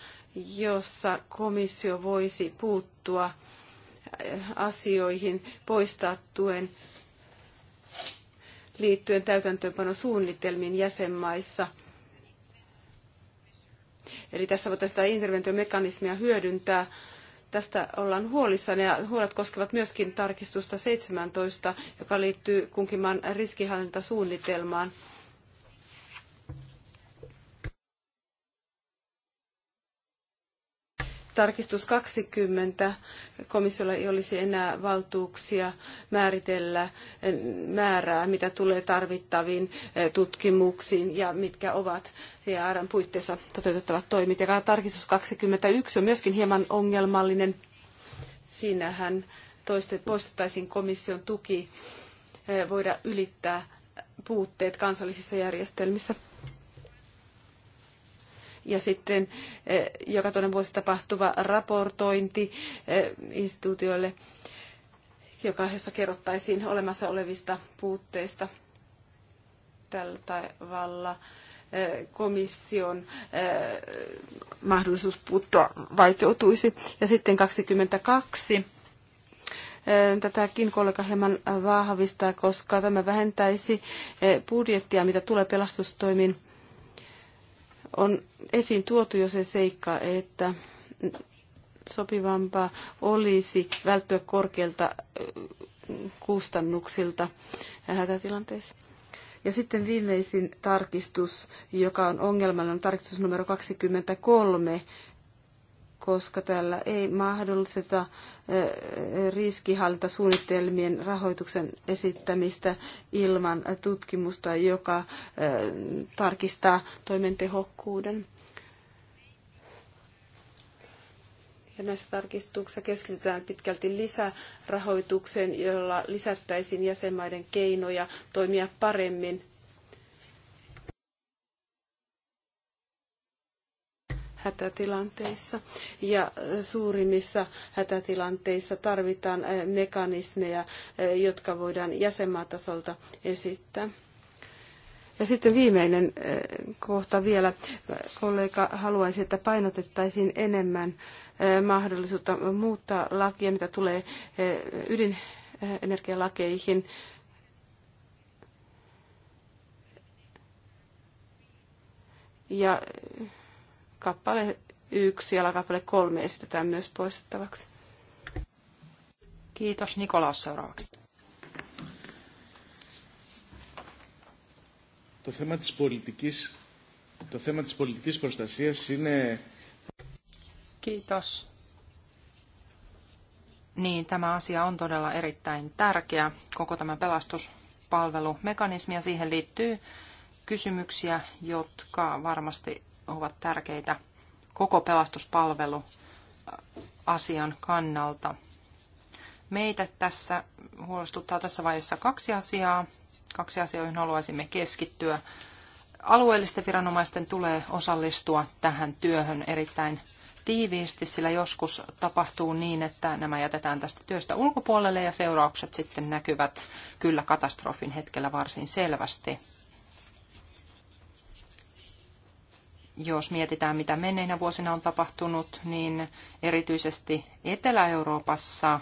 jossa komissio voisi puuttua äh, asioihin, poistaa tuen liittyen täytäntöönpanosuunnitelmiin jäsenmaissa. Eli tässä voitaisiin sitä interventiomekanismia hyödyntää Tästä ollaan huolissaan ja huolet koskevat myöskin tarkistusta 17, joka liittyy kunkin maan riskihallintasuunnitelmaan. tarkistus 20 komissiolla ei olisi enää valtuuksia määritellä eh, määrää, mitä tulee tarvittaviin eh, tutkimuksiin ja mitkä ovat CRn puitteissa toteutettavat toimit. Ja tarkistus 21 on myöskin hieman ongelmallinen. Siinähän toistet, poistettaisiin komission tuki eh, voida ylittää puutteet kansallisissa järjestelmissä ja sitten eh, joka toinen vuosi tapahtuva raportointi eh, instituutioille, joka, jossa kerrottaisiin olemassa olevista puutteista tällä tavalla eh, komission mahdollisuus puuttua vaikeutuisi. Ja sitten 22 tätäkin kollega hieman vahvistaa, koska tämä vähentäisi budjettia, mitä tulee pelastustoimin on esiin tuotu jo se seikka, että sopivampaa olisi välttyä korkeilta äh, kustannuksilta hätätilanteessa. Ja sitten viimeisin tarkistus, joka on ongelmallinen, on tarkistus numero 23, koska tällä ei mahdollisteta riskihallintasuunnitelmien rahoituksen esittämistä ilman tutkimusta, joka tarkistaa toimen tehokkuuden. Ja näissä tarkistuksissa keskitytään pitkälti lisärahoitukseen, jolla lisättäisiin jäsenmaiden keinoja toimia paremmin hätätilanteissa. Ja eh, suurimmissa hätätilanteissa tarvitaan eh, mekanismeja, eh, jotka voidaan jäsenmaatasolta esittää. Ja sitten viimeinen kohta vielä. Kollega haluaisi, että painotettaisiin enemmän mahdollisuutta muuttaa lakia, mitä tulee ydinenergialakeihin. Ja kappale 1 ja kappale 3 esitetään myös poistettavaksi. Kiitos. Nikolaus seuraavaksi. Το θέμα της πολιτικής, το θέμα της πολιτικής προστασίας είναι... Kiitos. Niin, tämä asia on todella erittäin tärkeä, koko tämä pelastuspalvelumekanismi, ja siihen liittyy kysymyksiä, jotka varmasti ovat tärkeitä koko pelastuspalvelu asian kannalta. Meitä tässä huolestuttaa tässä vaiheessa kaksi asiaa. Kaksi asiaa, joihin haluaisimme keskittyä. Alueellisten viranomaisten tulee osallistua tähän työhön erittäin tiiviisti, sillä joskus tapahtuu niin, että nämä jätetään tästä työstä ulkopuolelle ja seuraukset sitten näkyvät kyllä katastrofin hetkellä varsin selvästi. jos mietitään, mitä menneinä vuosina on tapahtunut, niin erityisesti Etelä-Euroopassa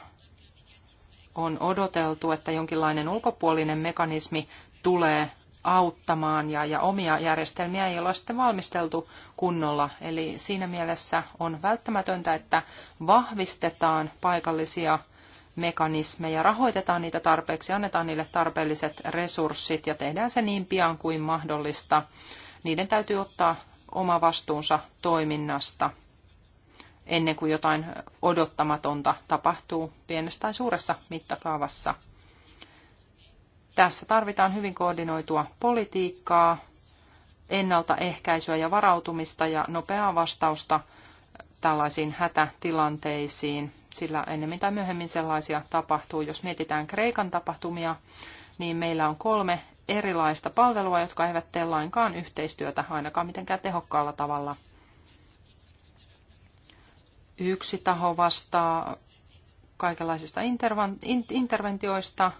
on odoteltu, että jonkinlainen ulkopuolinen mekanismi tulee auttamaan ja, ja omia järjestelmiä ei ole sitten valmisteltu kunnolla. Eli siinä mielessä on välttämätöntä, että vahvistetaan paikallisia mekanismeja, rahoitetaan niitä tarpeeksi, annetaan niille tarpeelliset resurssit ja tehdään se niin pian kuin mahdollista. Niiden täytyy ottaa oma vastuunsa toiminnasta ennen kuin jotain odottamatonta tapahtuu pienessä tai suuressa mittakaavassa. Tässä tarvitaan hyvin koordinoitua politiikkaa, ennaltaehkäisyä ja varautumista ja nopeaa vastausta tällaisiin hätätilanteisiin, sillä ennemmin tai myöhemmin sellaisia tapahtuu. Jos mietitään Kreikan tapahtumia, niin meillä on kolme erilaista palvelua, jotka eivät tee lainkaan yhteistyötä ainakaan mitenkään tehokkaalla tavalla. Yksi taho vastaa kaikenlaisista interventioista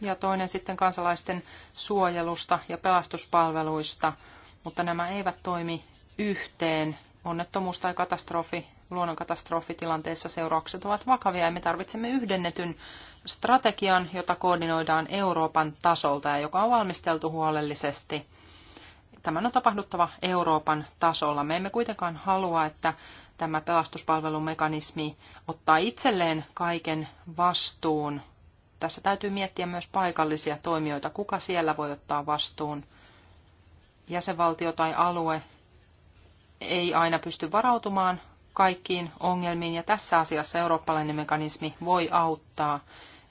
ja toinen sitten kansalaisten suojelusta ja pelastuspalveluista, mutta nämä eivät toimi yhteen. Onnettomuus tai katastrofi luonnonkatastrofitilanteessa seuraukset ovat vakavia ja me tarvitsemme yhdennetyn strategian, jota koordinoidaan Euroopan tasolta ja joka on valmisteltu huolellisesti. Tämän on tapahduttava Euroopan tasolla. Me emme kuitenkaan halua, että tämä pelastuspalvelumekanismi ottaa itselleen kaiken vastuun. Tässä täytyy miettiä myös paikallisia toimijoita, kuka siellä voi ottaa vastuun. Jäsenvaltio tai alue ei aina pysty varautumaan kaikkiin ongelmiin ja tässä asiassa eurooppalainen mekanismi voi auttaa.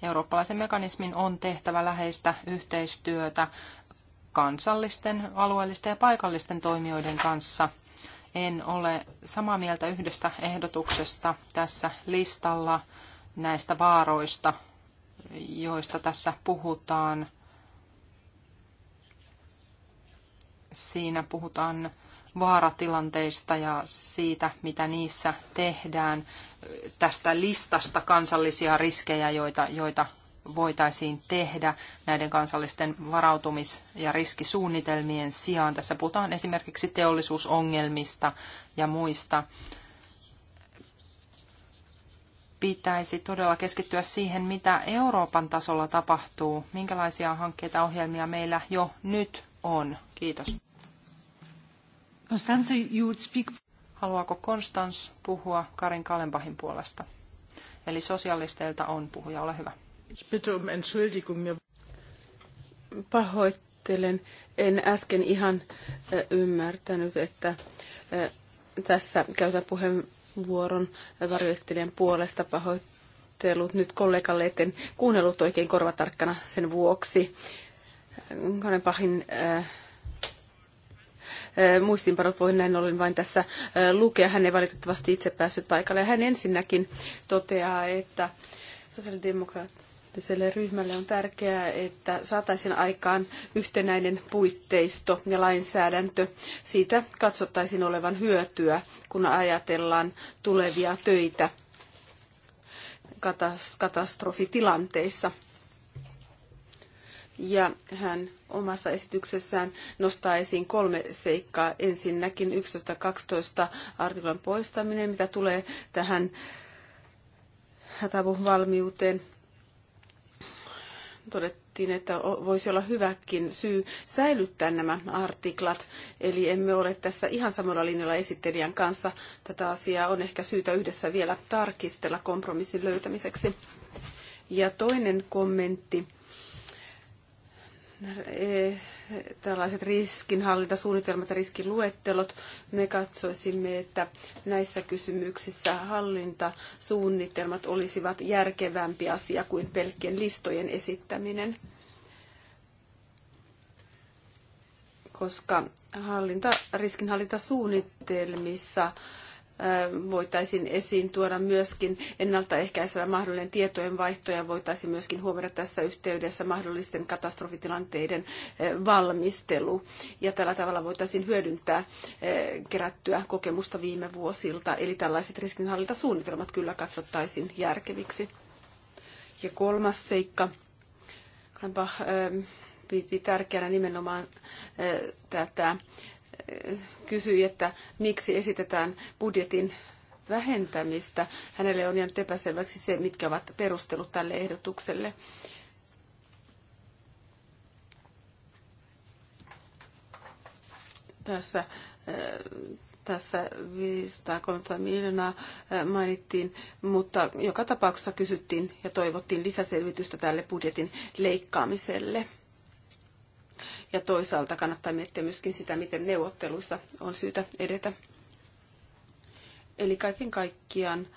Eurooppalaisen mekanismin on tehtävä läheistä yhteistyötä kansallisten, alueellisten ja paikallisten toimijoiden kanssa. En ole samaa mieltä yhdestä ehdotuksesta tässä listalla näistä vaaroista, joista tässä puhutaan. Siinä puhutaan vaaratilanteista ja siitä, mitä niissä tehdään, tästä listasta kansallisia riskejä, joita, joita voitaisiin tehdä näiden kansallisten varautumis- ja riskisuunnitelmien sijaan. Tässä puhutaan esimerkiksi teollisuusongelmista ja muista. Pitäisi todella keskittyä siihen, mitä Euroopan tasolla tapahtuu, minkälaisia hankkeita ohjelmia meillä jo nyt on. Kiitos. Constanze, you would speak... Haluaako Konstans puhua Karin Kalenbahin puolesta? Eli sosialisteilta on puhuja, ole hyvä. Um Pahoittelen, en äsken ihan ymmärtänyt, että tässä käytän puheenvuoron varjoistelijan puolesta pahoittelut nyt kollegalle, etten kuunnellut oikein korvatarkkana sen vuoksi. Kanepahin äh, muistinpanot voin näin ollen vain tässä lukea. Hän ei valitettavasti itse päässyt paikalle. Hän ensinnäkin toteaa, että sosiaalidemokraattiselle ryhmälle on tärkeää, että saataisiin aikaan yhtenäinen puitteisto ja lainsäädäntö. Siitä katsottaisiin olevan hyötyä, kun ajatellaan tulevia töitä katastrofitilanteissa. Ja hän omassa esityksessään nostaa esiin kolme seikkaa. Ensinnäkin 11.12 artiklan poistaminen, mitä tulee tähän hätäavun valmiuteen. Todettiin, että voisi olla hyväkin syy säilyttää nämä artiklat, eli emme ole tässä ihan samalla linjalla esittelijän kanssa. Tätä asiaa on ehkä syytä yhdessä vielä tarkistella kompromissin löytämiseksi. Ja toinen kommentti tällaiset riskinhallintasuunnitelmat ja riskiluettelot. Me katsoisimme, että näissä kysymyksissä hallintasuunnitelmat olisivat järkevämpi asia kuin pelkkien listojen esittäminen. Koska hallinta, riskinhallintasuunnitelmissa suunnitelmissa voitaisiin esiin tuoda myöskin ennaltaehkäisevä mahdollinen tietojenvaihto ja voitaisiin myöskin huomioida tässä yhteydessä mahdollisten katastrofitilanteiden valmistelu. Ja tällä tavalla voitaisiin hyödyntää kerättyä kokemusta viime vuosilta, eli tällaiset riskinhallintasuunnitelmat kyllä katsottaisiin järkeviksi. Ja kolmas seikka, Kampah, piti tärkeänä nimenomaan tätä kysyi, että miksi esitetään budjetin vähentämistä. Hänelle on jäänyt epäselväksi se, mitkä ovat perustelut tälle ehdotukselle. Tässä, äh, tässä 500 miljoonaa äh, mainittiin, mutta joka tapauksessa kysyttiin ja toivottiin lisäselvitystä tälle budjetin leikkaamiselle. Ja toisaalta kannattaa miettiä myöskin sitä, miten neuvotteluissa on syytä edetä. Eli kaiken kaikkiaan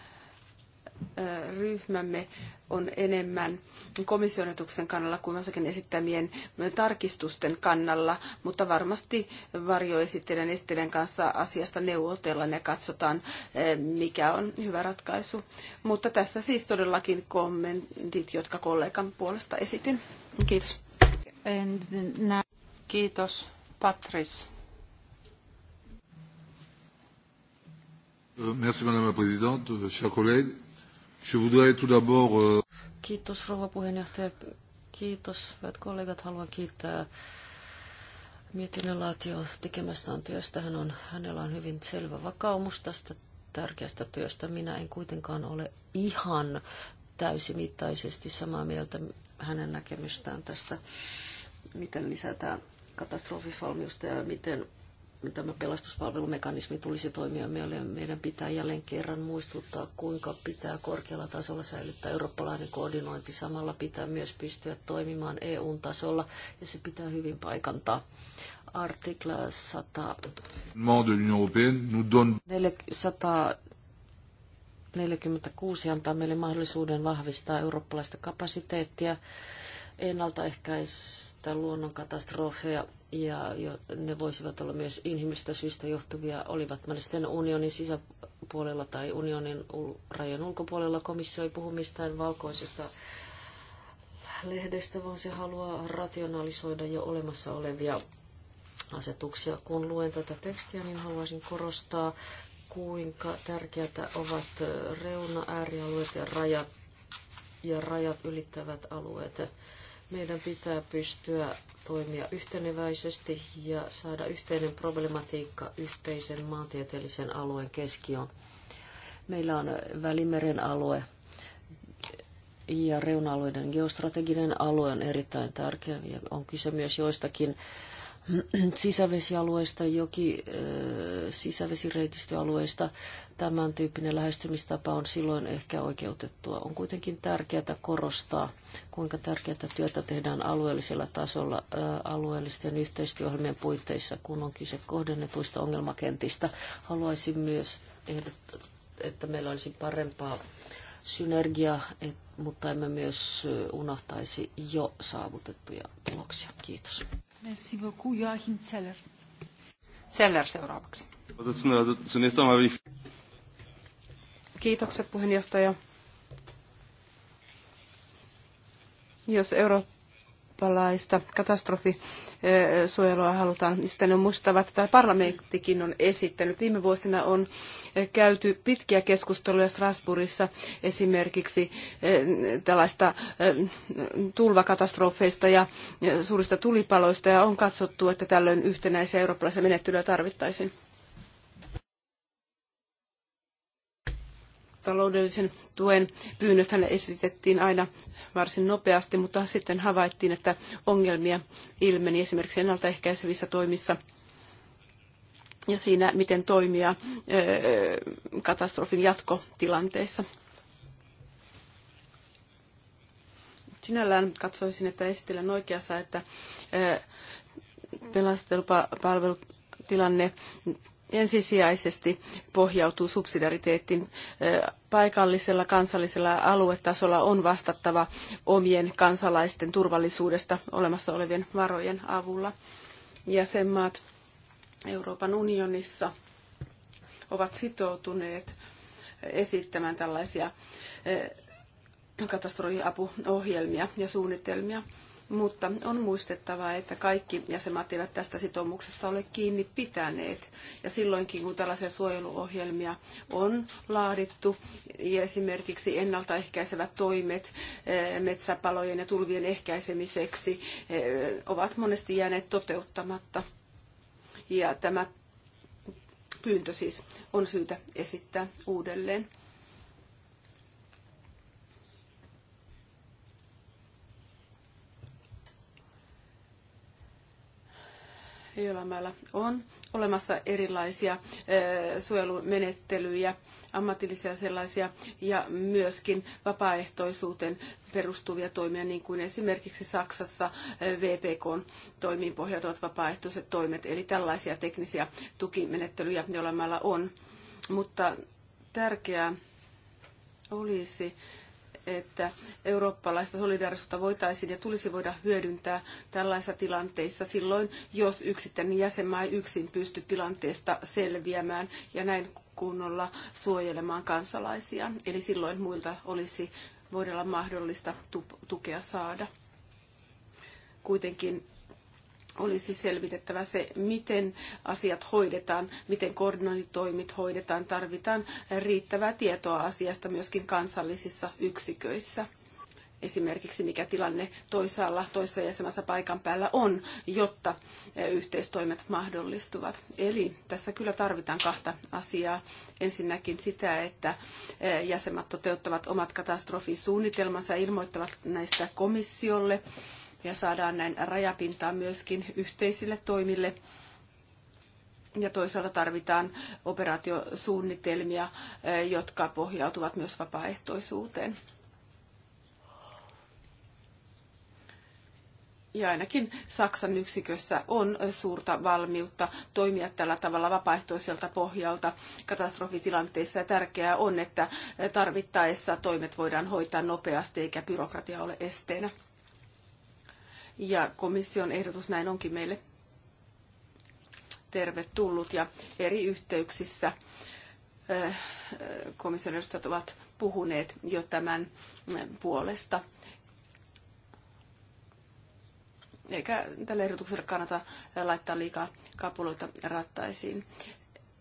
ryhmämme on enemmän komissionetuksen kannalla kuin osakin esittämien tarkistusten kannalla, mutta varmasti varjoesittelijän esittelijän kanssa asiasta neuvotellaan ja katsotaan, mikä on hyvä ratkaisu. Mutta tässä siis todellakin kommentit, jotka kollegan puolesta esitin. Kiitos. Kiitos, Patris. Euh, merci Madame la Présidente, euh, chers collègues. Je voudrais tout d'abord... Euh, Kiitos rouva puheenjohtaja. Kiitos, hyvät kollegat. Haluan kiittää mietinnön laatio tekemästään työstä. Hän on, hänellä on hyvin selvä vakaumus tästä tärkeästä työstä. Minä en kuitenkaan ole ihan täysimittaisesti samaa mieltä hänen näkemystään tästä, miten lisätään katastrofivalmiusta ja miten tämä pelastuspalvelumekanismi tulisi toimia. Meidän pitää jälleen kerran muistuttaa, kuinka pitää korkealla tasolla säilyttää eurooppalainen koordinointi. Samalla pitää myös pystyä toimimaan EU-tasolla ja se pitää hyvin paikantaa. Artikla 100... 146 antaa meille mahdollisuuden vahvistaa eurooppalaista kapasiteettia ennaltaehkäisyä pelkästään luonnonkatastrofeja, ja jo, ne voisivat olla myös inhimillistä syistä johtuvia, olivat ne sitten unionin sisäpuolella tai unionin ul- rajan ulkopuolella. Komissio ei puhu mistään valkoisesta lehdestä, vaan se haluaa rationalisoida jo olemassa olevia asetuksia. Kun luen tätä tekstiä, niin haluaisin korostaa, kuinka tärkeätä ovat reuna, äärialueet ja rajat ja rajat ylittävät alueet meidän pitää pystyä toimia yhteneväisesti ja saada yhteinen problematiikka yhteisen maantieteellisen alueen keskiöön. Meillä on Välimeren alue ja reuna-alueiden geostrateginen alue on erittäin tärkeä ja on kyse myös joistakin sisävesialueista, joki sisävesireitistöalueista, tämän tyyppinen lähestymistapa on silloin ehkä oikeutettua. On kuitenkin tärkeää korostaa, kuinka tärkeää työtä tehdään alueellisella tasolla alueellisten yhteistyöohjelmien puitteissa, kun on kyse kohdennetuista ongelmakentistä. Haluaisin myös ehdottaa, että meillä olisi parempaa synergiaa, mutta emme myös unohtaisi jo saavutettuja tuloksia. Kiitos. Merci beaucoup, Joachim Zeller. Zeller seuraavaksi. Zunächst einmal will ich Kiitokset puheenjohtaja. Jos eurooppalaista katastrofisuojelua halutaan, niin ne on muistava, että tämä parlamenttikin on esittänyt. Viime vuosina on eh, käyty pitkiä keskusteluja Strasbourgissa esimerkiksi eh, tällaista eh, tulvakatastrofeista ja suurista tulipaloista, ja on katsottu, että tällöin yhtenäisiä eurooppalaisia menettelyjä tarvittaisiin. taloudellisen tuen pyynnöt esitettiin aina varsin nopeasti, mutta sitten havaittiin, että ongelmia ilmeni esimerkiksi ennaltaehkäisevissä toimissa ja siinä, miten toimia katastrofin jatkotilanteissa. Sinällään katsoisin, että esittelen oikeassa, että pelastelupalvelutilanne ensisijaisesti pohjautuu subsidiariteettiin. Paikallisella, kansallisella aluetasolla on vastattava omien kansalaisten turvallisuudesta olemassa olevien varojen avulla. Jäsenmaat Euroopan unionissa ovat sitoutuneet esittämään tällaisia katastrofiapuohjelmia ja suunnitelmia mutta on muistettava, että kaikki jäsenmaat eivät tästä sitoumuksesta ole kiinni pitäneet. Ja silloinkin, kun tällaisia suojeluohjelmia on laadittu, esimerkiksi ennaltaehkäisevät toimet eh, metsäpalojen ja tulvien ehkäisemiseksi eh, ovat monesti jääneet toteuttamatta. Ja tämä pyyntö siis on syytä esittää uudelleen. Joilla on olemassa erilaisia suojelumenettelyjä, ammatillisia sellaisia ja myöskin vapaaehtoisuuteen perustuvia toimia, niin kuin esimerkiksi Saksassa VPKn toimiin pohjautuvat vapaaehtoiset toimet, eli tällaisia teknisiä tukimenettelyjä joilla on. Mutta tärkeää olisi että eurooppalaista solidaarisuutta voitaisiin ja tulisi voida hyödyntää tällaisissa tilanteissa silloin, jos yksittäinen jäsenmaa ei yksin pysty tilanteesta selviämään ja näin kunnolla suojelemaan kansalaisia. Eli silloin muilta olisi voida olla mahdollista tukea saada. Kuitenkin olisi selvitettävä se, miten asiat hoidetaan, miten koordinointitoimit hoidetaan. Tarvitaan riittävää tietoa asiasta myöskin kansallisissa yksiköissä. Esimerkiksi mikä tilanne toisaalla, toisessa jäsenmässä paikan päällä on, jotta eh, yhteistoimet mahdollistuvat. Eli tässä kyllä tarvitaan kahta asiaa. Ensinnäkin sitä, että eh, jäsenmät toteuttavat omat katastrofisuunnitelmansa ja ilmoittavat näistä komissiolle ja saadaan näin rajapintaa myöskin yhteisille toimille. Ja toisaalta tarvitaan operaatiosuunnitelmia, eh, jotka pohjautuvat myös vapaaehtoisuuteen. ja ainakin Saksan yksikössä on suurta valmiutta toimia tällä tavalla vapaaehtoiselta pohjalta katastrofitilanteissa. Ja tärkeää on, että tarvittaessa toimet voidaan hoitaa nopeasti eikä byrokratia ole esteenä ja komission ehdotus näin onkin meille tervetullut ja eri yhteyksissä äh, komission edustajat ovat puhuneet jo tämän mm, puolesta. Eikä tälle ehdotukselle kannata laittaa liikaa kapuloita rattaisiin.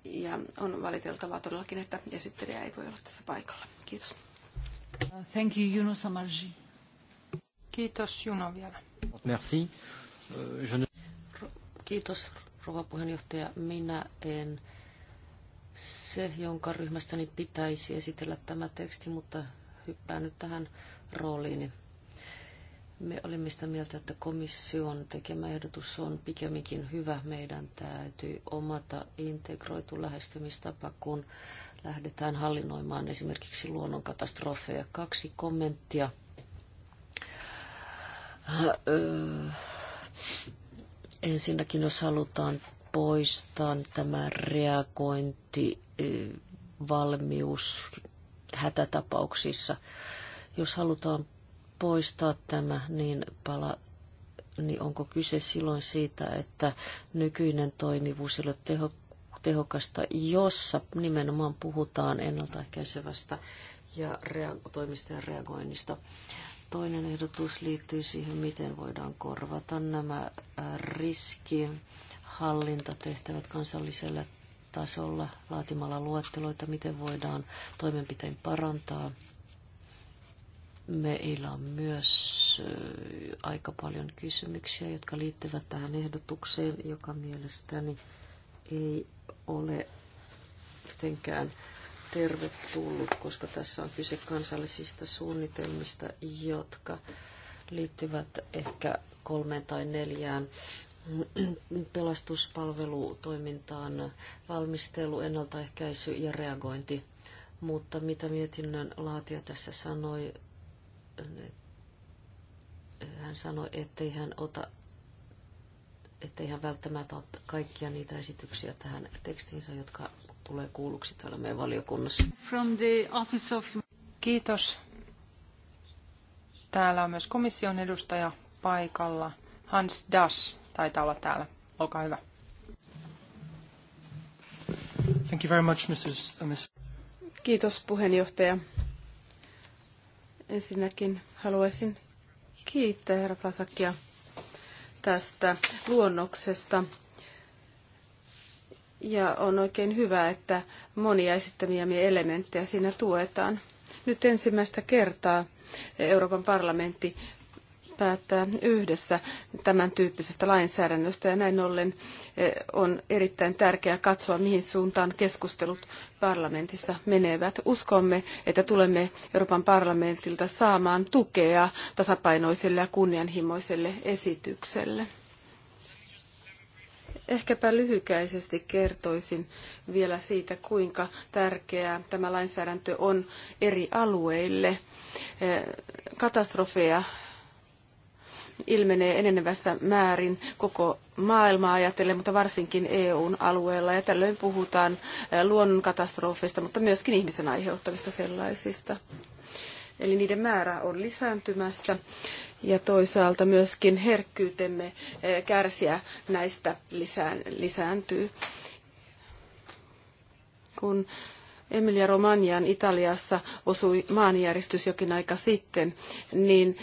Ja on valiteltavaa todellakin, että esittelijä ei voi olla tässä paikalla. Kiitos. Thank you, Juno Samarji. Kiitos Juno vielä. Merci. Euh, Kiitos, rouva puheenjohtaja. Minä en se, jonka ryhmästäni pitäisi esitellä tämä teksti, mutta hyppään nyt tähän rooliini. Me olimme sitä mieltä, että komission tekemä ehdotus on pikemminkin hyvä. Meidän täytyy omata integroitu lähestymistapa, kun lähdetään hallinnoimaan esimerkiksi luonnonkatastrofeja. Kaksi kommenttia Ensinnäkin jos halutaan poistaa tämä reagointi, valmius hätätapauksissa, jos halutaan poistaa tämä, niin pala, niin onko kyse silloin siitä, että nykyinen toimivuus ei ole teho, tehokasta, jossa nimenomaan puhutaan ennaltaehkäisevästä ja rea- toimista ja reagoinnista. Toinen ehdotus liittyy siihen, miten voidaan korvata nämä äh, riskihallintatehtävät kansallisella tasolla laatimalla luetteloita, miten voidaan toimenpiteen parantaa. Meillä on myös äh, aika paljon kysymyksiä, jotka liittyvät tähän ehdotukseen, joka mielestäni ei ole mitenkään tervetullut, koska tässä on kyse kansallisista suunnitelmista, jotka liittyvät ehkä kolmeen tai neljään pelastuspalvelutoimintaan, valmistelu, ennaltaehkäisy ja reagointi. Mutta mitä mietinnön laatija tässä sanoi, hän sanoi, ettei hän ota ettei hän välttämättä ottaa kaikkia niitä esityksiä tähän tekstiinsä, jotka tulee kuulluksi täällä meidän valiokunnassa. From the Office of... Kiitos. Täällä on myös komission edustaja paikalla. Hans Das taitaa olla täällä. Olkaa hyvä. Thank you very much, Mrs. Uh, Mrs. Kiitos puheenjohtaja. Ensinnäkin haluaisin kiittää herra Plasakia tästä luonnoksesta ja on oikein hyvä, että monia esittämiämme elementtejä siinä tuetaan. Nyt ensimmäistä kertaa Euroopan parlamentti päättää yhdessä tämän tyyppisestä lainsäädännöstä ja näin ollen e, on erittäin tärkeää katsoa, mihin suuntaan keskustelut parlamentissa menevät. Uskomme, että tulemme Euroopan parlamentilta saamaan tukea tasapainoiselle ja kunnianhimoiselle esitykselle. Ehkäpä lyhykäisesti kertoisin vielä siitä, kuinka tärkeää tämä lainsäädäntö on eri alueille. Eh, katastrofeja ilmenee enenevässä määrin koko maailmaa ajatellen, mutta varsinkin EUn alueella. Ja tällöin puhutaan eh, luonnonkatastrofeista, mutta myöskin ihmisen aiheuttamista sellaisista. Eli niiden määrä on lisääntymässä ja toisaalta myöskin herkkyytemme eh, kärsiä näistä lisääntyy. Kun Emilia Romanian Italiassa osui maanjäristys jokin aika sitten, niin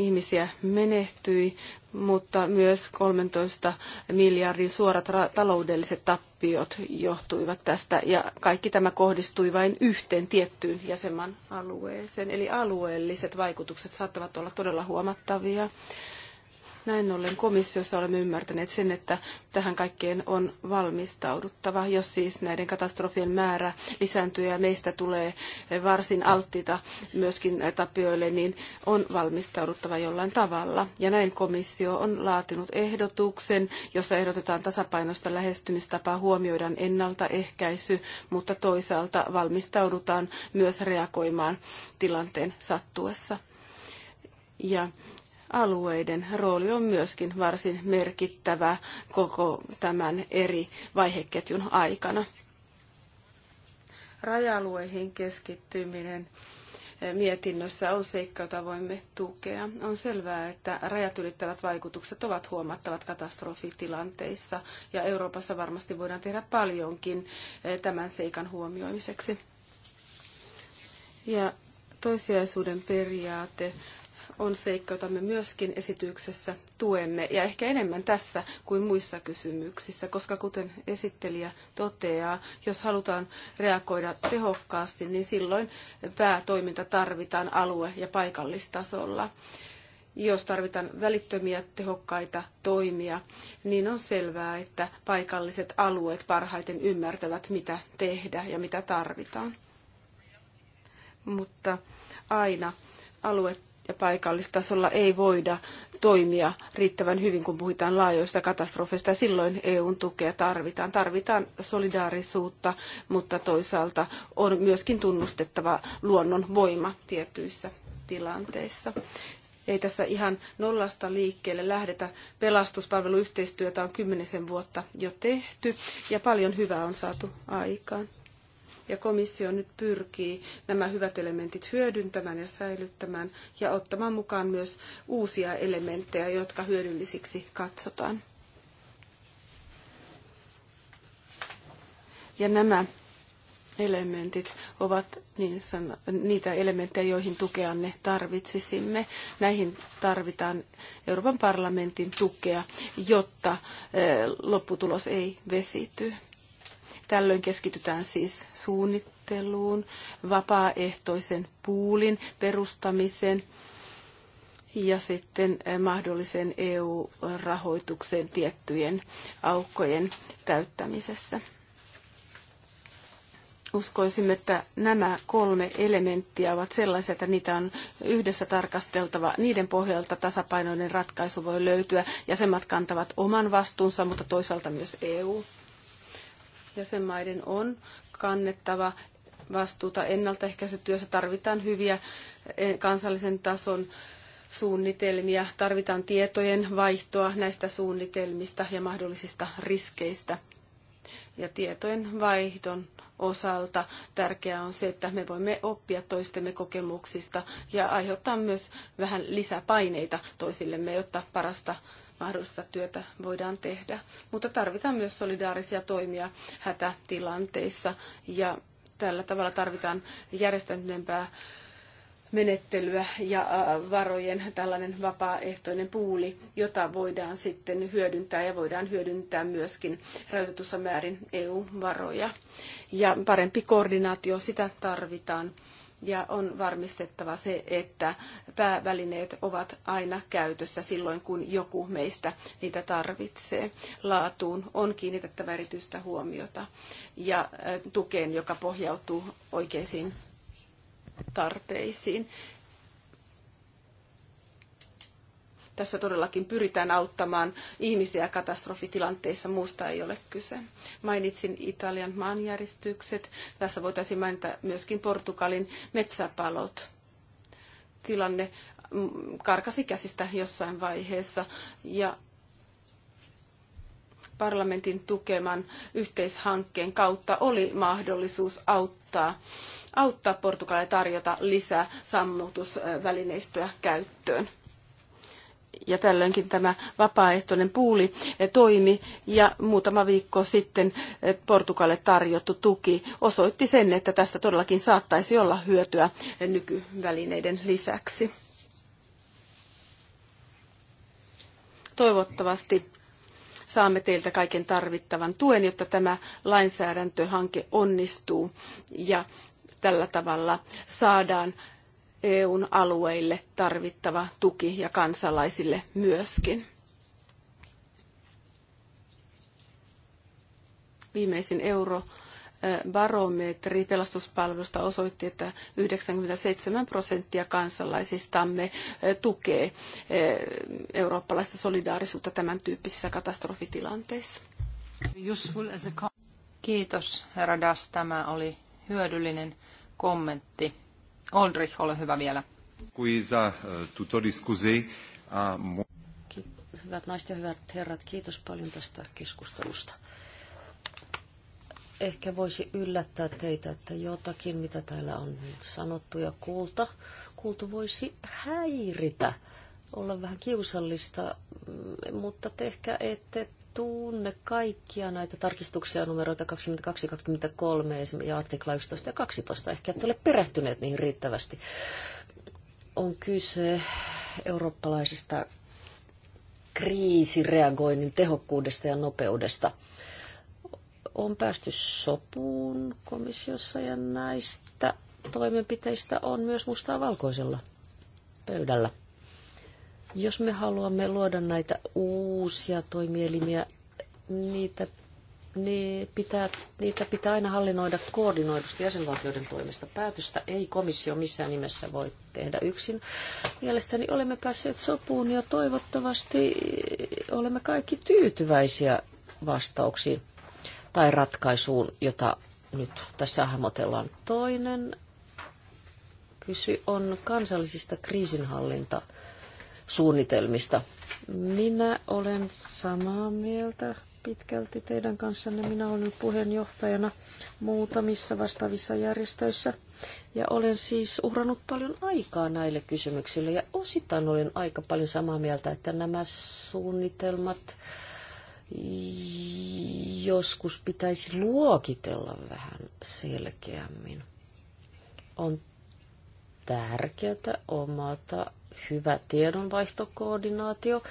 ihmisiä menehtyi, mutta myös 13 miljardin suorat taloudelliset tappiot johtuivat tästä. Ja kaikki tämä kohdistui vain yhteen tiettyyn jäsenmaan alueeseen. Eli alueelliset vaikutukset saattavat olla todella huomattavia. Näin ollen komissiossa olemme ymmärtäneet sen, että tähän kaikkeen on valmistauduttava, jos siis näiden katastrofien määrä lisääntyy ja meistä tulee varsin alttiita myöskin tapioille, niin on valmistauduttava jollain tavalla. Ja näin komissio on laatinut ehdotuksen, jossa ehdotetaan tasapainosta lähestymistapaa, huomioidaan ennaltaehkäisy, mutta toisaalta valmistaudutaan myös reagoimaan tilanteen sattuessa. Ja alueiden rooli on myöskin varsin merkittävä koko tämän eri vaiheketjun aikana. Raja-alueihin keskittyminen eh, mietinnössä on seikka, jota voimme tukea. On selvää, että rajat ylittävät vaikutukset ovat huomattavat katastrofitilanteissa, ja Euroopassa varmasti voidaan tehdä paljonkin eh, tämän seikan huomioimiseksi. Ja toissijaisuuden periaate on seikka, jota me myöskin esityksessä tuemme, ja ehkä enemmän tässä kuin muissa kysymyksissä, koska kuten esittelijä toteaa, jos halutaan reagoida tehokkaasti, niin silloin päätoiminta tarvitaan alue- ja paikallistasolla jos tarvitaan välittömiä tehokkaita toimia, niin on selvää, että paikalliset alueet parhaiten ymmärtävät, mitä tehdä ja mitä tarvitaan. Mutta aina alue ja paikallistasolla ei voida toimia riittävän hyvin, kun puhutaan laajoista katastrofeista. Silloin EUn tukea tarvitaan. Tarvitaan solidaarisuutta, mutta toisaalta on myöskin tunnustettava luonnon voima tietyissä tilanteissa ei tässä ihan nollasta liikkeelle lähdetä. Pelastuspalveluyhteistyötä on kymmenisen vuotta jo tehty ja paljon hyvää on saatu aikaan ja komissio nyt pyrkii nämä hyvät elementit hyödyntämään ja säilyttämään ja ottamaan mukaan myös uusia elementtejä, jotka hyödyllisiksi katsotaan. Ja nämä elementit ovat niin sano, niitä elementtejä, joihin tukea ne tarvitsisimme. Näihin tarvitaan Euroopan parlamentin tukea, jotta eh, lopputulos ei vesity. Tällöin keskitytään siis suunnitteluun, vapaaehtoisen puulin perustamiseen ja sitten eh, mahdollisen EU-rahoituksen tiettyjen aukkojen täyttämisessä. Uskoisimme, että nämä kolme elementtiä ovat sellaisia, että niitä on yhdessä tarkasteltava. Niiden pohjalta tasapainoinen ratkaisu voi löytyä. Jäsenmat kantavat oman vastuunsa, mutta toisaalta myös EU. Jäsenmaiden on kannettava vastuuta ennaltaehkäisytyössä. Tarvitaan hyviä e, kansallisen tason suunnitelmia, tarvitaan tietojen vaihtoa näistä suunnitelmista ja mahdollisista riskeistä. Ja tietojen vaihdon osalta tärkeää on se, että me voimme oppia toistemme kokemuksista ja aiheuttaa myös vähän lisäpaineita toisillemme, jotta parasta mahdollista työtä voidaan tehdä. Mutta tarvitaan myös solidaarisia toimia hätätilanteissa ja tällä tavalla tarvitaan järjestäytyneempää menettelyä ja varojen tällainen vapaaehtoinen puuli, jota voidaan sitten hyödyntää ja voidaan hyödyntää myöskin rajoitetussa määrin EU-varoja. Ja parempi koordinaatio, sitä tarvitaan ja on varmistettava se, että päävälineet ovat aina käytössä silloin, kun joku meistä niitä tarvitsee. Laatuun on kiinnitettävä erityistä huomiota ja tukeen, joka pohjautuu oikeisiin tarpeisiin. Tässä todellakin pyritään auttamaan ihmisiä katastrofitilanteissa, muusta ei ole kyse. Mainitsin Italian maanjäristykset. Tässä voitaisiin mainita myöskin Portugalin metsäpalot. Tilanne mm, karkasi käsistä jossain vaiheessa ja parlamentin tukeman yhteishankkeen kautta oli mahdollisuus auttaa, auttaa Portugalia tarjota lisää sammutusvälineistöä käyttöön ja tällöinkin tämä vapaaehtoinen puuli eh, toimi ja muutama viikko sitten eh, Portugalle tarjottu tuki osoitti sen, että tästä todellakin saattaisi olla hyötyä eh, nykyvälineiden lisäksi. Toivottavasti saamme teiltä kaiken tarvittavan tuen, jotta tämä lainsäädäntöhanke onnistuu ja tällä tavalla saadaan EUn alueille tarvittava tuki ja kansalaisille myöskin. Viimeisin eurobarometri pelastuspalvelusta osoitti, että 97 prosenttia kansalaisistamme eh, tukee eh, eurooppalaista solidaarisuutta tämän tyyppisissä katastrofitilanteissa. Kiitos, herra Das. Tämä oli hyödyllinen kommentti. Oldrich, ole hyvä vielä. Eh, hyvät naiset ja hyvät herrat, kiitos paljon tästä keskustelusta. Ehkä voisi yllättää teitä, että jotakin, mitä täällä on sanottu ja kuulta, kuultu voisi häiritä, olla vähän kiusallista, mm, mutta te ehkä ette tunne kaikkia näitä tarkistuksia numeroita 22, 23 ja artikla 11 ja 12. Ehkä ette ole perehtyneet niihin riittävästi. On kyse eurooppalaisesta kriisireagoinnin tehokkuudesta ja nopeudesta. On päästy sopuun komissiossa ja näistä toimenpiteistä on myös mustaa valkoisella pöydällä. Jos me haluamme luoda näitä uusia toimielimiä, niitä, niin pitää, niitä pitää aina hallinnoida koordinoidusti jäsenvaltioiden toimesta. Päätöstä ei komissio missään nimessä voi tehdä yksin. Mielestäni olemme päässeet sopuun ja toivottavasti olemme kaikki tyytyväisiä vastauksiin tai ratkaisuun, jota nyt tässä hahmotellaan. Toinen kysy on kansallisista kriisinhallinta- suunnitelmista. Minä olen samaa mieltä pitkälti teidän kanssanne. Minä olen puheenjohtajana muutamissa vastaavissa järjestöissä ja olen siis uhrannut paljon aikaa näille kysymyksille ja osittain olen aika paljon samaa mieltä, että nämä suunnitelmat joskus pitäisi luokitella vähän selkeämmin. On tärkeää omata hyvä tiedonvaihtokoordinaatio,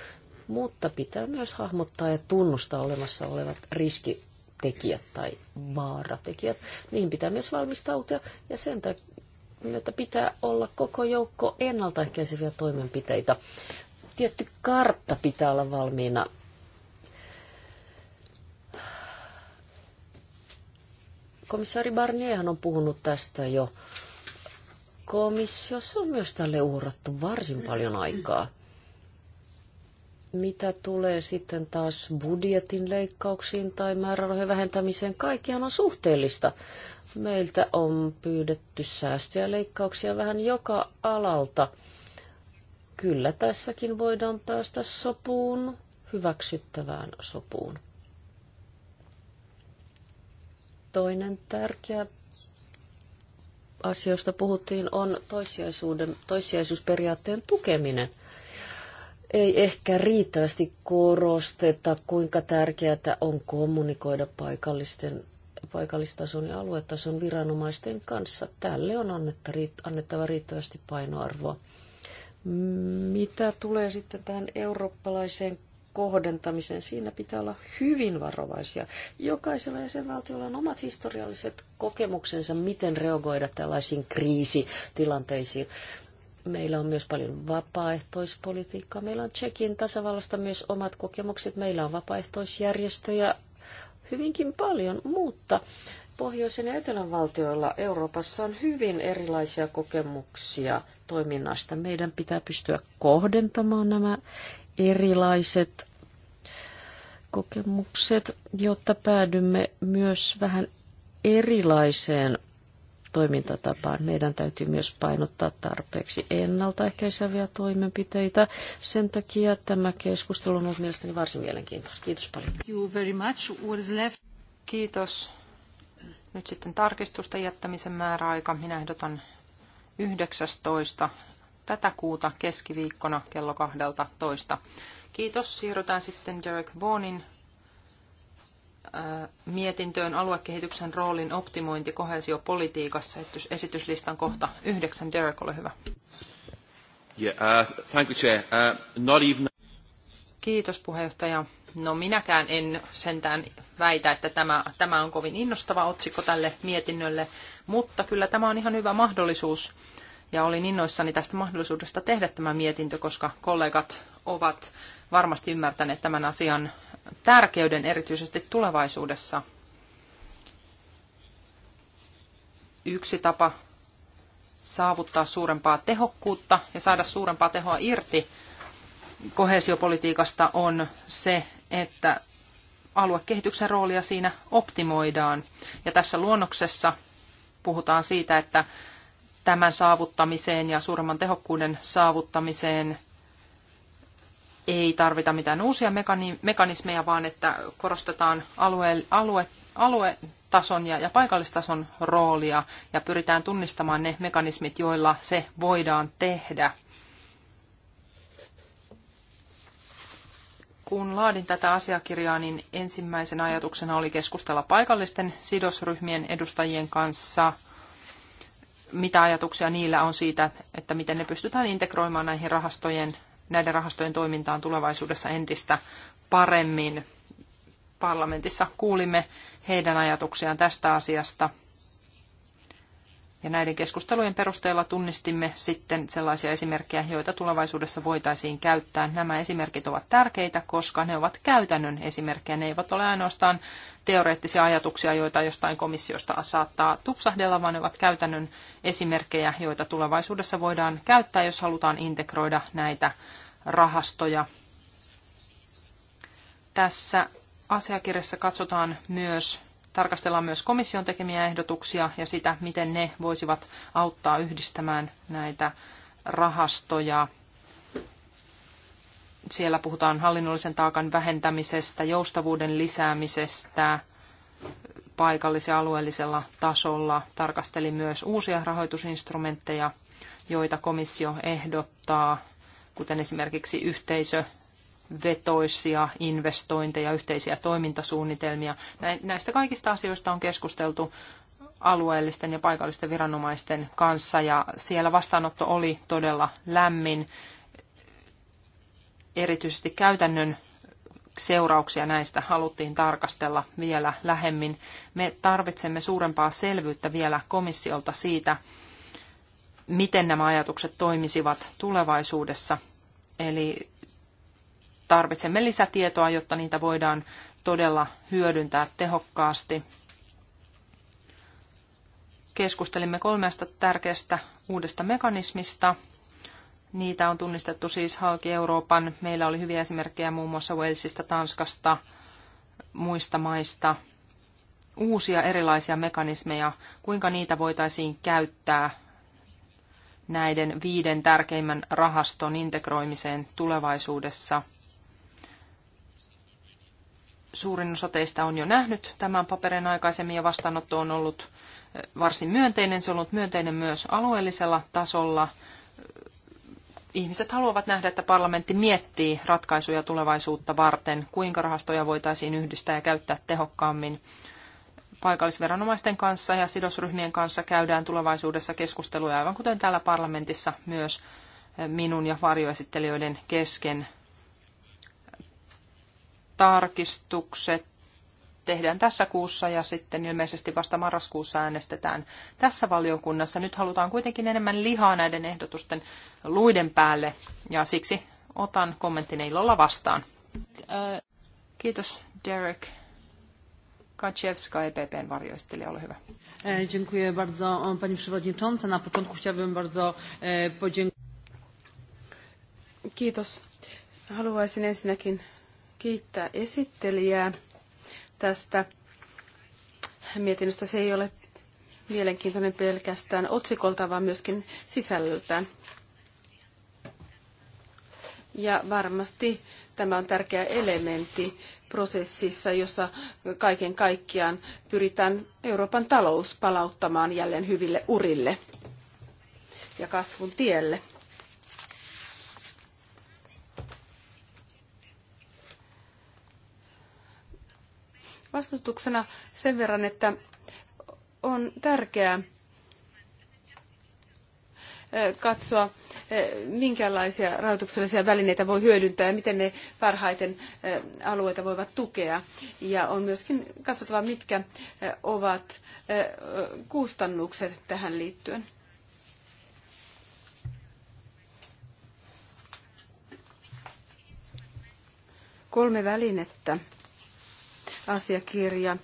mutta pitää myös hahmottaa ja tunnustaa olemassa olevat riskitekijät tai vaaratekijät. Niihin pitää myös valmistautua ja sen takia pitää olla koko joukko ennaltaehkäiseviä toimenpiteitä. Tietty kartta pitää olla valmiina komissaari Barnierhan on puhunut tästä jo komissiossa on myös tälle uhrattu varsin paljon aikaa. Mitä tulee sitten taas budjetin leikkauksiin tai määrärahojen vähentämiseen, kaikkihan on suhteellista. Meiltä on pyydetty säästöjä leikkauksia vähän joka alalta. Kyllä tässäkin voidaan päästä sopuun, hyväksyttävään sopuun. Toinen tärkeä asioista puhuttiin, on toissijaisuuden, toissijaisuusperiaatteen tukeminen. Ei ehkä riittävästi korosteta, kuinka tärkeää on kommunikoida paikallisten, paikallistason ja aluetason viranomaisten kanssa. Tälle on annettava riittävästi painoarvoa. Mitä tulee sitten tähän eurooppalaiseen kohdentamisen. Siinä pitää olla hyvin varovaisia. Jokaisella jäsenvaltiolla on omat historialliset kokemuksensa, miten reagoida tällaisiin kriisitilanteisiin. Meillä on myös paljon vapaaehtoispolitiikkaa. Meillä on Tsekin tasavallasta myös omat kokemukset. Meillä on vapaaehtoisjärjestöjä hyvinkin paljon, mutta pohjoisen ja etelän valtioilla Euroopassa on hyvin erilaisia kokemuksia toiminnasta. Meidän pitää pystyä kohdentamaan nämä erilaiset kokemukset, jotta päädymme myös vähän erilaiseen toimintatapaan. Meidän täytyy myös painottaa tarpeeksi ennaltaehkäiseviä toimenpiteitä. Sen takia tämä keskustelu on ollut mielestäni varsin mielenkiintoista. Kiitos paljon. You very much. What is left? Kiitos. Nyt sitten tarkistusta jättämisen määräaika. Minä ehdotan 19. tätä kuuta keskiviikkona kello 12. Kiitos. Siirrytään sitten Derek Vaughanin mietintöön aluekehityksen roolin optimointi kohesiopolitiikassa. Esityslistan kohta yhdeksän. Derek, ole hyvä. Yeah, uh, thank you, Chair. Uh, not even... Kiitos puheenjohtaja. No minäkään en sentään väitä, että tämä, tämä on kovin innostava otsikko tälle mietinnölle, mutta kyllä tämä on ihan hyvä mahdollisuus. Ja olin innoissani tästä mahdollisuudesta tehdä tämä mietintö, koska kollegat ovat varmasti ymmärtäneet tämän asian tärkeyden erityisesti tulevaisuudessa. Yksi tapa saavuttaa suurempaa tehokkuutta ja saada suurempaa tehoa irti kohesiopolitiikasta on se, että aluekehityksen roolia siinä optimoidaan. Ja tässä luonnoksessa puhutaan siitä, että tämän saavuttamiseen ja suuremman tehokkuuden saavuttamiseen ei tarvita mitään uusia mekanismeja, vaan että korostetaan alue, alue, aluetason ja, ja paikallistason roolia ja pyritään tunnistamaan ne mekanismit, joilla se voidaan tehdä. Kun laadin tätä asiakirjaa, niin ensimmäisen ajatuksena oli keskustella paikallisten sidosryhmien edustajien kanssa, mitä ajatuksia niillä on siitä, että miten ne pystytään integroimaan näihin rahastojen näiden rahastojen toimintaan tulevaisuudessa entistä paremmin. Parlamentissa kuulimme heidän ajatuksiaan tästä asiasta. Ja näiden keskustelujen perusteella tunnistimme sitten sellaisia esimerkkejä, joita tulevaisuudessa voitaisiin käyttää. Nämä esimerkit ovat tärkeitä, koska ne ovat käytännön esimerkkejä. Ne eivät ole ainoastaan teoreettisia ajatuksia, joita jostain komissiosta saattaa tupsahdella, vaan ne ovat käytännön esimerkkejä, joita tulevaisuudessa voidaan käyttää, jos halutaan integroida näitä rahastoja. Tässä asiakirjassa katsotaan myös, tarkastellaan myös komission tekemiä ehdotuksia ja sitä, miten ne voisivat auttaa yhdistämään näitä rahastoja – siellä puhutaan hallinnollisen taakan vähentämisestä, joustavuuden lisäämisestä paikallis- ja alueellisella tasolla. Tarkasteli myös uusia rahoitusinstrumentteja, joita komissio ehdottaa, kuten esimerkiksi yhteisövetoisia investointeja, yhteisiä toimintasuunnitelmia. Näistä kaikista asioista on keskusteltu alueellisten ja paikallisten viranomaisten kanssa ja siellä vastaanotto oli todella lämmin erityisesti käytännön seurauksia näistä haluttiin tarkastella vielä lähemmin. Me tarvitsemme suurempaa selvyyttä vielä komissiolta siitä, miten nämä ajatukset toimisivat tulevaisuudessa. Eli tarvitsemme lisätietoa, jotta niitä voidaan todella hyödyntää tehokkaasti. Keskustelimme kolmesta tärkeästä uudesta mekanismista, Niitä on tunnistettu siis halki Euroopan. Meillä oli hyviä esimerkkejä muun muassa Walesista, Tanskasta, muista maista. Uusia erilaisia mekanismeja, kuinka niitä voitaisiin käyttää näiden viiden tärkeimmän rahaston integroimiseen tulevaisuudessa. Suurin osa teistä on jo nähnyt tämän paperin aikaisemmin ja vastaanotto on ollut varsin myönteinen. Se on ollut myönteinen myös alueellisella tasolla ihmiset haluavat nähdä, että parlamentti miettii ratkaisuja tulevaisuutta varten, kuinka rahastoja voitaisiin yhdistää ja käyttää tehokkaammin. Paikallisviranomaisten kanssa ja sidosryhmien kanssa käydään tulevaisuudessa keskusteluja, aivan kuten täällä parlamentissa myös minun ja varjoesittelijöiden kesken. Tarkistukset tehdään tässä kuussa ja sitten ilmeisesti vasta marraskuussa äänestetään tässä valiokunnassa. Nyt halutaan kuitenkin enemmän lihaa näiden ehdotusten luiden päälle ja siksi otan kommenttini ilolla vastaan. Kiitos Derek. Kaczewska, EPPn varjoistelija, ole hyvä. E, dziękuję bardzo Pani Przewodnicząca. Na początku chciałbym bardzo e, podziękować. Kiitos. Haluaisin ensinnäkin kiittää esittelijää tästä mietinnöstä. Se ei ole mielenkiintoinen pelkästään otsikolta, vaan myöskin sisällöltään. Ja varmasti tämä on tärkeä elementti prosessissa, jossa kaiken kaikkiaan pyritään Euroopan talous palauttamaan jälleen hyville urille ja kasvun tielle. Vastustuksena sen verran, että on tärkeää katsoa, minkälaisia rahoituksellisia välineitä voi hyödyntää ja miten ne parhaiten alueita voivat tukea. Ja on myöskin katsottava, mitkä ovat kustannukset tähän liittyen. Kolme välinettä asiakirja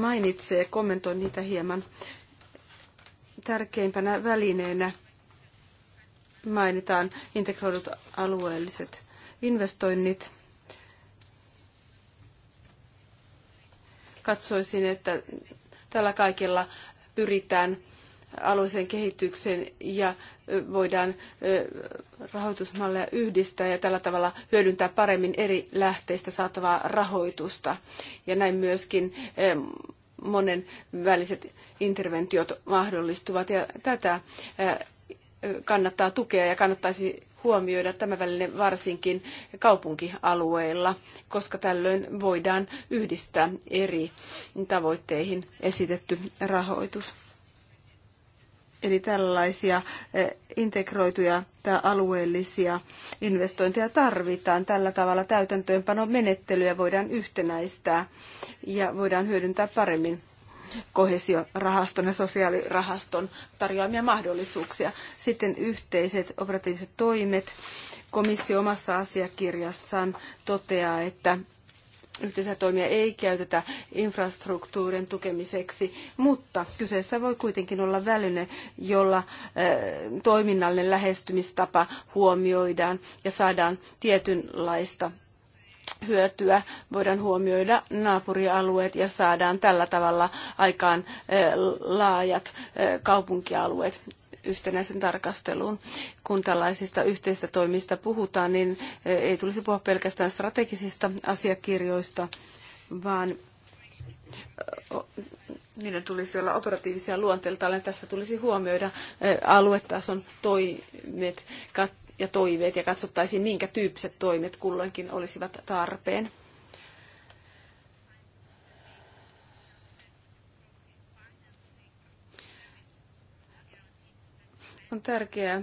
mainitsee, kommentoin niitä hieman tärkeimpänä välineenä mainitaan integroidut alueelliset investoinnit. Katsoisin, että tällä kaikella pyritään alueeseen kehitykseen ja voidaan rahoitusmalleja yhdistää ja tällä tavalla hyödyntää paremmin eri lähteistä saatavaa rahoitusta. Ja näin myöskin monen väliset interventiot mahdollistuvat ja tätä kannattaa tukea ja kannattaisi huomioida tämä väline varsinkin kaupunkialueilla, koska tällöin voidaan yhdistää eri tavoitteihin esitetty rahoitus. Eli tällaisia eh, integroituja tai alueellisia investointeja tarvitaan. Tällä tavalla täytäntöönpanon menettelyä voidaan yhtenäistää ja voidaan hyödyntää paremmin kohesiorahaston ja sosiaalirahaston tarjoamia mahdollisuuksia. Sitten yhteiset operatiiviset toimet. Komissio omassa asiakirjassaan toteaa, että yhteisiä toimia ei käytetä infrastruktuurin tukemiseksi, mutta kyseessä voi kuitenkin olla väline, jolla äh, toiminnallinen lähestymistapa huomioidaan ja saadaan tietynlaista hyötyä, voidaan huomioida naapurialueet ja saadaan tällä tavalla aikaan äh, laajat äh, kaupunkialueet yhtenäisen tarkasteluun. Kun tällaisista yhteistä toimista puhutaan, niin eh, ei tulisi puhua pelkästään strategisista asiakirjoista, vaan eh, niiden tulisi olla operatiivisia luonteeltaan. Tässä tulisi huomioida eh, aluetason toimet ja toiveet ja katsottaisiin, minkä tyyppiset toimet kulloinkin olisivat tarpeen. On tärkeää,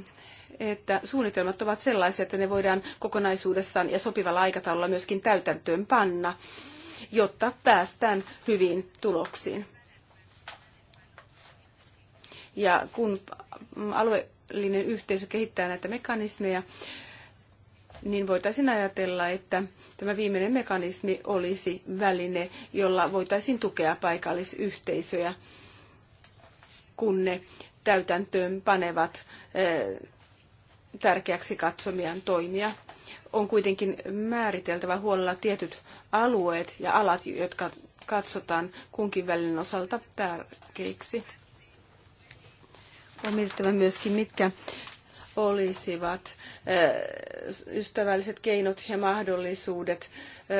että suunnitelmat ovat sellaisia, että ne voidaan kokonaisuudessaan ja sopivalla aikataululla myöskin täytäntöön panna, jotta päästään hyviin tuloksiin. Ja kun alueellinen yhteisö kehittää näitä mekanismeja, niin voitaisiin ajatella, että tämä viimeinen mekanismi olisi väline, jolla voitaisiin tukea paikallisyhteisöjä, kun ne täytäntöön panevat tärkeäksi katsomiaan toimia. On kuitenkin määriteltävä huolella tietyt alueet ja alat, jotka katsotaan kunkin välin osalta tärkeiksi. On mietittävä myöskin, mitkä olisivat ystävälliset keinot ja mahdollisuudet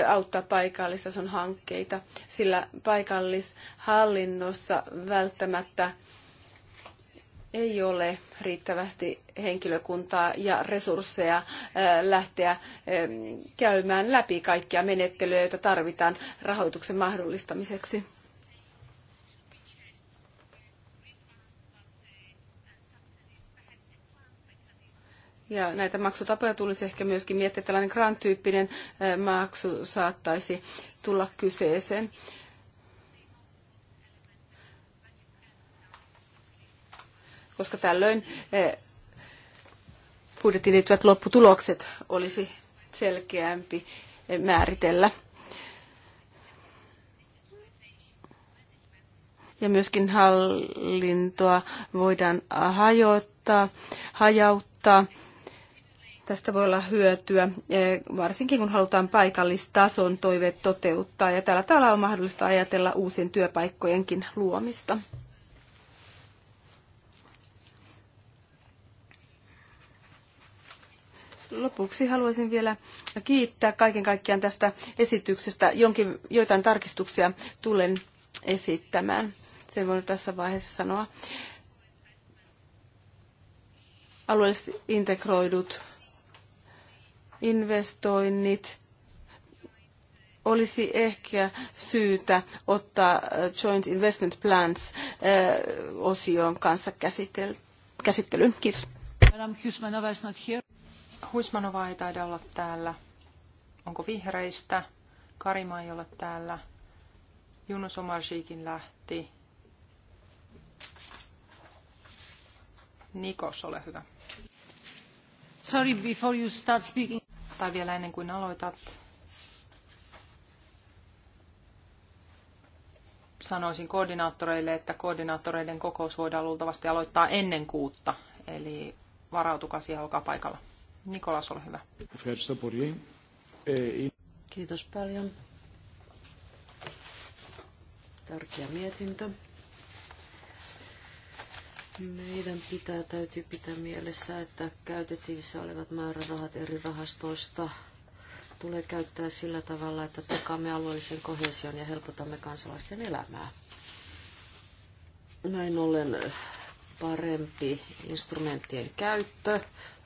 auttaa paikallistason hankkeita, sillä paikallishallinnossa välttämättä ei ole riittävästi henkilökuntaa ja resursseja lähteä käymään läpi kaikkia menettelyjä, joita tarvitaan rahoituksen mahdollistamiseksi. Ja näitä maksutapoja tulisi ehkä myöskin miettiä, tällainen grant-tyyppinen maksu saattaisi tulla kyseeseen. koska tällöin eh, budjettiin liittyvät lopputulokset olisi selkeämpi eh, määritellä. Ja myöskin hallintoa voidaan hajottaa, hajauttaa. Tästä voi olla hyötyä, eh, varsinkin kun halutaan paikallistason toiveet toteuttaa. Ja tällä tavalla on mahdollista ajatella uusien työpaikkojenkin luomista. Lopuksi haluaisin vielä kiittää kaiken kaikkiaan tästä esityksestä. Jonkin, joitain tarkistuksia tulen esittämään. Sen voin tässä vaiheessa sanoa. Alueellisesti integroidut investoinnit olisi ehkä syytä ottaa äh, Joint Investment Plans äh, osion kanssa käsittelyyn. Kiitos. Madame Husmanova is not here. Huismanova ei taida olla täällä. Onko vihreistä? Karima ei ole täällä. Junus Omarjikin lähti. Nikos, ole hyvä. Sorry, before you start speaking. Tai vielä ennen kuin aloitat, sanoisin koordinaattoreille, että koordinaattoreiden kokous voidaan luultavasti aloittaa ennen kuutta. Eli varautukaa siihen, olkaa paikalla. Nikolas, ole hyvä. Kiitos paljon. Tärkeä mietintö. Meidän pitää, täytyy pitää mielessä, että käytettävissä olevat määrärahat eri rahastoista tulee käyttää sillä tavalla, että takaamme alueellisen kohesion ja helpotamme kansalaisten elämää. Näin ollen parempi instrumenttien käyttö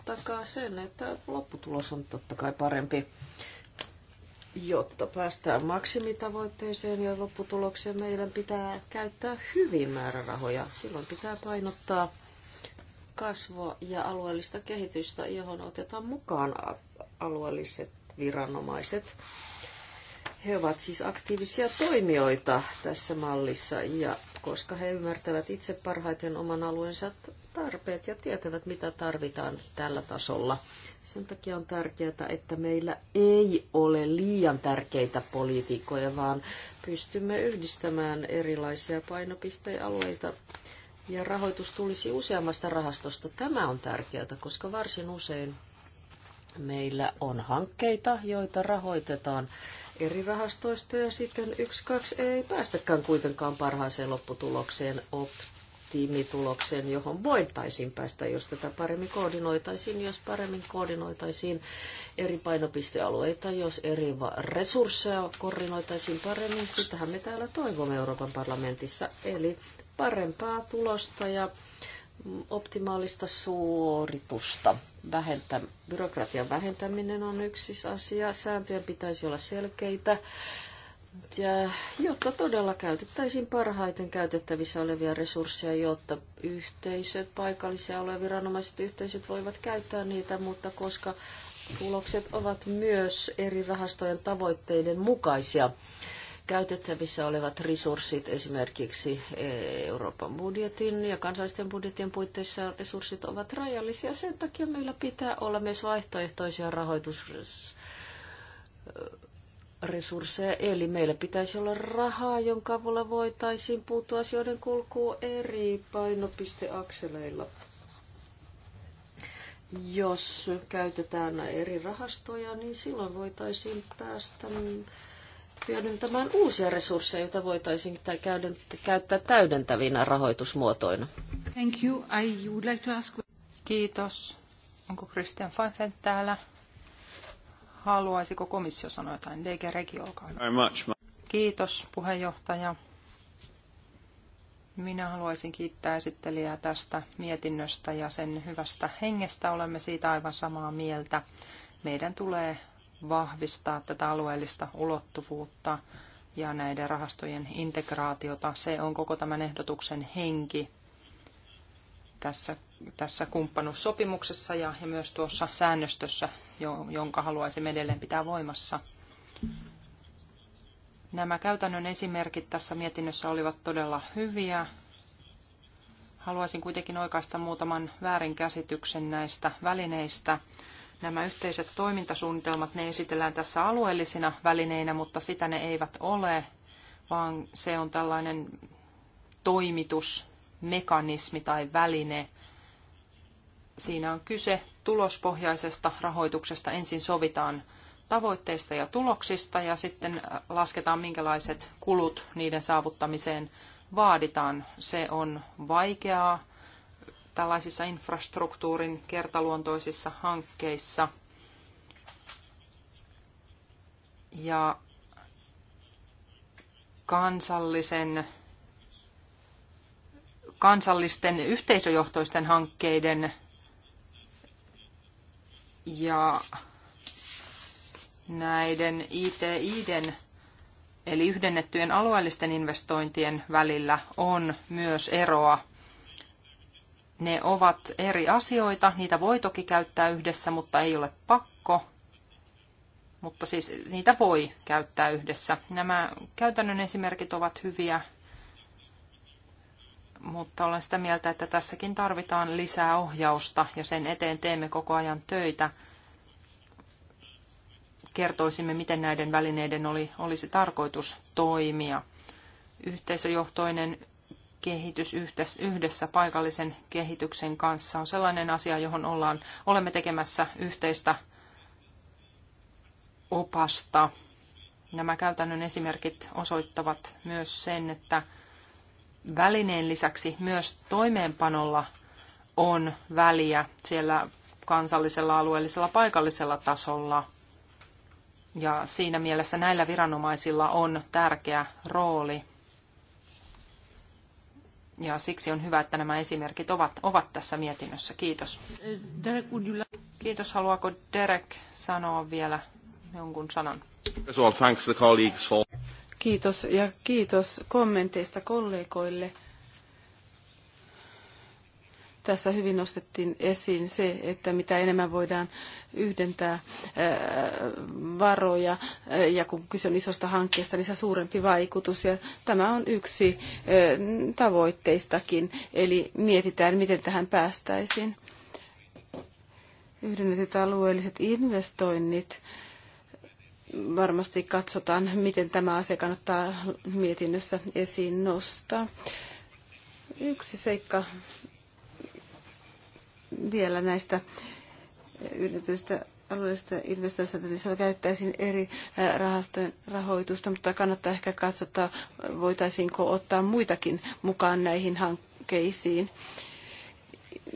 takaa sen, että lopputulos on totta kai parempi, jotta päästään maksimitavoitteeseen ja lopputulokseen meidän pitää käyttää hyvin määrärahoja. Silloin pitää painottaa kasvua ja alueellista kehitystä, johon otetaan mukaan alueelliset viranomaiset. He ovat siis aktiivisia toimijoita tässä mallissa ja koska he ymmärtävät itse parhaiten oman alueensa tarpeet ja tietävät, mitä tarvitaan tällä tasolla. Sen takia on tärkeää, että meillä ei ole liian tärkeitä poliitikkoja, vaan pystymme yhdistämään erilaisia painopistealueita. Ja rahoitus tulisi useammasta rahastosta. Tämä on tärkeää, koska varsin usein meillä on hankkeita, joita rahoitetaan eri rahastoista ja sitten yksi, kaksi ei päästäkään kuitenkaan parhaaseen lopputulokseen. op tiimitulokseen, johon voitaisiin päästä, jos tätä paremmin koordinoitaisiin, jos paremmin koordinoitaisiin eri painopistealueita, jos eri resursseja koordinoitaisiin paremmin. Sitähän me täällä toivomme Euroopan parlamentissa, eli parempaa tulosta ja optimaalista suoritusta. Vähentä, byrokratian vähentäminen on yksi asia. Sääntöjen pitäisi olla selkeitä ja, jotta todella käytettäisiin parhaiten käytettävissä olevia resursseja, jotta yhteisöt, paikallisia olevia viranomaiset yhteisöt voivat käyttää niitä, mutta koska tulokset ovat myös eri rahastojen tavoitteiden mukaisia, käytettävissä olevat resurssit, esimerkiksi Euroopan budjetin ja kansallisten budjettien puitteissa resurssit ovat rajallisia. Sen takia meillä pitää olla myös vaihtoehtoisia rahoitus resursseja, eli meillä pitäisi olla rahaa, jonka avulla voitaisiin puuttua asioiden kulkuun eri painopisteakseleilla. Jos käytetään eri rahastoja, niin silloin voitaisiin päästä hyödyntämään uusia resursseja, joita voitaisiin käyttää täydentävinä rahoitusmuotoina. Thank you. I would like to ask... Kiitos. Onko Christian Feinfeld täällä? Haluaisiko komissio sanoa jotain? DG Regi, olkaa hyvä. Kiitos puheenjohtaja. Minä haluaisin kiittää esittelijää tästä mietinnöstä ja sen hyvästä hengestä. Olemme siitä aivan samaa mieltä. Meidän tulee vahvistaa tätä alueellista ulottuvuutta ja näiden rahastojen integraatiota. Se on koko tämän ehdotuksen henki. Tässä tässä kumppanuussopimuksessa ja, ja myös tuossa säännöstössä, jonka haluaisimme edelleen pitää voimassa. Nämä käytännön esimerkit tässä mietinnössä olivat todella hyviä. Haluaisin kuitenkin oikaista muutaman väärinkäsityksen näistä välineistä. Nämä yhteiset toimintasuunnitelmat, ne esitellään tässä alueellisina välineinä, mutta sitä ne eivät ole, vaan se on tällainen toimitusmekanismi tai väline – Siinä on kyse tulospohjaisesta rahoituksesta. Ensin sovitaan tavoitteista ja tuloksista ja sitten lasketaan, minkälaiset kulut niiden saavuttamiseen vaaditaan. Se on vaikeaa tällaisissa infrastruktuurin kertaluontoisissa hankkeissa. Ja kansallisen, kansallisten yhteisöjohtoisten hankkeiden ja näiden ITIden eli yhdennettyjen alueellisten investointien välillä on myös eroa. Ne ovat eri asioita, niitä voi toki käyttää yhdessä, mutta ei ole pakko. Mutta siis niitä voi käyttää yhdessä. Nämä käytännön esimerkit ovat hyviä mutta olen sitä mieltä, että tässäkin tarvitaan lisää ohjausta ja sen eteen teemme koko ajan töitä. Kertoisimme, miten näiden välineiden oli, olisi tarkoitus toimia. Yhteisöjohtoinen kehitys yhdessä paikallisen kehityksen kanssa on sellainen asia, johon ollaan, olemme tekemässä yhteistä opasta. Nämä käytännön esimerkit osoittavat myös sen, että välineen lisäksi myös toimeenpanolla on väliä siellä kansallisella, alueellisella, paikallisella tasolla. Ja siinä mielessä näillä viranomaisilla on tärkeä rooli. Ja siksi on hyvä, että nämä esimerkit ovat, ovat tässä mietinnössä. Kiitos. Kiitos. Haluaako Derek sanoa vielä jonkun sanan? Well, thanks the colleagues for... Kiitos ja kiitos kommenteista kollegoille. Tässä hyvin nostettiin esiin se, että mitä enemmän voidaan yhdentää äh, varoja äh, ja kun kyse on isosta hankkeesta, niin se suurempi vaikutus. Ja tämä on yksi äh, tavoitteistakin, eli mietitään, miten tähän päästäisiin. Yhdennetyt alueelliset investoinnit varmasti katsotaan, miten tämä asia kannattaa mietinnössä esiin nostaa. Yksi seikka vielä näistä yritystä alueellisista niin siellä käyttäisiin eri rahastojen rahoitusta, mutta kannattaa ehkä katsota, voitaisiinko ottaa muitakin mukaan näihin hankkeisiin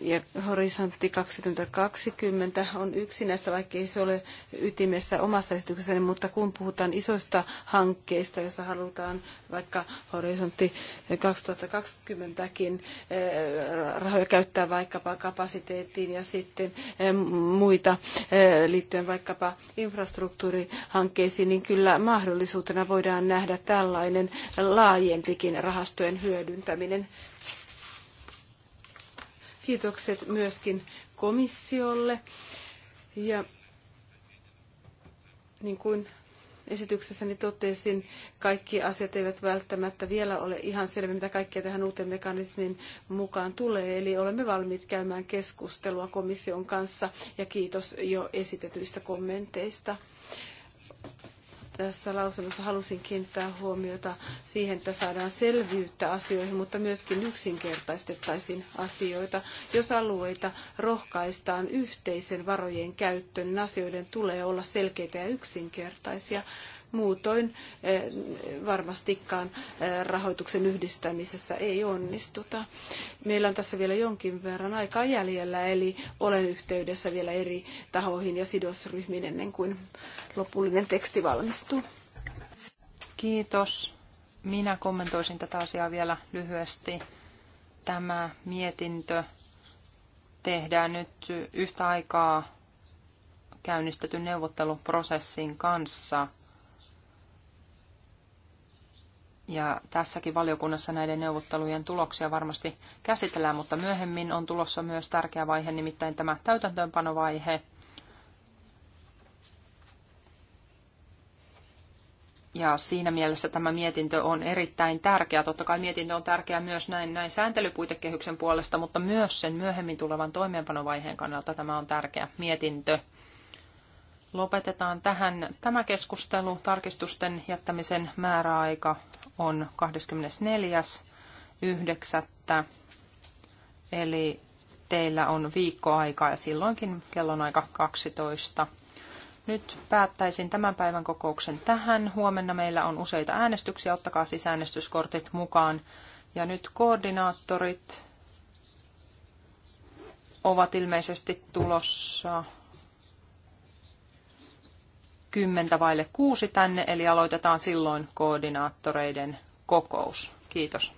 ja horisontti 2020 on yksi näistä, vaikkei se ole ytimessä omassa esityksessäni, mutta kun puhutaan isoista hankkeista, joissa halutaan vaikka horisontti 2020kin eh, rahoja käyttää vaikkapa kapasiteettiin ja sitten eh, muita eh, liittyen vaikkapa infrastruktuurihankkeisiin, niin kyllä mahdollisuutena voidaan nähdä tällainen laajempikin rahastojen hyödyntäminen. Kiitokset myöskin komissiolle. Ja niin kuin esityksessäni totesin, kaikki asiat eivät välttämättä vielä ole ihan selviä, mitä kaikkea tähän uuteen mekanismin mukaan tulee. Eli olemme valmiit käymään keskustelua komission kanssa ja kiitos jo esitetyistä kommenteista tässä lausunnossa halusin kiinnittää huomiota siihen, että saadaan selvyyttä asioihin, mutta myöskin yksinkertaistettaisiin asioita. Jos alueita rohkaistaan yhteisen varojen käyttöön, niin asioiden tulee olla selkeitä ja yksinkertaisia. Muutoin eh, varmastikaan eh, rahoituksen yhdistämisessä ei onnistuta. Meillä on tässä vielä jonkin verran aikaa jäljellä, eli olen yhteydessä vielä eri tahoihin ja sidosryhmiin ennen kuin lopullinen teksti valmistuu. Kiitos. Minä kommentoisin tätä asiaa vielä lyhyesti. Tämä mietintö tehdään nyt yhtä aikaa käynnistetyn neuvotteluprosessin kanssa. Ja tässäkin valiokunnassa näiden neuvottelujen tuloksia varmasti käsitellään, mutta myöhemmin on tulossa myös tärkeä vaihe, nimittäin tämä täytäntöönpanovaihe. Ja siinä mielessä tämä mietintö on erittäin tärkeä. Totta kai mietintö on tärkeä myös näin, näin sääntelypuitekehyksen puolesta, mutta myös sen myöhemmin tulevan toimeenpanovaiheen kannalta tämä on tärkeä mietintö. Lopetetaan tähän tämä keskustelu. Tarkistusten jättämisen määräaika on 24.9. Eli teillä on viikkoaikaa ja silloinkin aika 12. Nyt päättäisin tämän päivän kokouksen tähän. Huomenna meillä on useita äänestyksiä, ottakaa siis äänestyskortit mukaan. Ja nyt koordinaattorit ovat ilmeisesti tulossa kymmentä vaille kuusi tänne, eli aloitetaan silloin koordinaattoreiden kokous. Kiitos.